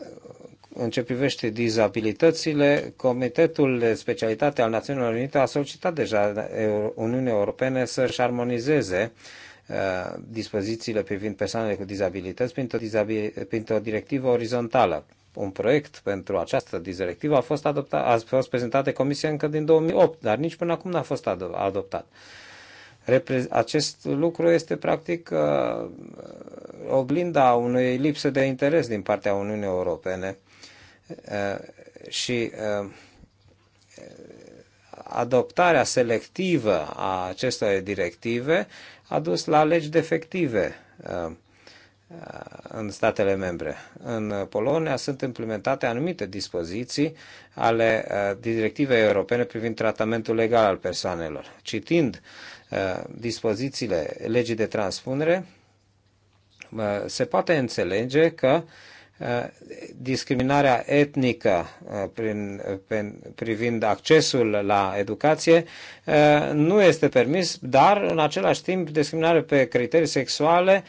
în ce privește dizabilitățile, Comitetul de Specialitate al Națiunilor Unite a solicitat deja Uniunea Europene să-și armonizeze uh, dispozițiile privind persoanele cu dizabilități printr-o, dizabil, printr-o directivă orizontală un proiect pentru această directivă a fost, adoptat, a fost prezentat de Comisie încă din 2008, dar nici până acum n-a fost adoptat. Acest lucru este practic uh, oglinda unei lipse de interes din partea Uniunii Europene uh, și uh, adoptarea selectivă a acestor directive a dus la legi defective în statele membre. În Polonia sunt implementate anumite dispoziții ale uh, directivei europene privind tratamentul legal al persoanelor. Citind uh, dispozițiile legii de transpunere, uh, se poate înțelege că Uh, discriminarea etnică uh, prin, prin, privind accesul la educație uh, nu este permis, dar în același timp discriminarea pe criterii sexuale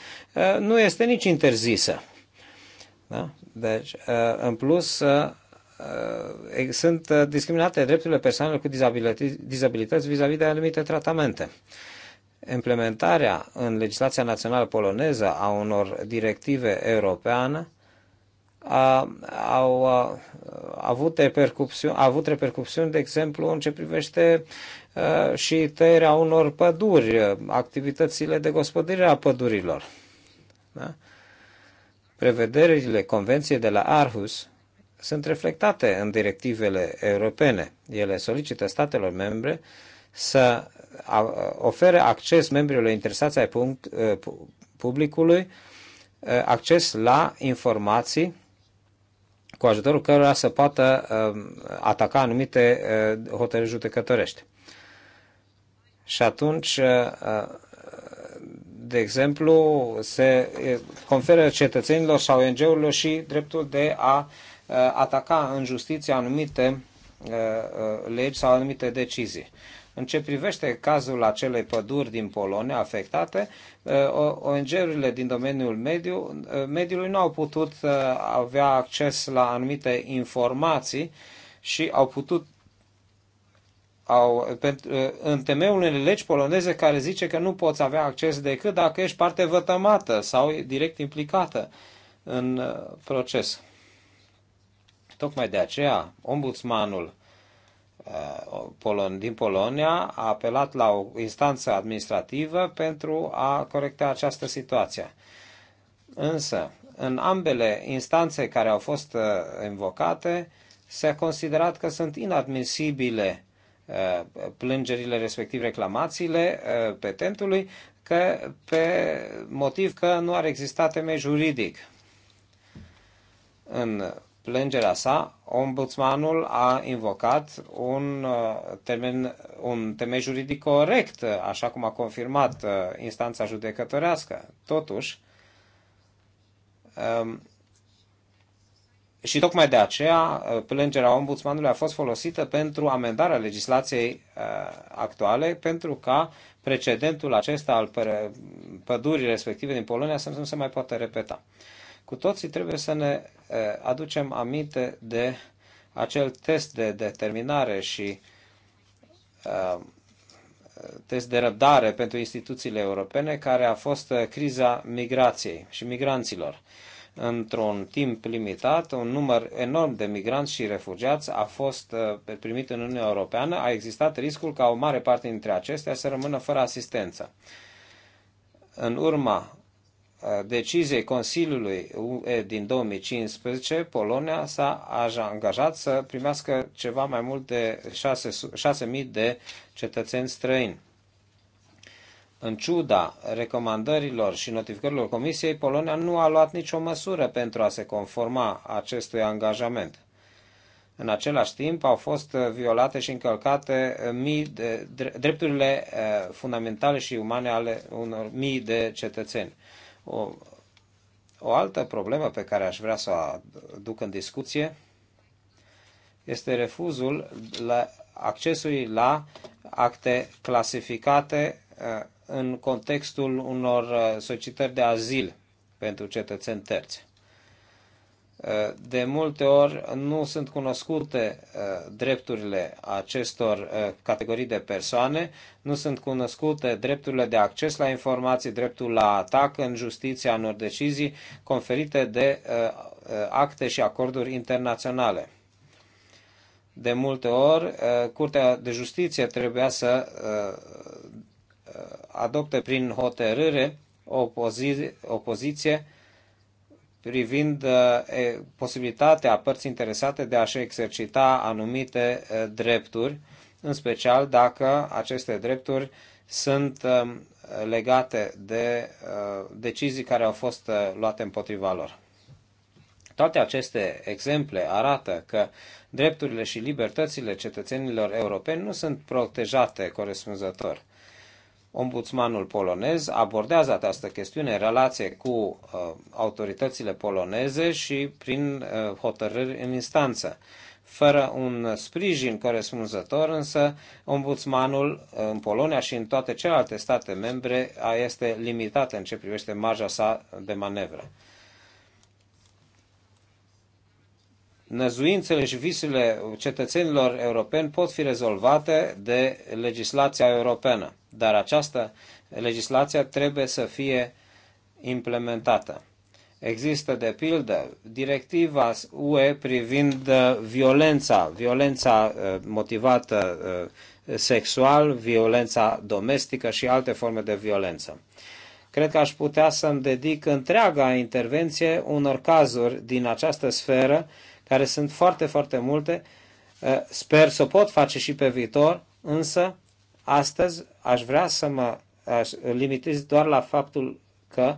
nu este nici interzisă. Da? Deci, în plus, sunt discriminate drepturile persoanelor cu dizabilități vis-a-vis -vis de anumite tratamente implementarea în legislația națională poloneză a unor directive europeană a, au a, avut, repercusiuni, a avut repercusiuni, de exemplu, în ce privește a, și tăierea unor păduri, activitățile de gospodărire a pădurilor. Da? Prevederile Convenției de la Arhus sunt reflectate în directivele europene. Ele solicită statelor membre să ofere acces membrilor interesați ai publicului acces la informații cu ajutorul cărora să poată um, ataca anumite uh, hotărâri judecătorești. Și atunci, uh, uh, de exemplu, se conferă cetățenilor sau ONG-urilor și dreptul de a ataca în justiție anumite legi sau anumite decizii. În ce privește cazul acelei păduri din Polonia afectate, uh, ONG-urile din domeniul mediu, uh, mediului nu au putut uh, avea acces la anumite informații și au putut au, pentru, în temeiul unei legi poloneze care zice că nu poți avea acces decât dacă ești parte vătămată sau direct implicată în proces. Tocmai de aceea, ombudsmanul Uh, Polon, din Polonia a apelat la o instanță administrativă pentru a corecta această situație. Însă, în ambele instanțe care au fost uh, invocate, s-a considerat că sunt inadmisibile uh, plângerile, respectiv reclamațiile petentului, că pe motiv că nu ar exista temei juridic. În plângerea sa, ombudsmanul a invocat un uh, termen, un temei juridic corect, uh, așa cum a confirmat uh, instanța judecătorească. Totuși, um, și tocmai de aceea, plângerea ombudsmanului a fost folosită pentru amendarea legislației actuale, pentru ca precedentul acesta al pădurii respective din Polonia să nu se mai poată repeta. Cu toții trebuie să ne Eh, aducem aminte de acel test de determinare și eh, test de răbdare pentru instituțiile europene, care a fost eh, criza migrației și migranților. Într-un timp limitat, un număr enorm de migranți și refugiați a fost primit în Uniunea Europeană, a existat riscul ca o mare parte dintre acestea să rămână fără asistență. În urma Uh, deciziei Consiliului UE din 2015, Polonia s-a angajat să primească ceva mai mult de 6.000 de cetățeni străini. În ciuda recomandărilor și notificărilor Comisiei, Polonia nu a luat nicio măsură pentru a se conforma acestui angajament. În același timp, au fost uh, violate și încălcate uh, mii de, drepturile fundamentale și umane ale unor mii de cetățeni. O, o altă problemă pe care aș vrea să o aduc în discuție este refuzul la accesului la acte clasificate uh, în contextul unor uh, solicitări de azil pentru cetățeni terți de multe ori nu sunt cunoscute uh, drepturile acestor uh, categorii de persoane, nu sunt cunoscute drepturile de acces la informații, dreptul la atac în justiția unor decizii conferite de uh, acte și acorduri internaționale. De multe ori, Curtea de Justiție trebuia să adopte prin hotărâre o, pozi- o poziție privind uh, posibilitatea părții interesate de a-și exercita anumite uh, drepturi, în special dacă aceste drepturi sunt um, legate de uh, decizii care au fost luate împotriva lor. Toate aceste exemple arată că drepturile și libertățile cetățenilor europeni nu sunt protejate corespunzător ombudsmanul polonez abordează această chestiune în relație cu uh, autoritățile poloneze și prin uh, hotărâri în instanță. Fără un sprijin corespunzător, însă, ombudsmanul uh, în Polonia și în toate celelalte state membre este limitat în ce privește marja sa de manevră. năzuințele și visurile cetățenilor europeni pot fi rezolvate de legislația europeană dar această legislație trebuie să fie implementată. Există, de pildă, directiva UE privind uh, violența, violența uh, motivată uh, sexual, violența domestică și alte forme de violență. Cred că aș putea să-mi dedic întreaga intervenție unor cazuri din această sferă, care sunt foarte, foarte multe. Sper să pot face și pe viitor, însă Astăzi aș vrea să mă limitez doar la faptul că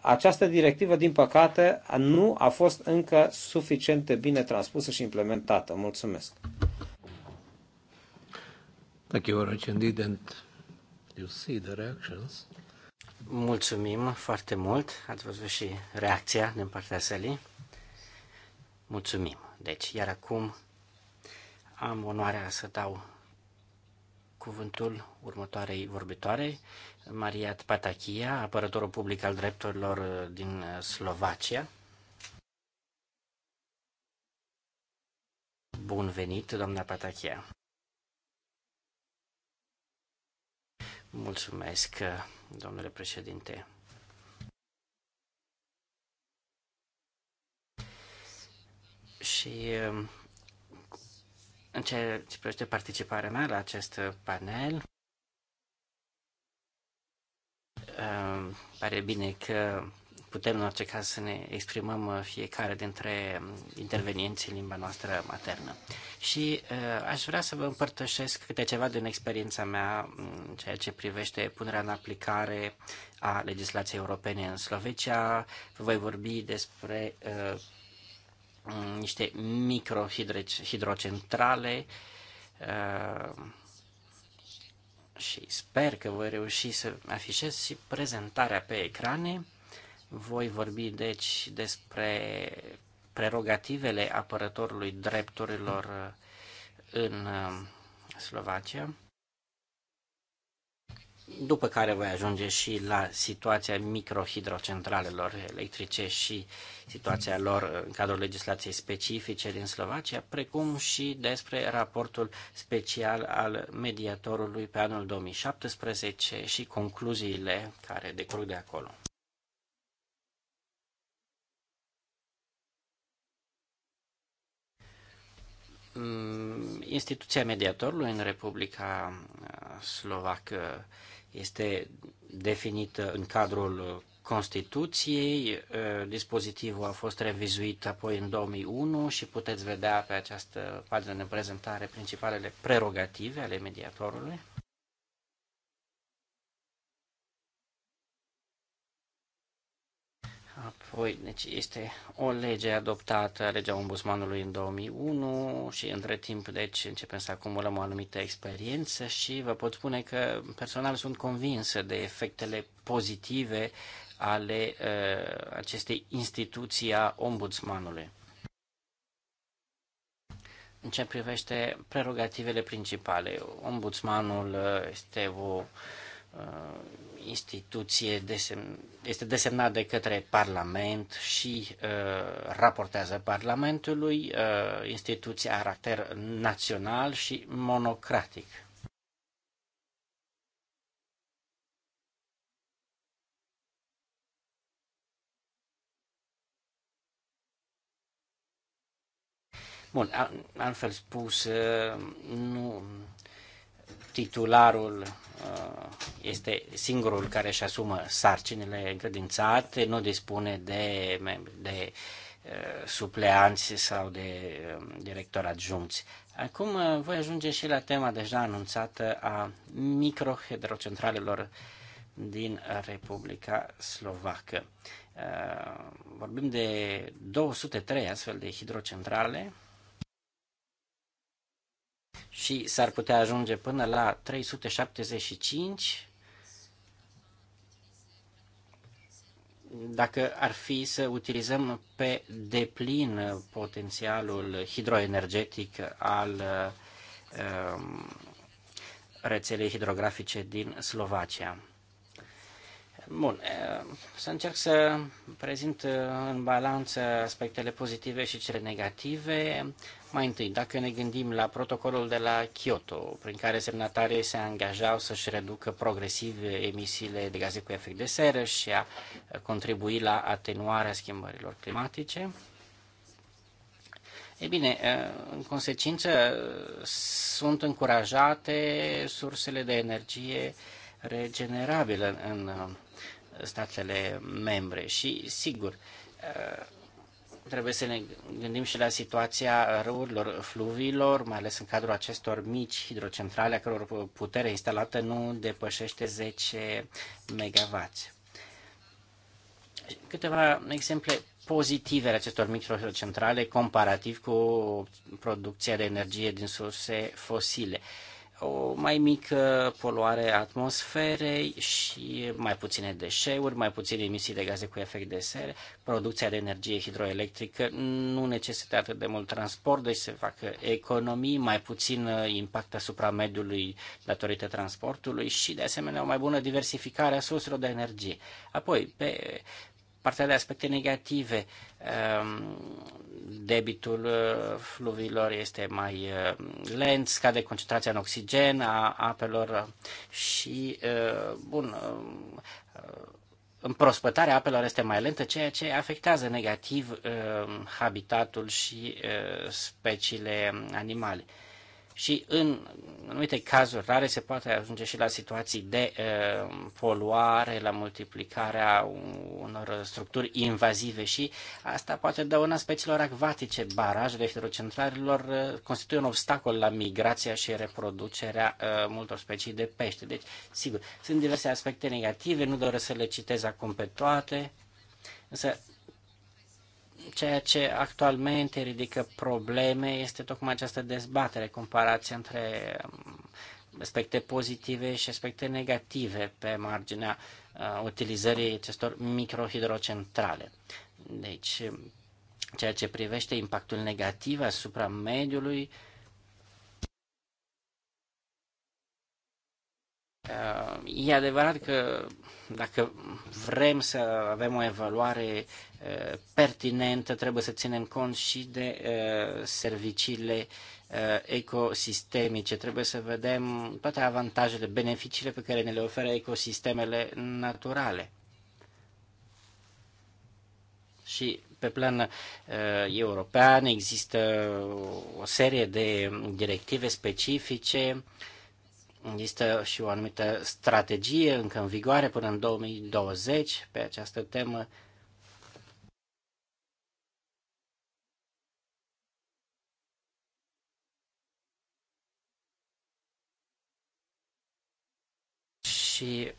această directivă, din păcate, nu a fost încă suficient de bine transpusă și implementată. Mulțumesc. Thank you you see the reactions. Mulțumim foarte mult. Ați văzut și reacția din partea sălii. Mulțumim. Deci, iar acum am onoarea să dau cuvântul următoarei vorbitoare, Maria Patachia, apărătorul public al drepturilor din Slovacia. Bun venit, doamna Patachia. Mulțumesc, domnule președinte. Și în ceea ce privește participarea mea la acest panel, um, pare bine că putem în orice caz să ne exprimăm uh, fiecare dintre intervenienții în limba noastră maternă. Și uh, aș vrea să vă împărtășesc câte ceva din experiența mea mm, în ceea ce privește punerea în aplicare a legislației europene în Slovecia. Voi vorbi despre uh, Mm, niște microhidrocentrale uh, și sper că voi reuși să afișez și prezentarea pe ecrane. Voi vorbi deci despre prerogativele apărătorului drepturilor uh, în uh, Slovacia după care voi ajunge și la situația microhidrocentralelor electrice și situația lor în cadrul legislației specifice din Slovacia, precum și despre raportul special al mediatorului pe anul 2017 și concluziile care decurg de acolo. Mm, instituția mediatorului în Republica Slovacă este definită în cadrul Constituției. Dispozitivul a fost revizuit apoi în 2001 și puteți vedea pe această pagină de prezentare principalele prerogative ale mediatorului. Apoi, deci este o lege adoptată, legea ombudsmanului în 2001 și între timp, deci, începem să acumulăm o anumită experiență și vă pot spune că personal sunt convinsă de efectele pozitive ale uh, acestei instituții a ombudsmanului. În ce privește prerogativele principale, ombudsmanul uh, este o uh, instituție desem, este desemnat de către Parlament și uh, raportează Parlamentului, uh, instituția a caracter național și monocratic. Bun, altfel spus, uh, nu titularul Uh, este singurul care își asumă sarcinile încredințate, nu dispune de, de uh, supleanți sau de um, director adjunți. Acum uh, voi ajunge și la tema deja anunțată a microhidrocentralelor din Republica Slovacă. Vorbim de 203 astfel de hidrocentrale și s-ar putea ajunge până la 375 dacă ar fi să utilizăm pe deplin potențialul hidroenergetic al um, rețelei hidrografice din Slovacia. Bun, um, să încerc să prezint uh, în balanță aspectele pozitive și cele negative. Mai întâi, dacă ne gândim la protocolul de la Kyoto, prin care semnatarii se angajau să-și reducă progresiv emisiile de gaze cu efect de seră și a contribui la atenuarea schimbărilor climatice, e bine, în consecință, sunt încurajate sursele de energie regenerabilă în uh, statele membre și, sigur, uh, trebuie să ne gândim și la situația râurilor fluviilor, mai ales în cadrul acestor mici hidrocentrale, a căror putere instalată nu depășește 10 MW. Câteva exemple pozitive ale acestor mici hidrocentrale comparativ cu producția de energie din surse fosile. Uh, o mai mică poluare a atmosferei și mai puține deșeuri, mai puține emisii de gaze cu efect de seră, producția de energie hidroelectrică nu necesită atât de mult transport, deci se fac economii, mai puțin uh, impact asupra mediului datorită transportului și, de asemenea, o mai bună diversificare a surselor de energie. Apoi, pe partea de aspecte negative. Ehm, debitul eh, fluvilor este mai eh, lent, scade concentrația în oxigen a apelor și, eh, bun, împrospătarea apelor este mai lentă, ceea ce afectează negativ ehm, habitatul și speciile animale și în anumite cazuri rare se poate ajunge și la situații de uh, poluare, la multiplicarea unor structuri invazive și asta poate dăuna speciilor acvatice. Barajele hidrocentralilor uh, constituie un obstacol la migrația și reproducerea uh, multor specii de pește. Deci, sigur, sunt diverse aspecte negative, nu doresc să le citez acum pe toate, însă Ceea ce actualmente ridică probleme este tocmai această dezbatere, comparație între um, aspecte pozitive și aspecte negative pe marginea uh, utilizării acestor microhidrocentrale. Deci, ceea ce privește impactul negativ asupra mediului, uh, Uh, e adevărat că dacă vrem să avem o evaluare uh, pertinentă, trebuie să ținem cont și de uh, serviciile ecosistemice. Trebuie să vedem toate avantajele, beneficiile pe care ne le oferă ecosistemele naturale. Și pe plan uh, european există o serie de directive specifice uh, Există și o anumită strategie încă în vigoare până în 2020 pe această temă. Și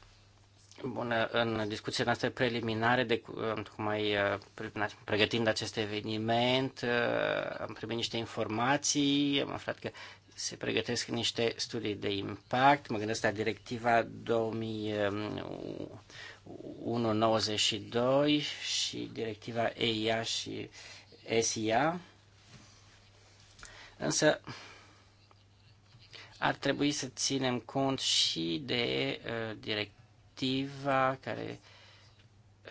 Bun, în discuția noastră preliminare, de, ai uh, pregătind acest eveniment, uh, am primit niște informații, am aflat că se pregătesc niște studii de impact. Mă gândesc la directiva 2001-92 și directiva EIA și SIA. Însă ar trebui să ținem cont și de uh, directiva care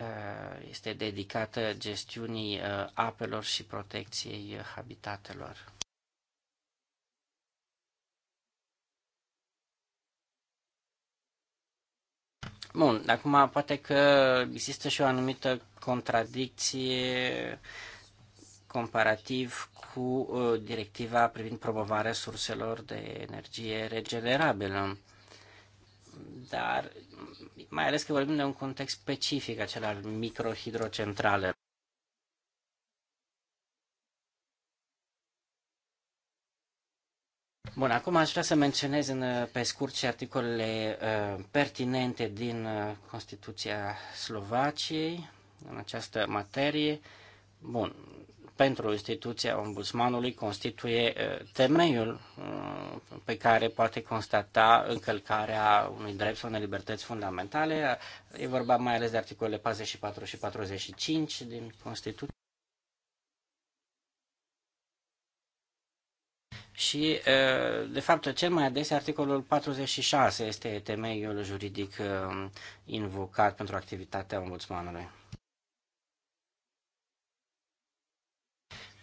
uh, este dedicată gestiunii uh, apelor și protecției habitatelor. Bun, acum poate că există și o anumită contradicție comparativ cu uh, directiva privind promovarea surselor de energie regenerabilă. Dar mai ales că vorbim de un context specific, acela al microhidrocentrale. Bun, acum aș vrea să menționez în, pe scurt și articolele uh, pertinente din uh, Constituția Slovaciei în această materie. Bun, pentru instituția ombudsmanului constituie uh, temeiul uh, pe care poate constata încălcarea unui drept sau unei libertăți fundamentale. Uh, e vorba mai ales de articolele 44 și 45 din Constituție. Și, de fapt, cel mai adesea articolul 46 este temeiul juridic invocat pentru activitatea ombudsmanului.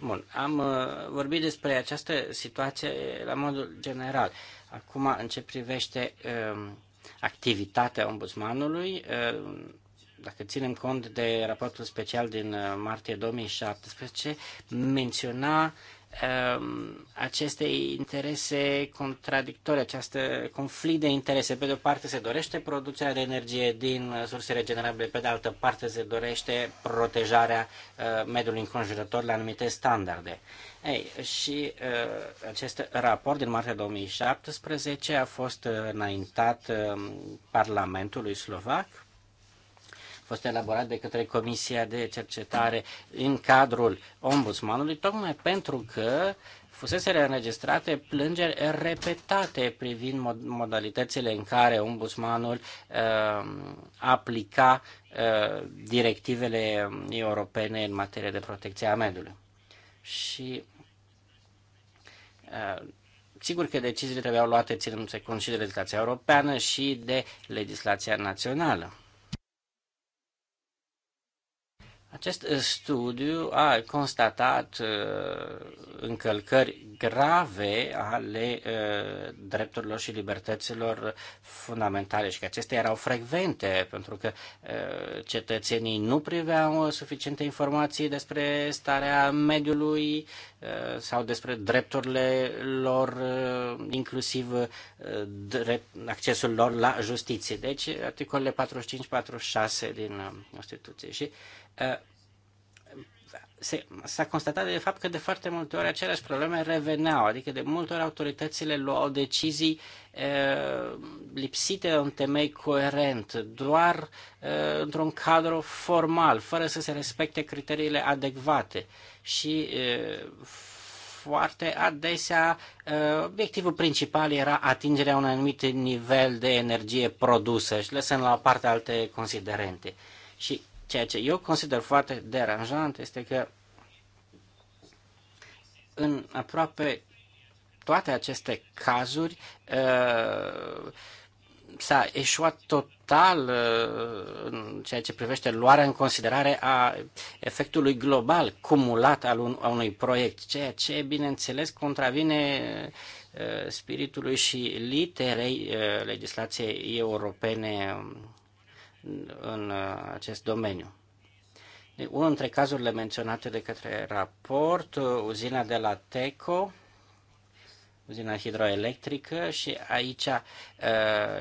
Bun, am vorbit despre această situație la modul general. Acum, în ce privește activitatea ombudsmanului, dacă ținem cont de raportul special din martie 2017, menționa Um, aceste interese contradictorii, acest conflict de interese. Pe de o parte se dorește producerea de energie din uh, surse regenerabile, pe de altă parte se dorește protejarea uh, mediului înconjurător la anumite standarde. Ei, și uh, acest raport din martie 2017 a fost înaintat um, Parlamentului Slovac fost elaborat de către Comisia de Cercetare în cadrul ombudsmanului, tocmai pentru că fusese înregistrate plângeri repetate privind mod modalitățile în care ombudsmanul uh, aplica uh, directivele europene în materie de protecție a mediului. Și uh, sigur că deciziile trebuiau luate ținându-se cont și de legislația europeană și de legislația națională. Acest uh, studiu a constatat uh, încălcări grave ale uh, drepturilor și libertăților fundamentale și că acestea erau frecvente pentru că cetățenii nu priveau suficiente informații despre starea mediului Uh, sau despre drepturile lor, uh, inclusiv uh, drept, accesul lor la justiție. Deci, articolele 45-46 din Constituție. Și s-a constatat de fapt că de foarte multe ori aceleași probleme reveneau, adică de multe ori autoritățile luau decizii e, lipsite de un temei coerent, doar e, într-un cadru formal, fără să se respecte criteriile adecvate și e, foarte adesea obiectivul principal era atingerea unui anumit nivel de energie produsă și lăsând la o parte alte considerente. Și Ceea ce eu consider foarte deranjant este că în aproape toate aceste cazuri uh, s-a eșuat total uh, în ceea ce privește luarea în considerare a efectului global cumulat al un, a unui proiect, ceea ce, bineînțeles, contravine uh, spiritului și literei legislației europene în uh, acest domeniu. Deci, unul dintre cazurile menționate de către raport, uh, uzina de la TECO, uzina hidroelectrică și aici uh,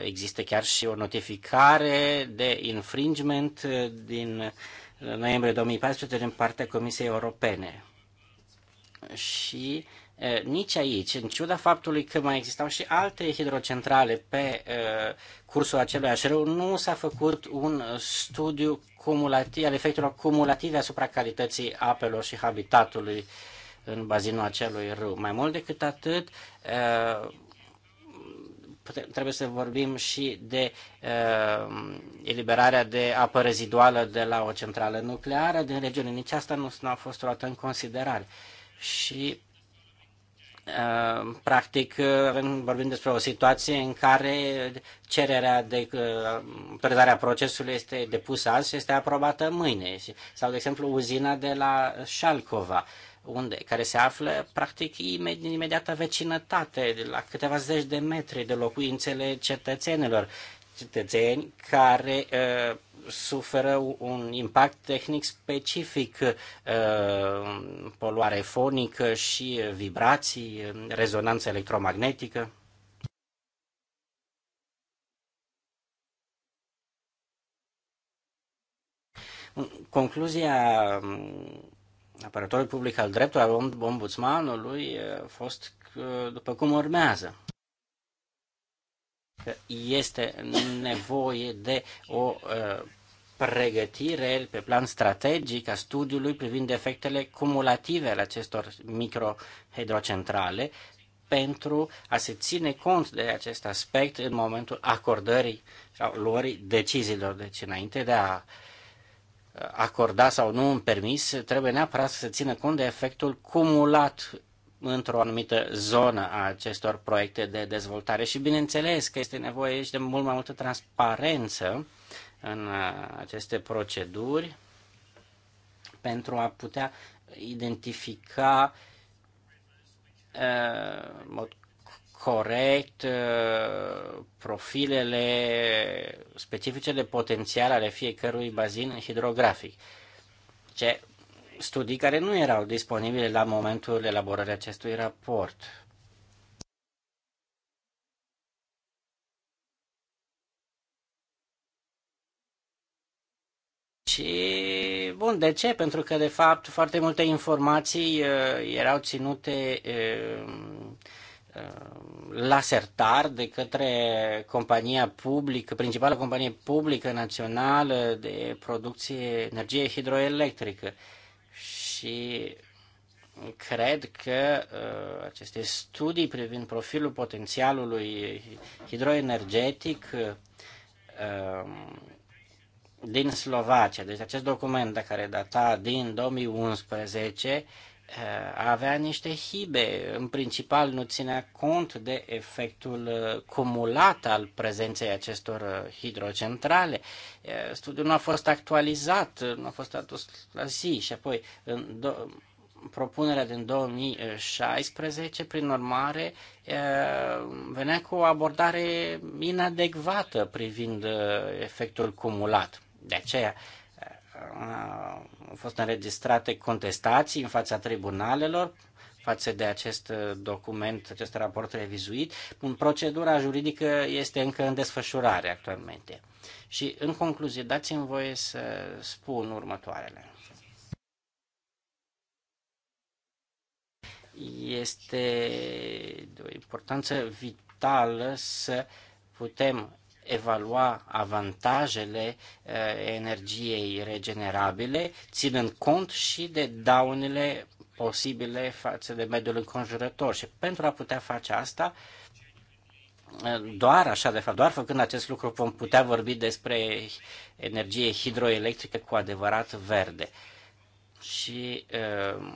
există chiar și o notificare de infringement din noiembrie 2014 din partea Comisiei Europene. Și uh, nici aici, în ciuda faptului că mai existau și alte hidrocentrale pe cursul acelui râu, nu s-a făcut un studiu cumulativ, al efectelor cumulative asupra calității apelor și habitatului în bazinul acelui râu. Mai mult decât atât, trebuie să vorbim și de uh, eliberarea de apă reziduală de la o centrală nucleară din regiune. Nici asta nu, nu a fost luată în considerare. Și Uh, practic, uh, vorbim despre o situație în care cererea de uh, predarea procesului este depusă azi și este aprobată mâine. Sau, de exemplu, uzina de la Șalcova, unde, care se află, practic, în imediată vecinătate, la câteva zeci de metri de locuințele cetățenilor cetățeni care uh, suferă un impact tehnic specific, uh, poluare fonică și uh, vibrații, uh, rezonanță electromagnetică. Concluzia um, apărătorului public al dreptului al ombudsmanului uh, a fost după cum urmează că este nevoie de o uh, pregătire pe plan strategic a studiului privind efectele cumulative ale acestor microhidrocentrale pentru a se ține cont de acest aspect în momentul acordării sau luării deciziilor. Deci înainte de a acorda sau nu un permis, trebuie neapărat să se țină cont de efectul cumulat într-o anumită zonă a acestor proiecte de dezvoltare și bineînțeles că este nevoie aici de mult mai multă transparență în uh, aceste proceduri pentru a putea identifica uh, în mod corect uh, profilele specificele potențiale ale fiecărui bazin hidrografic. Ce studii care nu erau disponibile la momentul elaborării acestui raport. Și, bun, de ce? Pentru că, de fapt, foarte multe informații uh, erau ținute uh, uh la sertar de către compania publică, principală companie publică națională de producție energie hidroelectrică. Uh, și cred că uh, aceste studii privind profilul potențialului hidroenergetic uh, um, din Slovacia, deci acest document care data din 2011, Eh, avea niște hibe. În principal nu ținea cont de efectul eh, cumulat al prezenței acestor eh, hidrocentrale. Studiul nu a fost actualizat, nu a fost adus la zi și apoi în propunerea din 2016, prin urmare, venea cu o abordare inadecvată privind efectul cumulat. De aceea, au fost înregistrate contestații în fața tribunalelor față de acest document, acest raport revizuit. Procedura juridică este încă în desfășurare actualmente. Și, în concluzie, dați-mi voie să spun următoarele. Este de o importanță vitală să putem evalua avantajele eh, energiei regenerabile, ținând cont și de daunele posibile față de mediul înconjurător. Și pentru a putea face asta, eh, doar așa, de fapt, doar făcând acest lucru vom putea vorbi despre energie hidroelectrică cu adevărat verde și uh,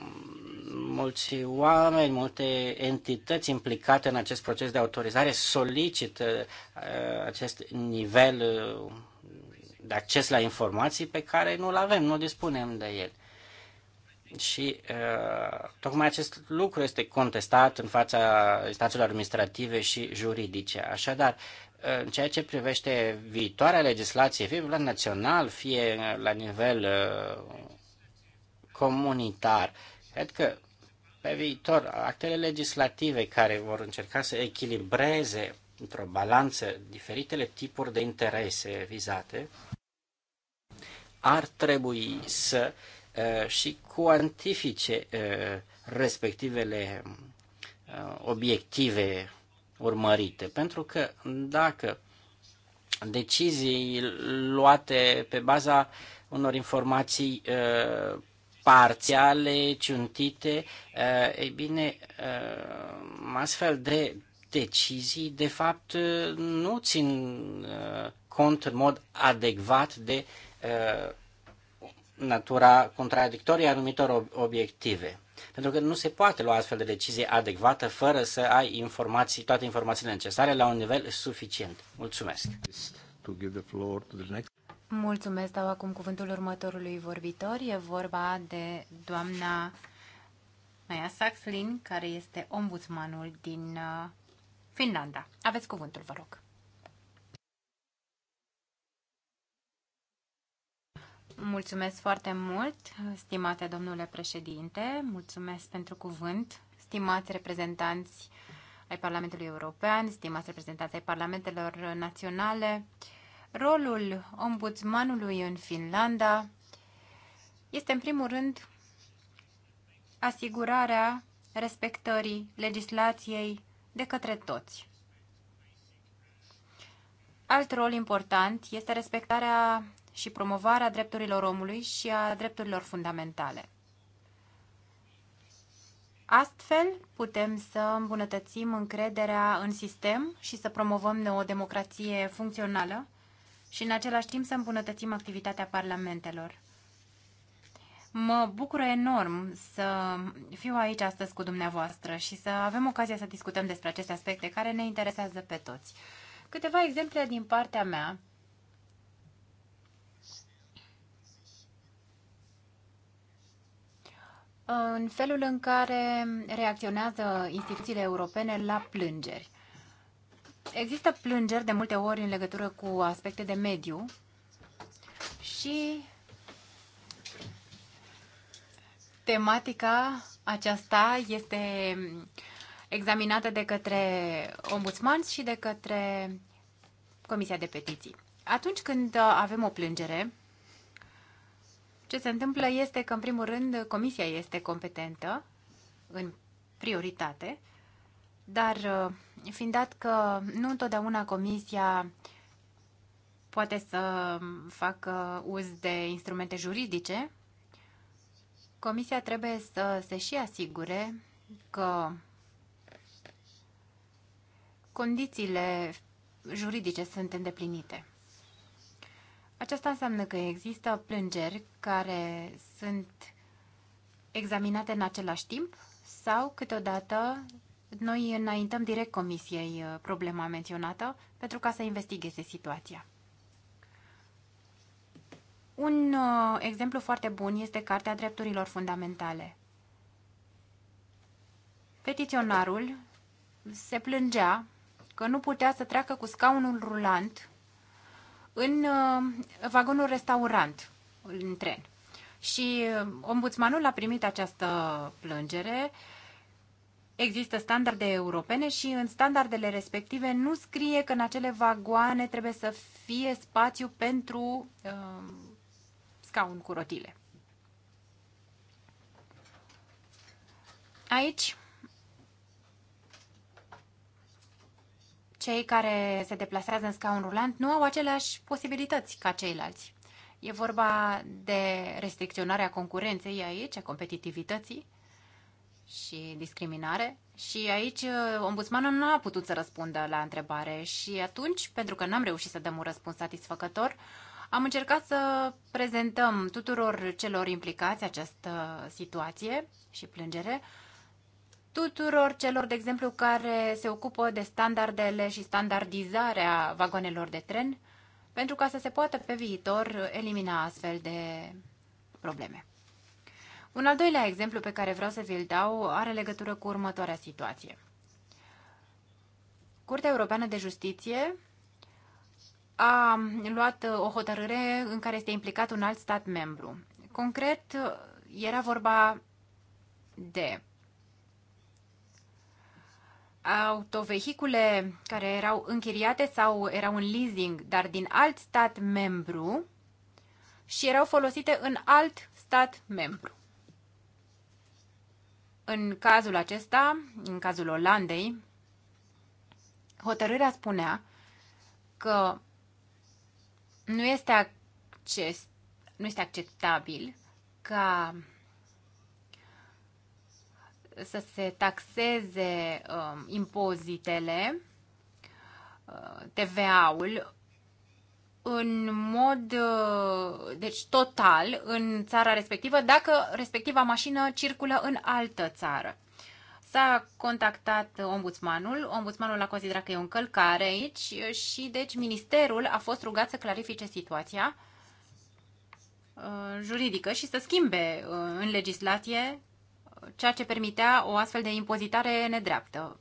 mulți oameni, multe entități implicate în acest proces de autorizare solicită uh, acest nivel de acces la informații pe care nu-l avem, nu dispunem de el. Și uh, tocmai acest lucru este contestat în fața instanțelor administrative și juridice. Așadar, în ceea ce privește viitoarea legislație, fie la nivel național, fie la nivel uh, comunitar. Cred că pe viitor, actele legislative care vor încerca să echilibreze într-o balanță diferitele tipuri de interese vizate, ar trebui să uh, și cuantifice uh, respectivele uh, obiective urmărite. Pentru că dacă decizii luate pe baza unor informații uh, parțiale, ciuntite, eh, ei bine, eh, astfel de decizii, de fapt, nu țin eh, cont în mod adecvat de natura contradictorie a anumitor obiective. Pentru că nu se poate lua astfel de decizie adecvată fără să ai informații, toate informațiile necesare la un nivel suficient. Mulțumesc! Mulțumesc, dau acum cuvântul următorului vorbitor. E vorba de doamna Maya Saxlin, care este ombudsmanul din uh, Finlanda. Aveți cuvântul, vă rog. Mulțumesc foarte mult, stimate domnule președinte, mulțumesc pentru cuvânt, stimați reprezentanți ai Parlamentului European, stimați reprezentanți ai Parlamentelor Naționale, uh, Rolul ombudsmanului în Finlanda este în primul rând asigurarea respectării legislației de către toți. Alt rol important este respectarea și promovarea drepturilor omului și a drepturilor fundamentale. Astfel, putem să îmbunătățim încrederea în sistem și să promovăm o democrație funcțională și în același timp să îmbunătățim activitatea parlamentelor. Mă bucură enorm să fiu aici astăzi cu dumneavoastră și să avem ocazia să discutăm despre aceste aspecte care ne interesează pe toți. Câteva exemple din partea mea în felul în care reacționează instituțiile europene la plângeri. Există plângeri de multe ori în legătură cu aspecte de mediu și tematica aceasta este examinată de către ombudsman și de către Comisia de Petiții. Atunci când avem o plângere, ce se întâmplă este că, în primul rând, Comisia este competentă în prioritate, dar fiind dat că nu întotdeauna Comisia poate să facă uz de instrumente juridice, Comisia trebuie să se și asigure că condițiile juridice sunt îndeplinite. Aceasta înseamnă că există plângeri care sunt examinate în același timp sau câteodată noi înaintăm direct comisiei uh, problema menționată pentru ca să investigheze situația. Un uh, exemplu foarte bun este Cartea Drepturilor Fundamentale. Petiționarul se plângea că nu putea să treacă cu scaunul rulant în uh, vagonul restaurant, în tren. Și uh, ombudsmanul a primit această plângere uh, există standarde europene și în standardele respective nu scrie că în acele vagoane trebuie să fie spațiu pentru uh, scaun cu rotile. Aici, cei care se deplasează în scaun rulant nu au aceleași posibilități ca ceilalți. E vorba de restricționarea concurenței aici, a competitivității, și discriminare. Și aici uh, ombudsmanul nu a putut să răspundă la întrebare și atunci, pentru că n-am reușit să dăm un răspuns satisfăcător, am încercat să prezentăm tuturor celor implicați această situație și plângere, tuturor celor, de exemplu, care se ocupă de standardele și standardizarea vagonelor de tren, pentru ca să se poată pe viitor elimina astfel de probleme. Un al doilea exemplu pe care vreau să vi-l dau are legătură cu următoarea situație. Curtea Europeană de Justiție a luat uh, o hotărâre în care este implicat un alt stat membru. Concret, uh, era vorba de autovehicule care erau închiriate sau erau în leasing, dar din alt stat membru și erau folosite în alt stat membru. În cazul acesta, în cazul Olandei, hotărârea spunea că nu este, acces, nu este acceptabil ca să se taxeze uh, impozitele, uh, TVA-ul în mod uh, deci total în țara respectivă dacă respectiva mașină circulă în altă țară. S-a contactat ombudsmanul, ombudsmanul a considerat că e o încălcare aici și deci ministerul a fost rugat să clarifice situația uh, juridică și să schimbe uh, în legislație ceea ce permitea o astfel de impozitare nedreaptă.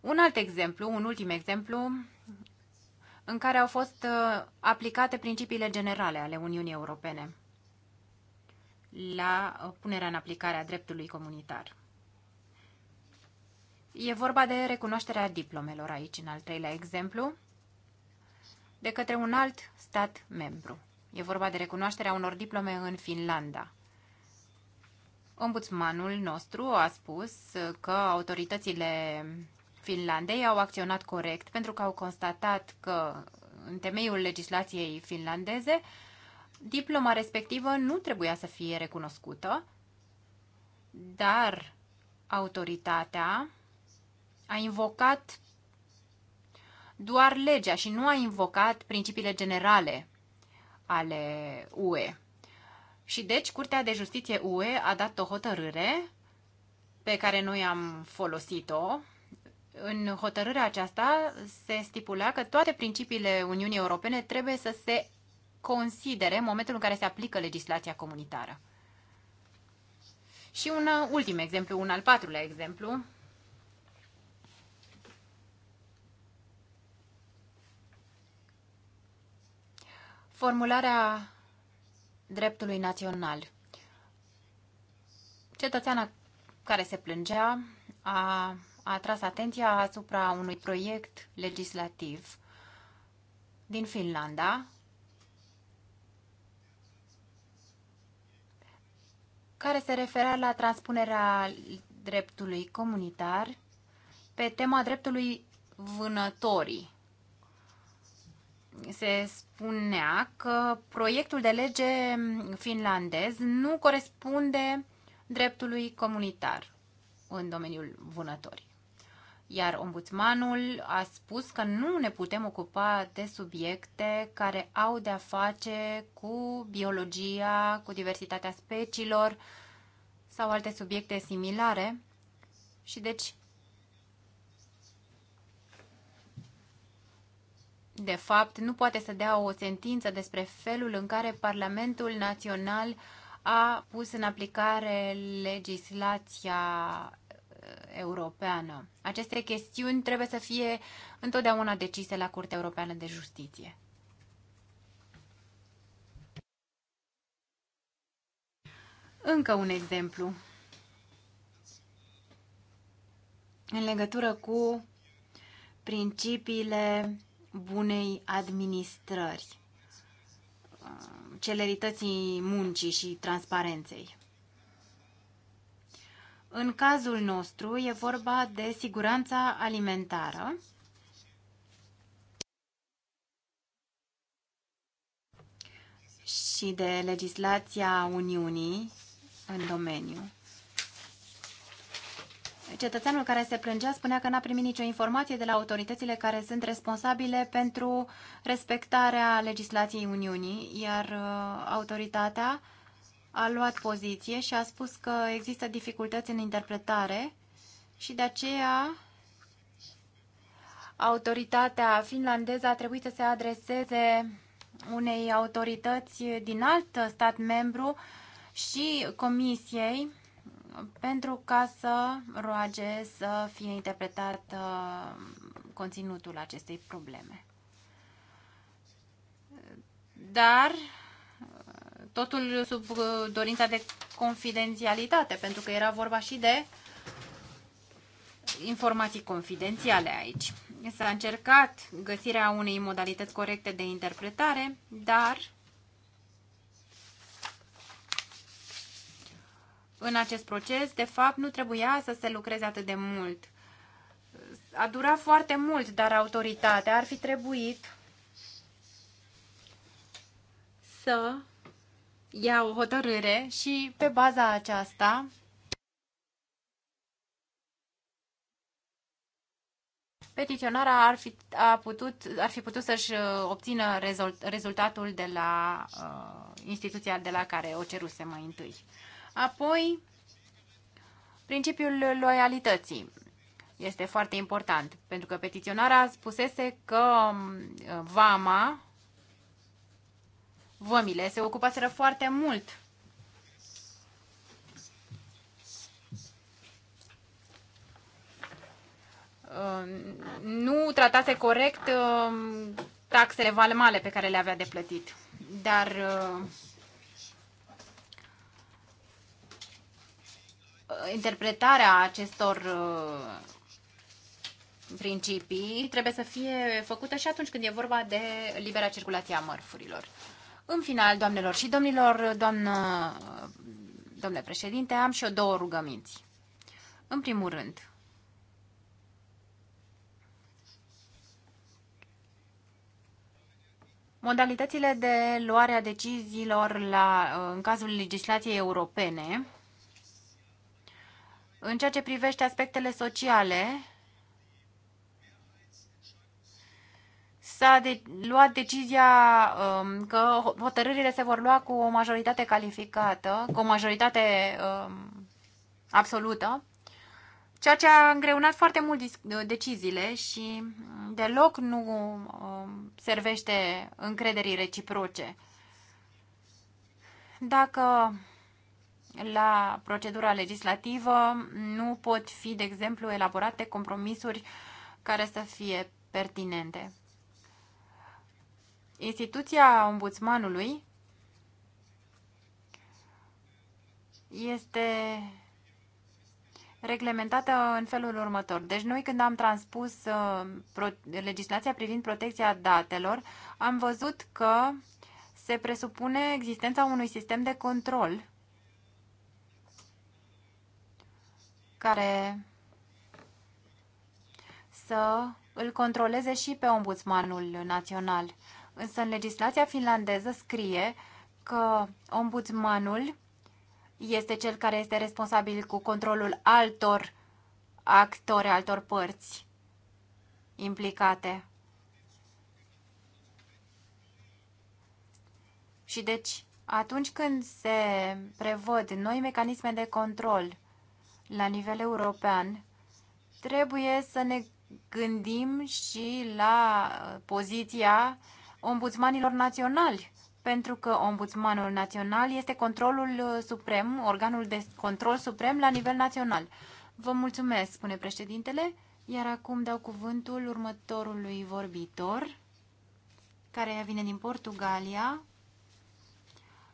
Un alt exemplu, un ultim exemplu, în care au fost uh, aplicate principiile generale ale Uniunii Europene la uh, punerea în aplicare a dreptului comunitar. E vorba de recunoașterea diplomelor aici, în al treilea exemplu, de către un alt stat membru. E vorba de recunoașterea unor diplome în Finlanda. Ombudsmanul nostru a spus uh, că autoritățile Finlandei au acționat corect pentru că au constatat că în temeiul legislației finlandeze diploma respectivă nu trebuia să fie recunoscută, dar autoritatea a invocat doar legea și nu a invocat principiile generale ale UE. Și deci Curtea de Justiție UE a dat o hotărâre pe care noi am folosit-o în hotărârea aceasta se stipula că toate principiile Uniunii Europene trebuie să se considere în momentul în care se aplică legislația comunitară. Și un ultim exemplu, un al patrulea exemplu. Formularea dreptului național. Cetățeana care se plângea a a atras atenția asupra unui proiect legislativ din Finlanda care se referea la transpunerea dreptului comunitar pe tema dreptului vânătorii. Se spunea că proiectul de lege finlandez nu corespunde dreptului comunitar în domeniul vânătorii. Iar ombudsmanul a spus că nu ne putem ocupa de subiecte care au de-a face cu biologia, cu diversitatea speciilor sau alte subiecte similare. Și deci, de fapt, nu poate să dea o sentință despre felul în care Parlamentul Național a pus în aplicare legislația europeană. Aceste chestiuni trebuie să fie întotdeauna decise la Curtea Europeană de Justiție. Încă un exemplu. În legătură cu principiile bunei administrări, celerității muncii și transparenței. În cazul nostru e vorba de siguranța alimentară. și de legislația Uniunii în domeniu. Cetățeanul care se plângea spunea că n-a primit nicio informație de la autoritățile care sunt responsabile pentru respectarea legislației Uniunii, iar uh, autoritatea uh, a luat poziție și a spus că există dificultăți în interpretare și de aceea autoritatea finlandeză a trebuit să se adreseze unei autorități din alt stat membru și comisiei pentru ca să roage să fie interpretat uh, conținutul acestei probleme. Dar totul sub uh, dorința de confidențialitate, pentru că era vorba și de informații confidențiale aici. S-a încercat găsirea unei modalități corecte de interpretare, dar în acest proces, de fapt, nu trebuia să se lucreze atât de mult. A durat foarte mult, dar autoritatea ar fi trebuit să ia o hotărâre și pe baza aceasta petiționarea ar fi, a putut, ar fi putut să-și uh, obțină rezult, rezultatul de la uh, instituția de la care o ceruse mai întâi. Apoi, principiul loialității este foarte important, pentru că petiționarea spusese că um, uh, vama vămile se ocupaseră foarte mult nu tratase corect um, taxele valmale pe care le avea de plătit. Dar uh, interpretarea acestor uh, principii trebuie să fie făcută și atunci când e vorba de libera circulație a mărfurilor. În final, doamnelor și domnilor, doamnă, domnule președinte, am și eu două rugăminți. În primul rând, modalitățile de luare a deciziilor la, în cazul legislației europene, în ceea ce privește aspectele sociale, s-a de- luat decizia um, că hotărârile se vor lua cu o majoritate calificată, cu o majoritate um, absolută, ceea ce a îngreunat foarte mult uh, deciziile și deloc nu um, servește încrederii reciproce. Dacă la procedura legislativă nu pot fi, de exemplu, elaborate compromisuri care să fie pertinente. Instituția ombudsmanului este reglementată în felul următor. Deci noi când am transpus uh, legislația privind protecția datelor, am văzut că se presupune existența unui sistem de control care să îl controleze și pe ombudsmanul național. Însă în legislația finlandeză scrie că ombudsmanul este cel care este responsabil cu controlul altor actori, altor părți implicate. Și deci, atunci când se prevăd noi mecanisme de control la nivel european, trebuie să ne gândim și la poziția ombudsmanilor naționali, pentru că ombudsmanul național este controlul uh, suprem, organul de control suprem la nivel național. Vă mulțumesc, spune președintele, iar acum dau cuvântul următorului vorbitor, care vine din Portugalia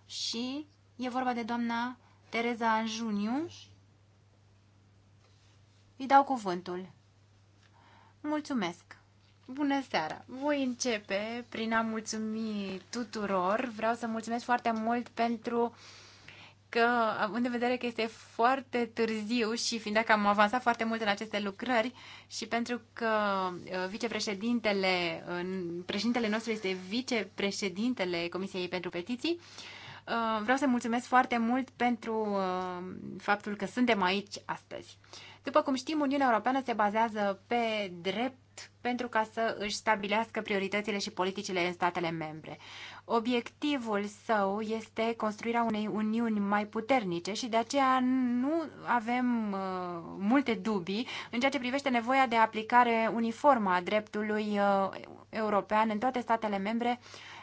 și e vorba de doamna Tereza Anjuniu. Îi dau cuvântul. Mulțumesc! Bună seara! Voi începe prin a mulțumi tuturor. Vreau să mulțumesc foarte mult pentru că, având în vedere că este foarte târziu și fiind am avansat foarte mult în aceste lucrări și pentru că uh, vicepreședintele, președintele nostru este vicepreședintele Comisiei pentru Petiții, uh, vreau să mulțumesc foarte mult pentru uh, faptul că suntem aici astăzi. După cum știm, Uniunea Europeană se bazează pe drept pentru ca să își stabilească prioritățile și politicile în statele membre. Obiectivul său este construirea unei uniuni mai puternice și de aceea nu avem uh, multe dubii în ceea ce privește nevoia de aplicare uniformă a dreptului uh, european în toate statele membre uh,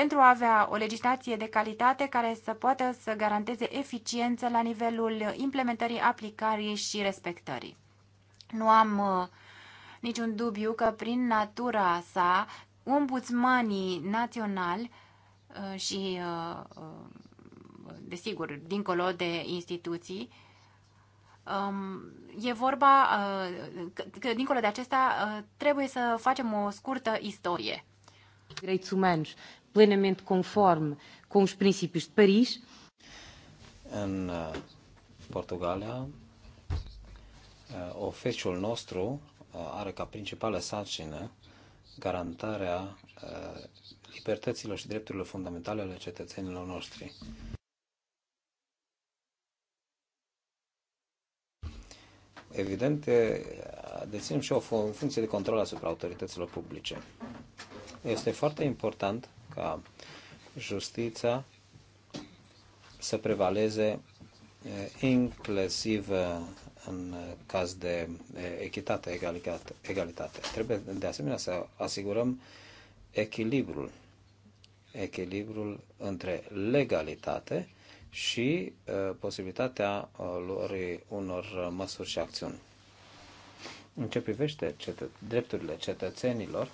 pentru a avea o legislație de calitate care să poată să garanteze eficiență la nivelul implementării, aplicării și respectării. Nu am uh, niciun dubiu că prin natura sa, ombudsmanii naționali uh, și, uh, desigur, dincolo de instituții, um, e vorba că, dincolo de acesta, trebuie să facem o scurtă istorie. Direitos humanos, plenamente conforme com os princípios de Paris. În uh, Portugalia, uh, oficiul nostru uh, are ca principală sarcină garantarea libertăților și drepturilor fundamentale ale cetățenilor noștri. Evident, deținem și o funcție de control asupra autorităților publice. Este foarte important ca justiția să prevaleze inclusiv în caz de echitate, egalitate. Trebuie de asemenea să asigurăm echilibrul, echilibrul între legalitate și posibilitatea lor unor măsuri și acțiuni. În ce privește cetă- drepturile cetățenilor,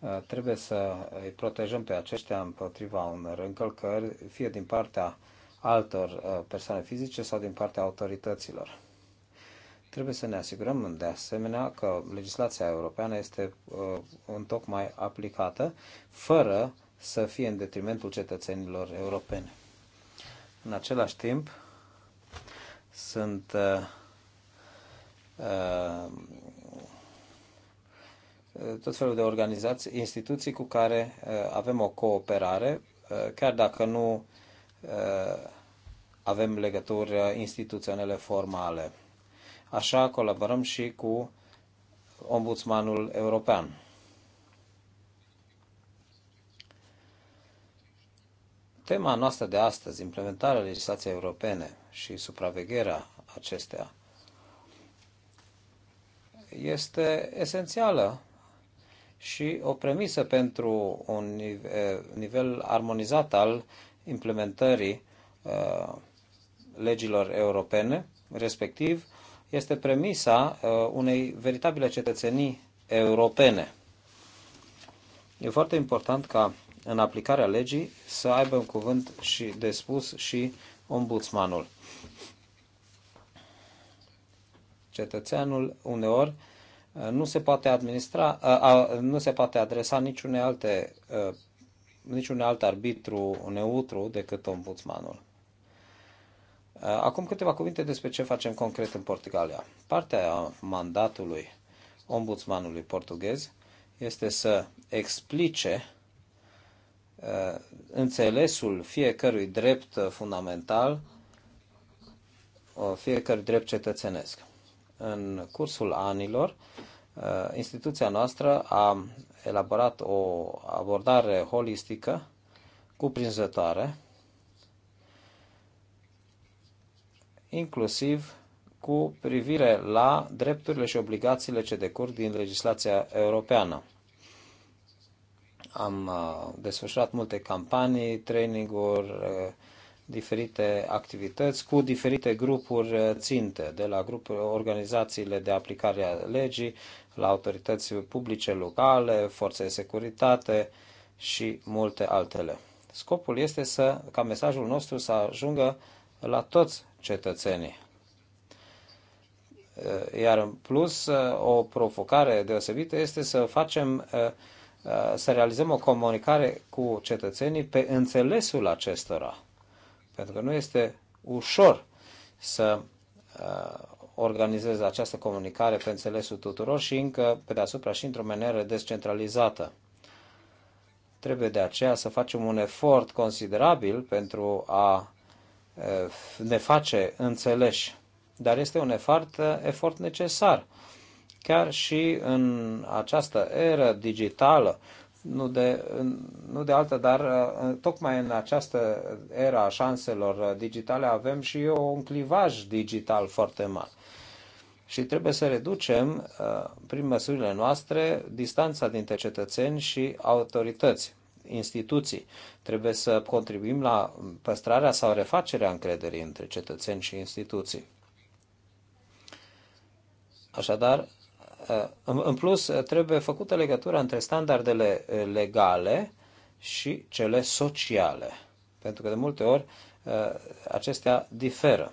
Uh, trebuie să îi protejăm pe aceștia împotriva unor încălcări, fie din partea altor uh, persoane fizice sau din partea autorităților. Trebuie să ne asigurăm de asemenea că legislația europeană este uh, întocmai aplicată fără să fie în detrimentul cetățenilor europeni. În același timp, sunt uh, uh, tot felul de organizații, instituții cu care uh, avem o cooperare, uh, chiar dacă nu uh, avem legături instituționale formale. Așa colaborăm și cu Ombudsmanul European. Tema noastră de astăzi, implementarea legislației europene și supravegherea acesteia, este esențială și o premisă pentru un eh, nivel armonizat al implementării eh, legilor europene, respectiv este premisa eh, unei veritabile cetățenii europene. E foarte important ca în aplicarea legii să aibă un cuvânt și de spus și ombudsmanul. Cetățeanul uneori nu se poate administra, nu se poate adresa niciun alte niciun alt arbitru neutru decât ombudsmanul. Acum câteva cuvinte despre ce facem concret în Portugalia. Partea mandatului ombudsmanului portughez este să explice înțelesul fiecărui drept fundamental, fiecărui drept cetățenesc în cursul anilor, uh, instituția noastră a elaborat o abordare holistică, cuprinzătoare, inclusiv cu privire la drepturile și obligațiile ce decurg din legislația europeană. Am uh, desfășurat multe campanii, traininguri, uri uh, diferite activități cu diferite grupuri eh, ținte, de la grupuri, organizațiile de aplicare a legii, la autorități publice locale, forțe de securitate și multe altele. Scopul este să, ca mesajul nostru să ajungă la toți cetățenii. Eh, iar în plus, eh, o provocare deosebită este să facem, să realizăm o comunicare cu cetățenii pe înțelesul acestora pentru că nu este ușor să uh, organizeze această comunicare pe înțelesul tuturor și încă pe deasupra și într-o manieră descentralizată. Trebuie de aceea să facem un efort considerabil pentru a uh, ne face înțeleși, dar este un efort, uh, efort necesar. Chiar și în această eră digitală, nu de, nu de altă, dar uh, tocmai în această era a șanselor uh, digitale avem și eu un clivaj digital foarte mare. Și trebuie să reducem, uh, prin măsurile noastre, distanța dintre cetățeni și autorități, instituții. Trebuie să contribuim la păstrarea sau refacerea încrederii între cetățeni și instituții. Așadar, în plus, trebuie făcută legătura între standardele legale și cele sociale, pentru că de multe ori acestea diferă.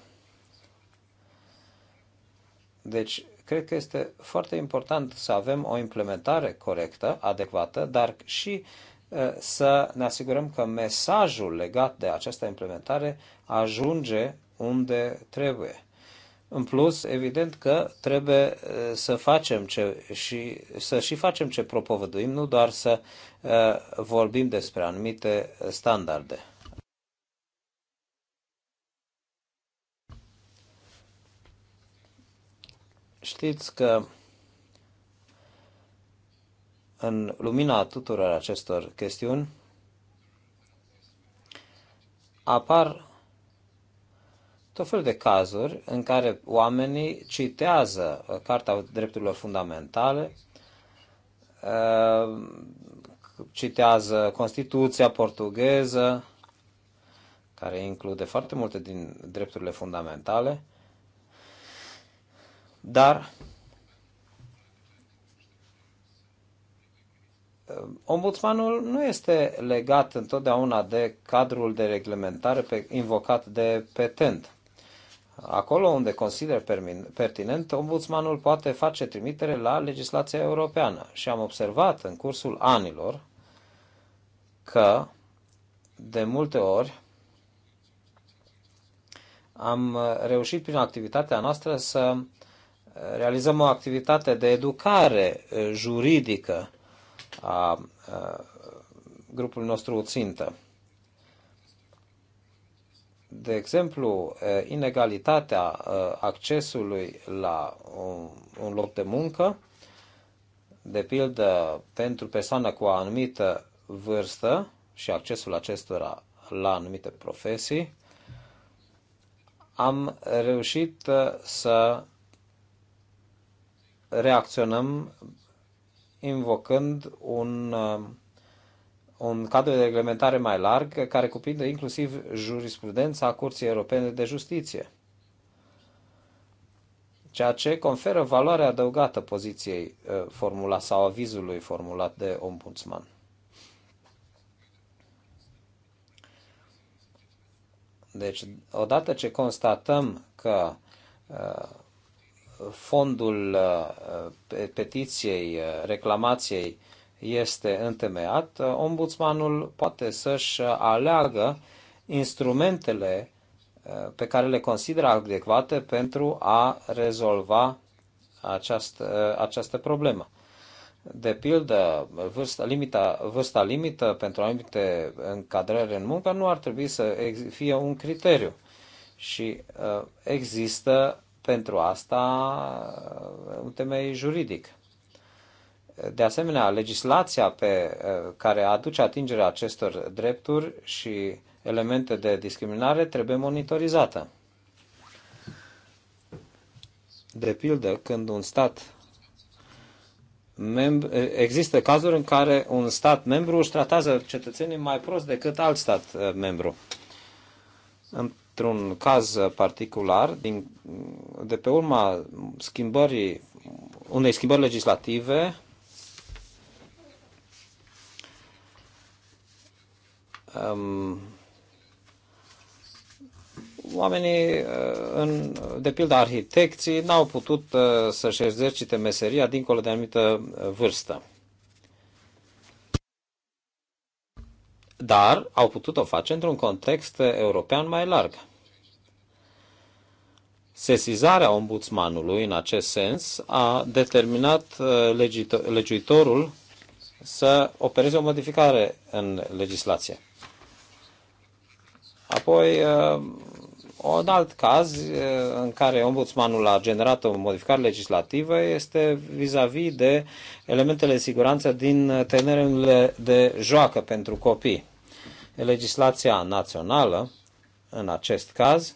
Deci, cred că este foarte important să avem o implementare corectă, adecvată, dar și să ne asigurăm că mesajul legat de această implementare ajunge unde trebuie. În plus, evident că trebuie uh, să facem ce, și să și facem ce propovăduim, nu doar să uh, vorbim despre anumite standarde. Știți că în lumina tuturor acestor chestiuni apar tot felul de cazuri în care oamenii citează uh, Carta Drepturilor Fundamentale, uh, citează Constituția portugheză, care include foarte multe din drepturile fundamentale, dar uh, ombudsmanul nu este legat întotdeauna de cadrul de reglementare pe, invocat de petent. Acolo unde consider pertinent, ombudsmanul poate face trimitere la legislația europeană. Și am observat în cursul anilor că de multe ori am reușit prin activitatea noastră să realizăm o activitate de educare juridică a grupului nostru țintă de exemplu, inegalitatea accesului la un loc de muncă, de pildă pentru persoană cu o anumită vârstă și accesul acestora la anumite profesii, am reușit să reacționăm invocând un un cadru de reglementare mai larg care cuprinde inclusiv jurisprudența Curții Europene de Justiție, ceea ce conferă valoare adăugată poziției ă, formula sau avizului formulat de ombudsman. Deci, odată ce constatăm că ă, fondul ă, petiției, reclamației este întemeiat, ombudsmanul poate să-și aleagă instrumentele uh, pe care le consideră adecvate pentru a rezolva această, uh, această problemă. De pildă, vârsta, limita, vârsta limită pentru anumite încadrări în muncă nu ar trebui să fie un criteriu. Și uh, există pentru asta un temei juridic. De asemenea, legislația pe eh, care aduce atingerea acestor drepturi și elemente de discriminare trebuie monitorizată. De pildă, când un stat membru, eh, există cazuri în care un stat membru își tratează cetățenii mai prost decât alt stat eh, membru. Într-un caz particular, din, de pe urma schimbării unei schimbări legislative, um, oamenii, uh, în, de pildă arhitecții, n-au putut uh, să-și exercite meseria dincolo de anumită uh, vârstă. Dar au putut o face într-un context european mai larg. Sesizarea ombudsmanului în acest sens a determinat legiuitorul să opereze o modificare în legislație. Apoi, uh, un alt caz uh, în care ombudsmanul a generat o modificare legislativă este vis-a-vis -vis de elementele de siguranță din tenerele de joacă pentru copii. Legislația națională, în acest caz,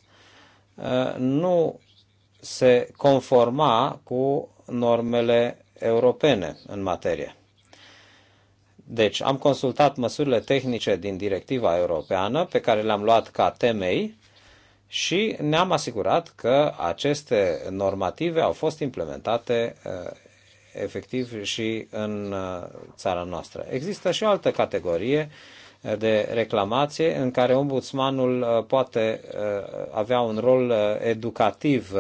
uh, nu se conforma cu normele europene în materie. Deci am consultat măsurile tehnice din directiva europeană pe care le-am luat ca temei și ne-am asigurat că aceste normative au fost implementate uh, efectiv și în uh, țara noastră. Există și o altă categorie uh, de reclamație în care ombudsmanul poate avea un rol educativ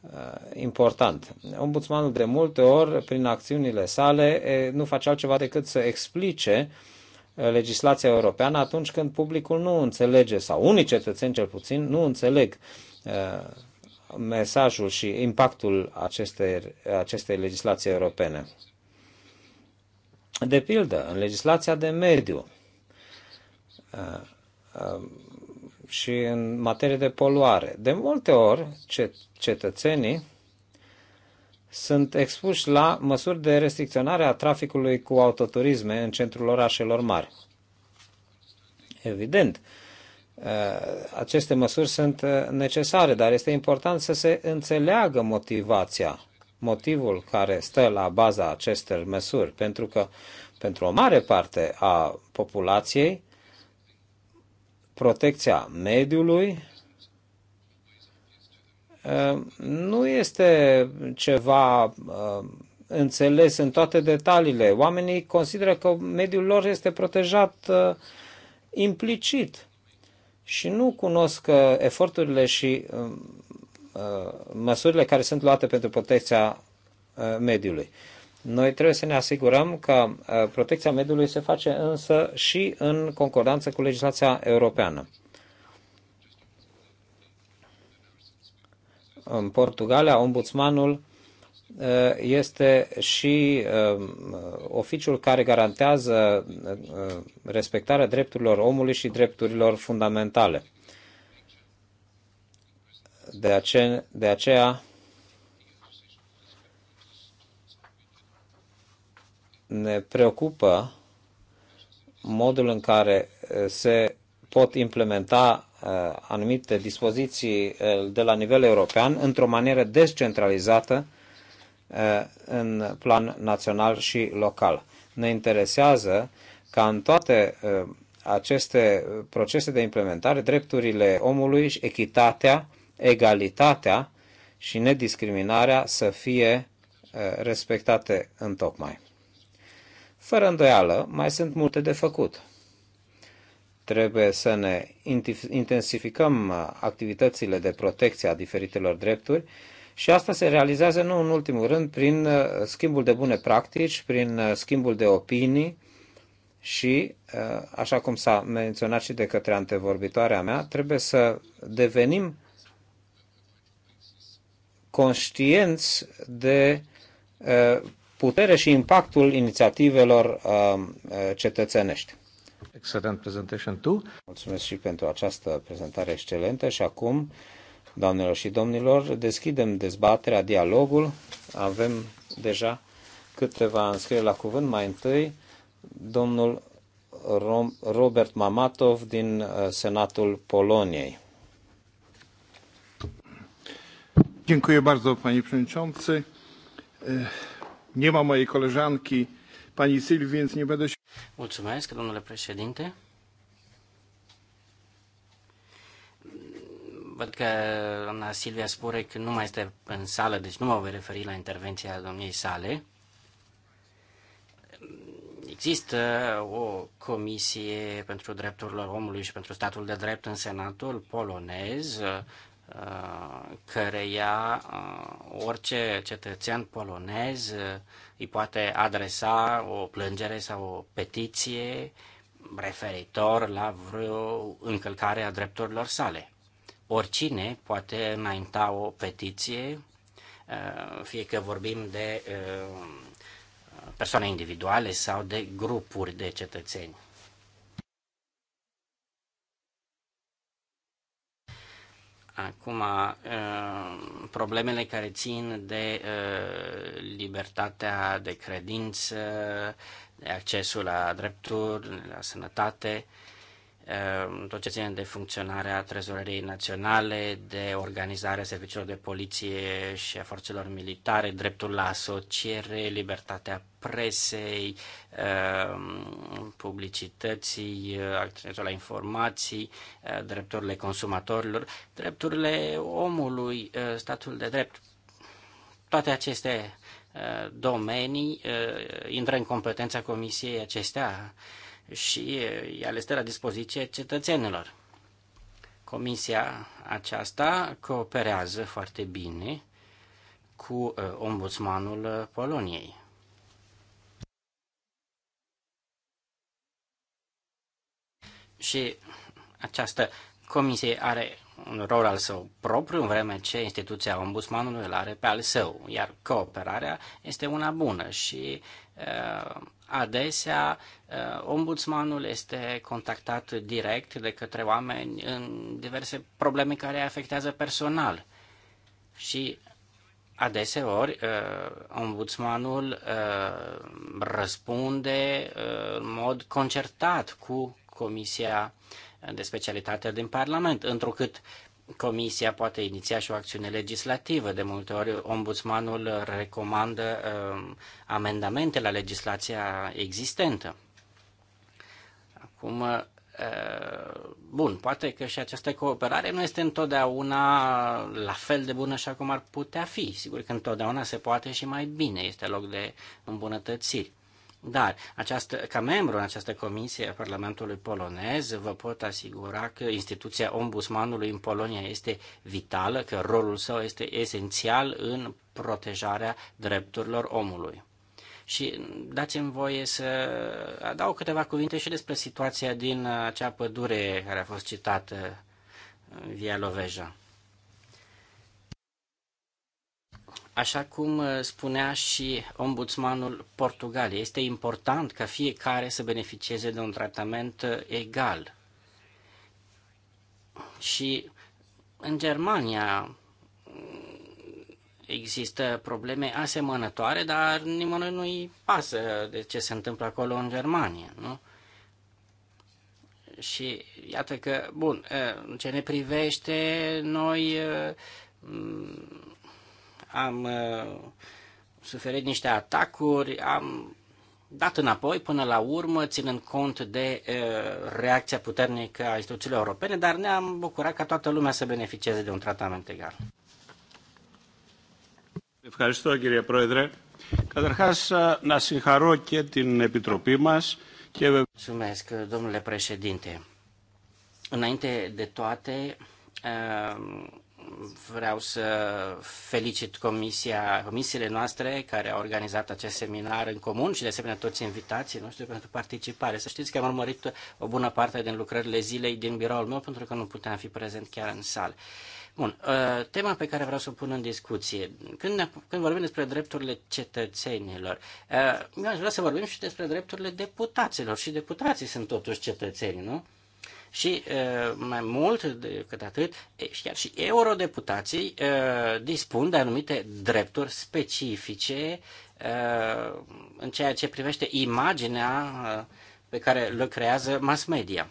Uh, important. Ombudsmanul de multe ori, prin acțiunile sale, nu face altceva decât să explice uh, legislația europeană atunci când publicul nu înțelege, sau unii cetățeni cel puțin, nu înțeleg uh, mesajul și impactul acestei, acestei legislații europene. De pildă, în legislația de mediu, și în materie de poluare. De multe ori, cetățenii sunt expuși la măsuri de restricționare a traficului cu autoturisme în centrul orașelor mari. Evident, uh, aceste măsuri sunt uh, necesare, dar este important să se înțeleagă motivația, motivul care stă la baza acestor măsuri, pentru că pentru o mare parte a populației protecția mediului nu este ceva înțeles în toate detaliile. Oamenii consideră că mediul lor este protejat implicit și nu cunosc eforturile și măsurile care sunt luate pentru protecția mediului. Noi trebuie să ne asigurăm că uh, protecția mediului se face însă și în concordanță cu legislația europeană. În Portugalia, ombudsmanul uh, este și uh, oficiul care garantează respectarea drepturilor omului și drepturilor fundamentale. De aceea, de aceea ne preocupă modul în care eh, se pot implementa eh, anumite dispoziții eh, de la nivel european într-o manieră descentralizată în plan național și local. Ne interesează ca în toate aceste procese de implementare drepturile omului și echitatea, egalitatea și nediscriminarea să fie respectate în tocmai. Fără îndoială, mai sunt multe de făcut. Trebuie să ne intensificăm uh, activitățile de protecție a diferitelor drepturi și asta se realizează nu în ultimul rând prin uh, schimbul de bune practici, prin uh, schimbul de opinii și, așa cum s-a menționat și de către antevorbitoarea mea, trebuie să devenim conștienți de putere și impactul inițiativelor um, uh, cetățenești. Excellent presentation tu. Mulțumesc și pentru această prezentare excelentă și acum, doamnelor și domnilor, deschidem dezbaterea, dialogul. Avem deja câteva înscrieri la cuvânt. Mai întâi, domnul Robert Mamatov din uh, Senatul Poloniei. Dziękuję bardzo, panie przewodniczący. Nie ma mojej koleżanki, pani Sylwii, więc nie będę się... Mulțumesc, domnule președinte. Văd că doamna Silvia că nu mai este în sală, deci nu mă voi referi la intervenția domniei sale. Există o comisie pentru drepturile omului și pentru statul de drept în Senatul polonez Uh, căreia uh, orice cetățean polonez uh, îi poate adresa o plângere sau o petiție referitor la vreo încălcare a drepturilor sale. Oricine poate înainta o petiție, fie că vorbim de persoane individuale sau de grupuri de cetățeni. Acum, uh, problemele care țin de uh, libertatea de credință, de accesul la drepturi, la sănătate, uh, tot ce ține de funcționarea trezoreriei naționale, de organizarea serviciilor de poliție și a forțelor militare, dreptul la asociere, libertatea presei, ehm, publicității, accesul la informații, eh, drepturile consumatorilor, drepturile omului, eh, statul de drept. Toate aceste eh, domenii intră în competența comisiei acestea și ea le stă la dispoziție cetățenilor. Comisia aceasta cooperează foarte bine cu ombudsmanul Poloniei. și această comisie are un rol al său propriu, în vreme ce instituția ombudsmanului îl are pe al său, iar cooperarea este una bună și uh, adesea uh, ombudsmanul este contactat direct de către oameni în diverse probleme care îi afectează personal. Și adeseori uh, ombudsmanul uh, răspunde uh, în mod concertat cu Comisia de Specialitate din Parlament, întrucât Comisia poate iniția și o acțiune legislativă. De multe ori, ombudsmanul recomandă uh, amendamente la legislația existentă. Acum, uh, bun, poate că și această cooperare nu este întotdeauna la fel de bună așa cum ar putea fi. Sigur că întotdeauna se poate și mai bine, este loc de îmbunătățiri. Dar această, ca membru în această comisie a Parlamentului polonez vă pot asigura că instituția ombudsmanului în Polonia este vitală, că rolul său este esențial în protejarea drepturilor omului. Și dați-mi voie să adaug câteva cuvinte și despre situația din acea pădure care a fost citată via Loveja. Așa cum uh, spunea și ombudsmanul Portugaliei, este important ca fiecare să beneficieze de un tratament uh, egal. Și în Germania mm, există probleme asemănătoare, dar nimănui nu-i pasă de ce se întâmplă acolo în Germania, nu? Și iată că, bun, uh, ce ne privește, noi mm, am uh, suferit niște atacuri, am dat înapoi până la urmă, ținând cont de uh, reacția puternică a instituțiilor europene, dar ne-am bucurat ca toată lumea să beneficieze de un tratament egal. Ευχαριστώ κύριε Πρόεδρε. Καταρχάς να συγχαρώ και την Επιτροπή μας και... Mulțumesc, domnule președinte. Înainte de toate, vreau să felicit comisia, comisiile noastre care au organizat acest seminar în comun și de asemenea toți invitații noștri pentru participare. Să știți că am urmărit o bună parte din lucrările zilei din biroul meu pentru că nu puteam fi prezent chiar în sală. Bun, ă, tema pe care vreau să o pun în discuție, când, ne, când vorbim despre drepturile cetățenilor, ă, eu aș vrea să vorbim și despre drepturile deputaților și deputații sunt totuși cetățeni, nu? Și mai mult decât atât, chiar și eurodeputații dispun de anumite drepturi specifice în ceea ce privește imaginea pe care le creează mass media.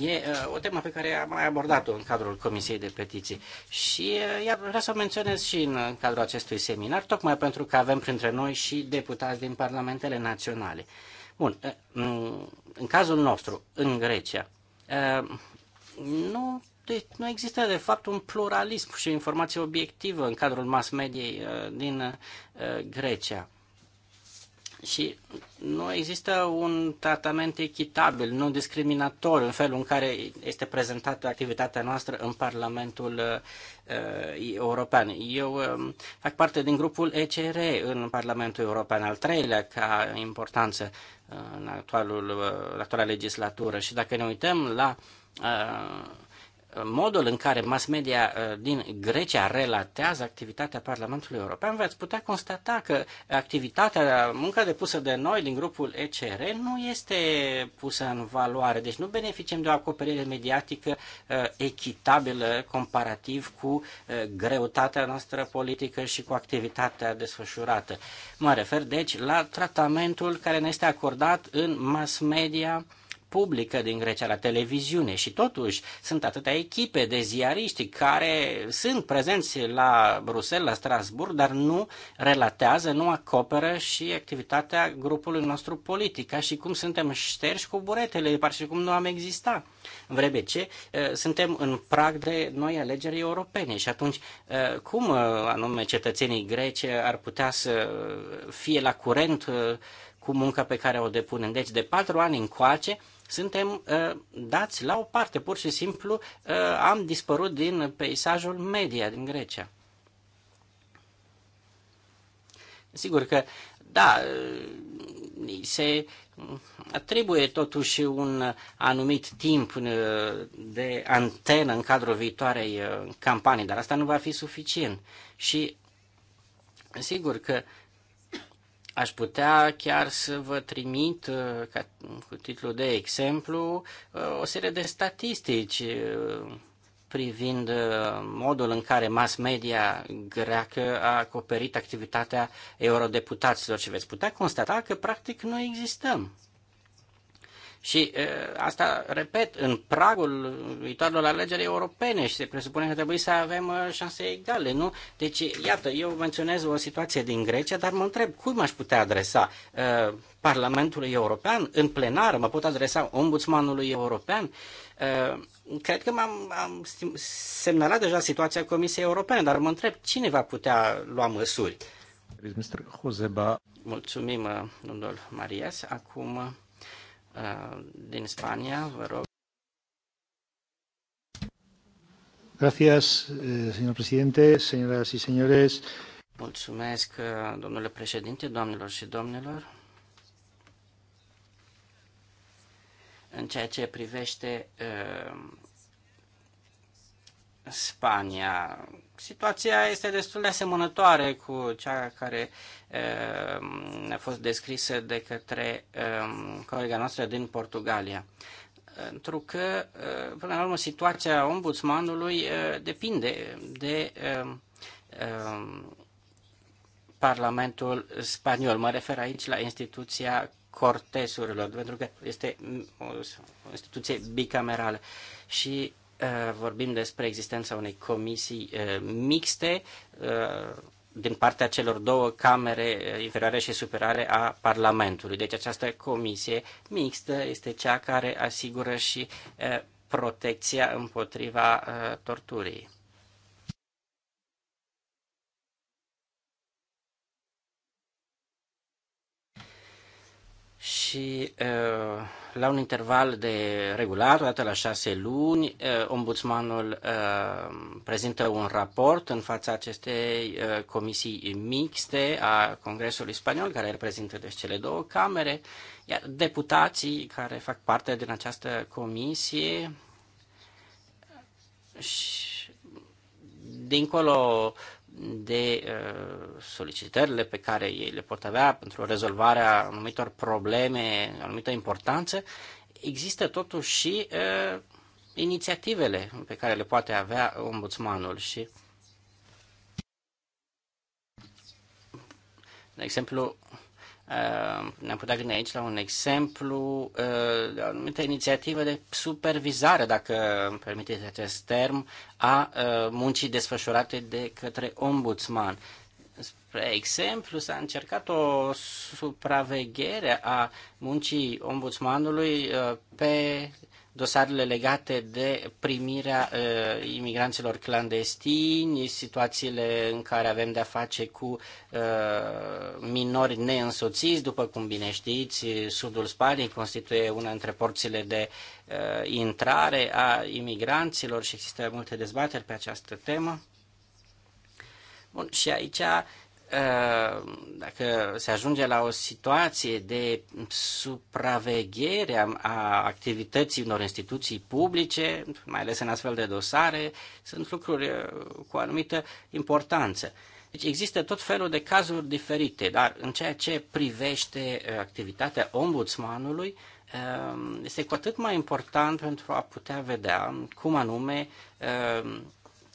E o temă pe care am mai abordat-o în cadrul Comisiei de Petiții și iar vreau să o menționez și în cadrul acestui seminar, tocmai pentru că avem printre noi și deputați din parlamentele naționale. Bun, în cazul nostru, în Grecia, Ehm, nu, de, deci, nu există de fapt un pluralism și o informație obiectivă în cadrul mass mediei eh, din eh, Grecia. Și nu există un tratament echitabil, nu discriminator în felul în care este prezentată activitatea noastră în Parlamentul uh, uh European. Eu uh, fac parte din grupul ECR în Parlamentul European, al treilea ca importanță uh, în, actualul, uh, actuala legislatură. Și dacă ne uităm la uh, modul în care mass media uh, din Grecia relatează activitatea Parlamentului European, veți putea constata că activitatea, munca depusă de noi din grupul ECR nu este pusă în valoare. Deci nu beneficiem de o acoperire mediatică uh, echitabilă comparativ cu uh, greutatea noastră politică și cu activitatea desfășurată. Mă refer deci la tratamentul care ne este acordat în mass media publică din Grecia, la televiziune și totuși sunt atâtea echipe de ziariști care sunt prezenți la Bruxelles, la Strasburg, dar nu relatează, nu acoperă și activitatea grupului nostru politic, ca și cum suntem șterși cu buretele, parcă și cum nu am exista. Vrebe vreme ce uh, suntem în prag de noi alegeri europene și atunci uh, cum uh, anume cetățenii greci ar putea să fie la curent cu munca pe care o depunem. Deci de patru ani încoace suntem uh, dați la o parte, pur și simplu uh, am dispărut din peisajul media din Grecia. Sigur că, da, uh, se atribuie totuși un anumit timp uh, de antenă în cadrul viitoarei uh, campanii, dar asta nu va fi suficient. Și sigur că Aș putea chiar să vă trimit, uh, ca, cu titlul de exemplu, uh, o serie de statistici uh, privind modul în care mass media greacă a acoperit activitatea eurodeputaților și veți putea constata că practic noi existăm. Și asta, repet, în pragul viitoarelor alegeri europene și se presupune că trebuie să avem șanse egale, nu? Deci, iată, eu menționez o situație din Grecia, dar mă întreb, cui m-aș putea adresa? Parlamentului European? În plenar? mă pot adresa ombudsmanului european? Cred că m-am am semnalat deja situația Comisiei Europene, dar mă întreb cine va putea lua măsuri. Mr. Joseba. Mulțumim, domnul Marias. Acum Uh, din Spania, vă rog. Gracias, eh, señor presidente, señoras y señores. Mulțumesc, uh, domnule președinte, doamnelor și domnilor. În ceea ce privește uh, Spania. Situația este destul de asemănătoare cu cea care ehm, a fost descrisă de către ehm, colega noastră din Portugalia pentru că, ehm, până la urmă, situația ombudsmanului depinde de Parlamentul spaniol. Mă refer aici la instituția cortesurilor, pentru că este mm, o instituție bicamerală. Și Eh, vorbim despre existența unei comisii eh, mixte eh, din partea celor două camere inferioare și superioare a Parlamentului. Deci această comisie mixtă este cea care asigură și protecția împotriva torturii. și la un interval de regulat, dată la șase luni, ombudsmanul prezintă un raport în fața acestei comisii mixte a Congresului Spaniol, care reprezintă deci cele două camere, iar deputații care fac parte din această comisie și dincolo uh, de uh, solicitările pe care ei le pot avea pentru rezolvarea anumitor probleme, anumită importanță, există totuși și uh, inițiativele pe care le poate avea ombudsmanul și de exemplu, Eh, ne-am putea gândi aici la un exemplu eh, de anumită inițiativă de supervizare, dacă îmi permiteți acest term, a eh, muncii desfășurate de către ombudsman. Spre exemplu, s-a încercat o supraveghere a muncii ombudsmanului pe dosarele legate de primirea uh, imigranților clandestini, situațiile în care avem de-a face cu uh, minori neînsoțiți, după cum bine știți, sudul Spaniei constituie una dintre porțile de uh, intrare a imigranților și există multe dezbateri pe această temă. Bun, și aici Uh, dacă se ajunge la o situație de supraveghere a activității unor instituții publice, mai ales în astfel de dosare, sunt lucruri uh, cu anumită importanță. Deci există tot felul de cazuri diferite, dar în ceea ce privește uh, activitatea ombudsmanului, este cu atât mai important pentru a putea vedea cum anume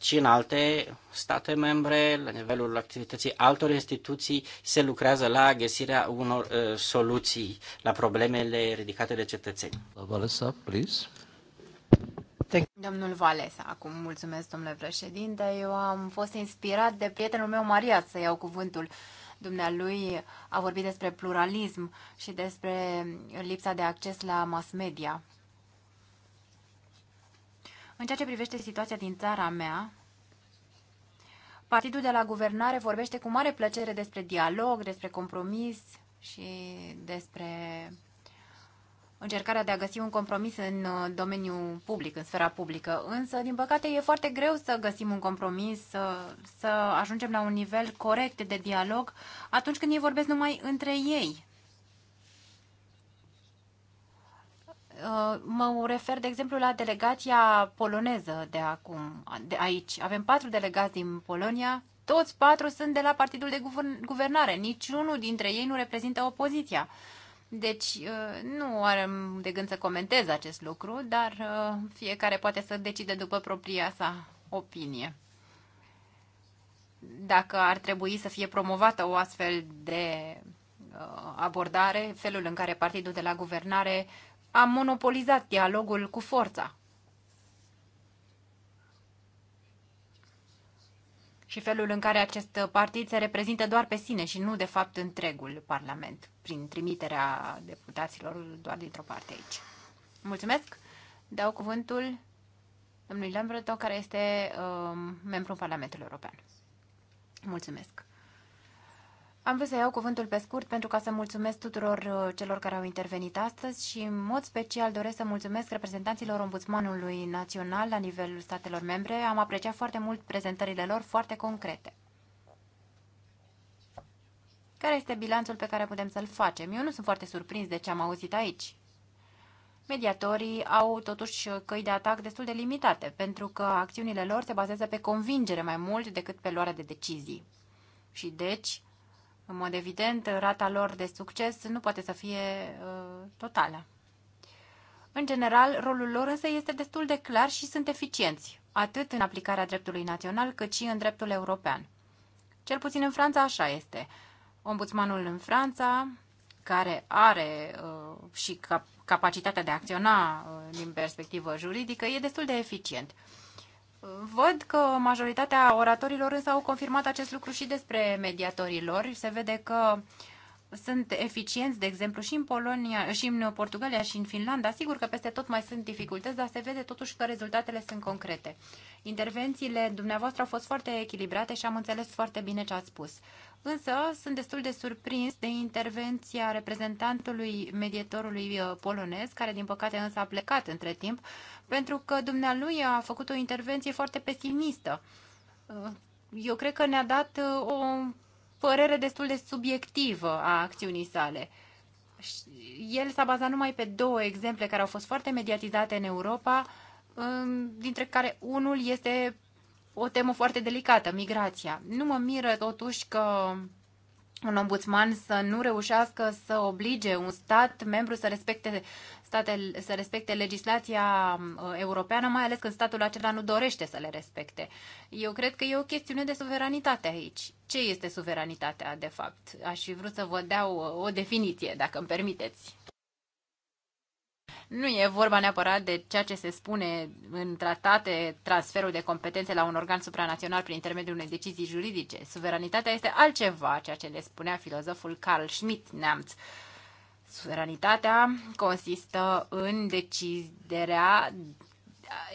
ci în alte state membre, la nivelul activității altor instituții, se lucrează la găsirea unor uh, soluții la problemele ridicate de cetățeni. Valesa, please. Domnul Valesa, acum mulțumesc, domnule președinte. Eu am fost inspirat de prietenul meu, Maria, să iau cuvântul. Dumnealui a vorbit despre pluralism și despre lipsa de acces la mass media în ceea ce privește situația din țara mea, partidul de la guvernare vorbește cu mare plăcere despre dialog, despre compromis și despre încercarea de a găsi un compromis în uh, domeniul public, în sfera publică. Însă, din păcate, e foarte greu să găsim un compromis, să, să ajungem la un nivel corect de dialog atunci când ei vorbesc numai între ei. Uh, mă refer, de exemplu, la delegația poloneză de acum, de aici. Avem patru delegați din Polonia, toți patru sunt de la Partidul de Guvernare, niciunul dintre ei nu reprezintă opoziția. Deci uh, nu am de gând să comentez acest lucru, dar uh, fiecare poate să decide după propria sa opinie. Dacă ar trebui să fie promovată o astfel de abordare, felul în care partidul de la guvernare a monopolizat dialogul cu forța. Și felul în care acest partid se reprezintă doar pe sine și nu, de fapt, întregul Parlament, prin trimiterea deputaților doar dintr-o parte aici. Mulțumesc! Dau cuvântul domnului Lambrăto, care este uh, membru în Parlamentul European. Mulțumesc! Am vrut să iau cuvântul pe scurt pentru ca să mulțumesc tuturor uh, celor care au intervenit astăzi și în mod special doresc să mulțumesc reprezentanților Ombudsmanului Național la nivelul statelor membre. Am apreciat foarte mult prezentările lor foarte concrete. Care este bilanțul pe care putem să-l facem? Eu nu sunt foarte surprins de ce am auzit aici. Mediatorii au totuși căi de atac destul de limitate, pentru că acțiunile lor se bazează pe convingere mai mult decât pe luarea de decizii. Și deci, în mod evident, rata lor de succes nu poate să fie uh, totală. În general, rolul lor însă este destul de clar și sunt eficienți, atât în aplicarea dreptului național, cât și în dreptul european. Cel puțin în Franța așa este. Ombudsmanul în Franța, care are uh, și cap- capacitatea de a acționa uh, din perspectivă juridică, e destul de eficient. Uh, Văd că majoritatea oratorilor însă au confirmat acest lucru și despre mediatorilor. Se vede că sunt eficienți, de exemplu, și în Polonia, și în Portugalia, și în Finlanda. Sigur că peste tot mai sunt dificultăți, dar se vede totuși că rezultatele sunt concrete. Intervențiile dumneavoastră au fost foarte echilibrate și am înțeles foarte bine ce ați spus. Însă sunt destul de surprins de intervenția reprezentantului medietorului uh, polonez, care din păcate însă a plecat între timp, pentru că dumnealui a făcut o intervenție foarte pesimistă. Uh, eu cred că ne-a dat uh, o părere destul de subiectivă a acțiunii sale. El s-a bazat numai pe două exemple care au fost foarte mediatizate în Europa, um, dintre care unul este o temă foarte delicată, migrația. Nu mă miră totuși că un ombudsman să nu reușească să oblige un stat membru să respecte, state, să respecte legislația uh, europeană, mai ales când statul acela nu dorește să le respecte. Eu cred că e o chestiune de suveranitate aici. Ce este suveranitatea, de fapt? Aș fi vrut să vă dau uh, o definiție, dacă îmi permiteți. Nu e vorba neapărat de ceea ce se spune în tratate, transferul de competențe la un organ supranațional prin intermediul unei decizii juridice. Suveranitatea este altceva, ceea ce le spunea filozoful Carl Schmitt Neamț. Suveranitatea consistă în deciderea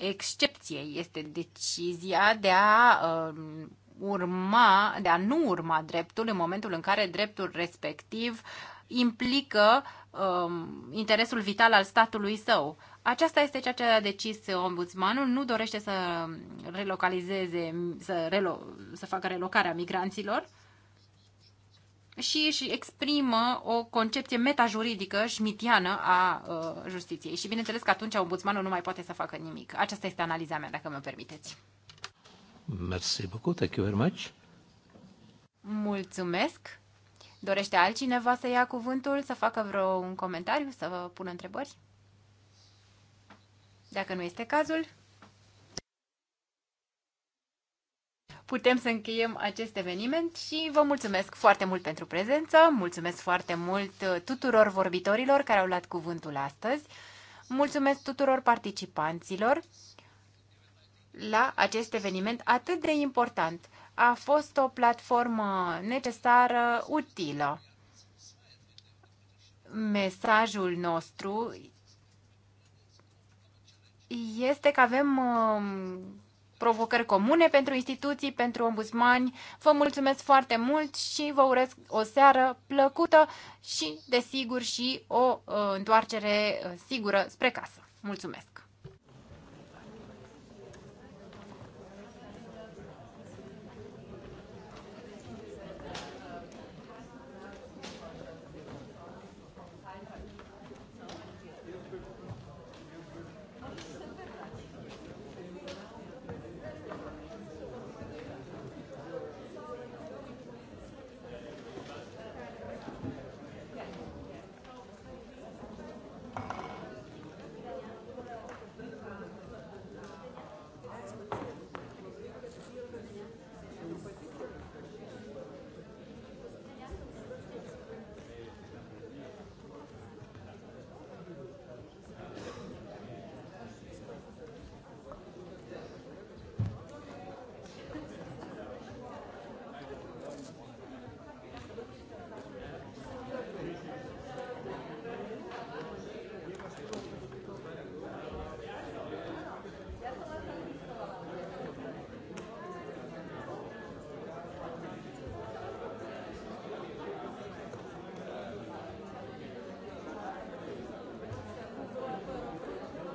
excepției, este decizia de a uh, urma, de a nu urma dreptul în momentul în care dreptul respectiv implică um, interesul vital al statului său. Aceasta este ceea ce a decis ombudsmanul, nu dorește să relocalizeze, să, relo, să facă relocarea migranților și își exprimă o concepție metajuridică șmitiană a uh, justiției. Și bineînțeles că atunci ombudsmanul nu mai poate să facă nimic. Aceasta este analiza mea, dacă mi-o permiteți. Mersi beaucoup, thank you very much. Mulțumesc. Dorește altcineva să ia cuvântul, să facă vreo un comentariu, să vă pună întrebări? Dacă nu este cazul, putem să încheiem acest eveniment și vă mulțumesc foarte mult pentru prezență, mulțumesc foarte mult uh, tuturor vorbitorilor care au luat cuvântul astăzi, mulțumesc tuturor participanților la acest eveniment atât de important a fost o platformă necesară, utilă. Mesajul nostru este că avem um, provocări comune pentru instituții, pentru ombudsmani. Vă mulțumesc foarte mult și vă urez o seară plăcută și, desigur, și o uh, întoarcere uh, sigură spre casă. Mulțumesc!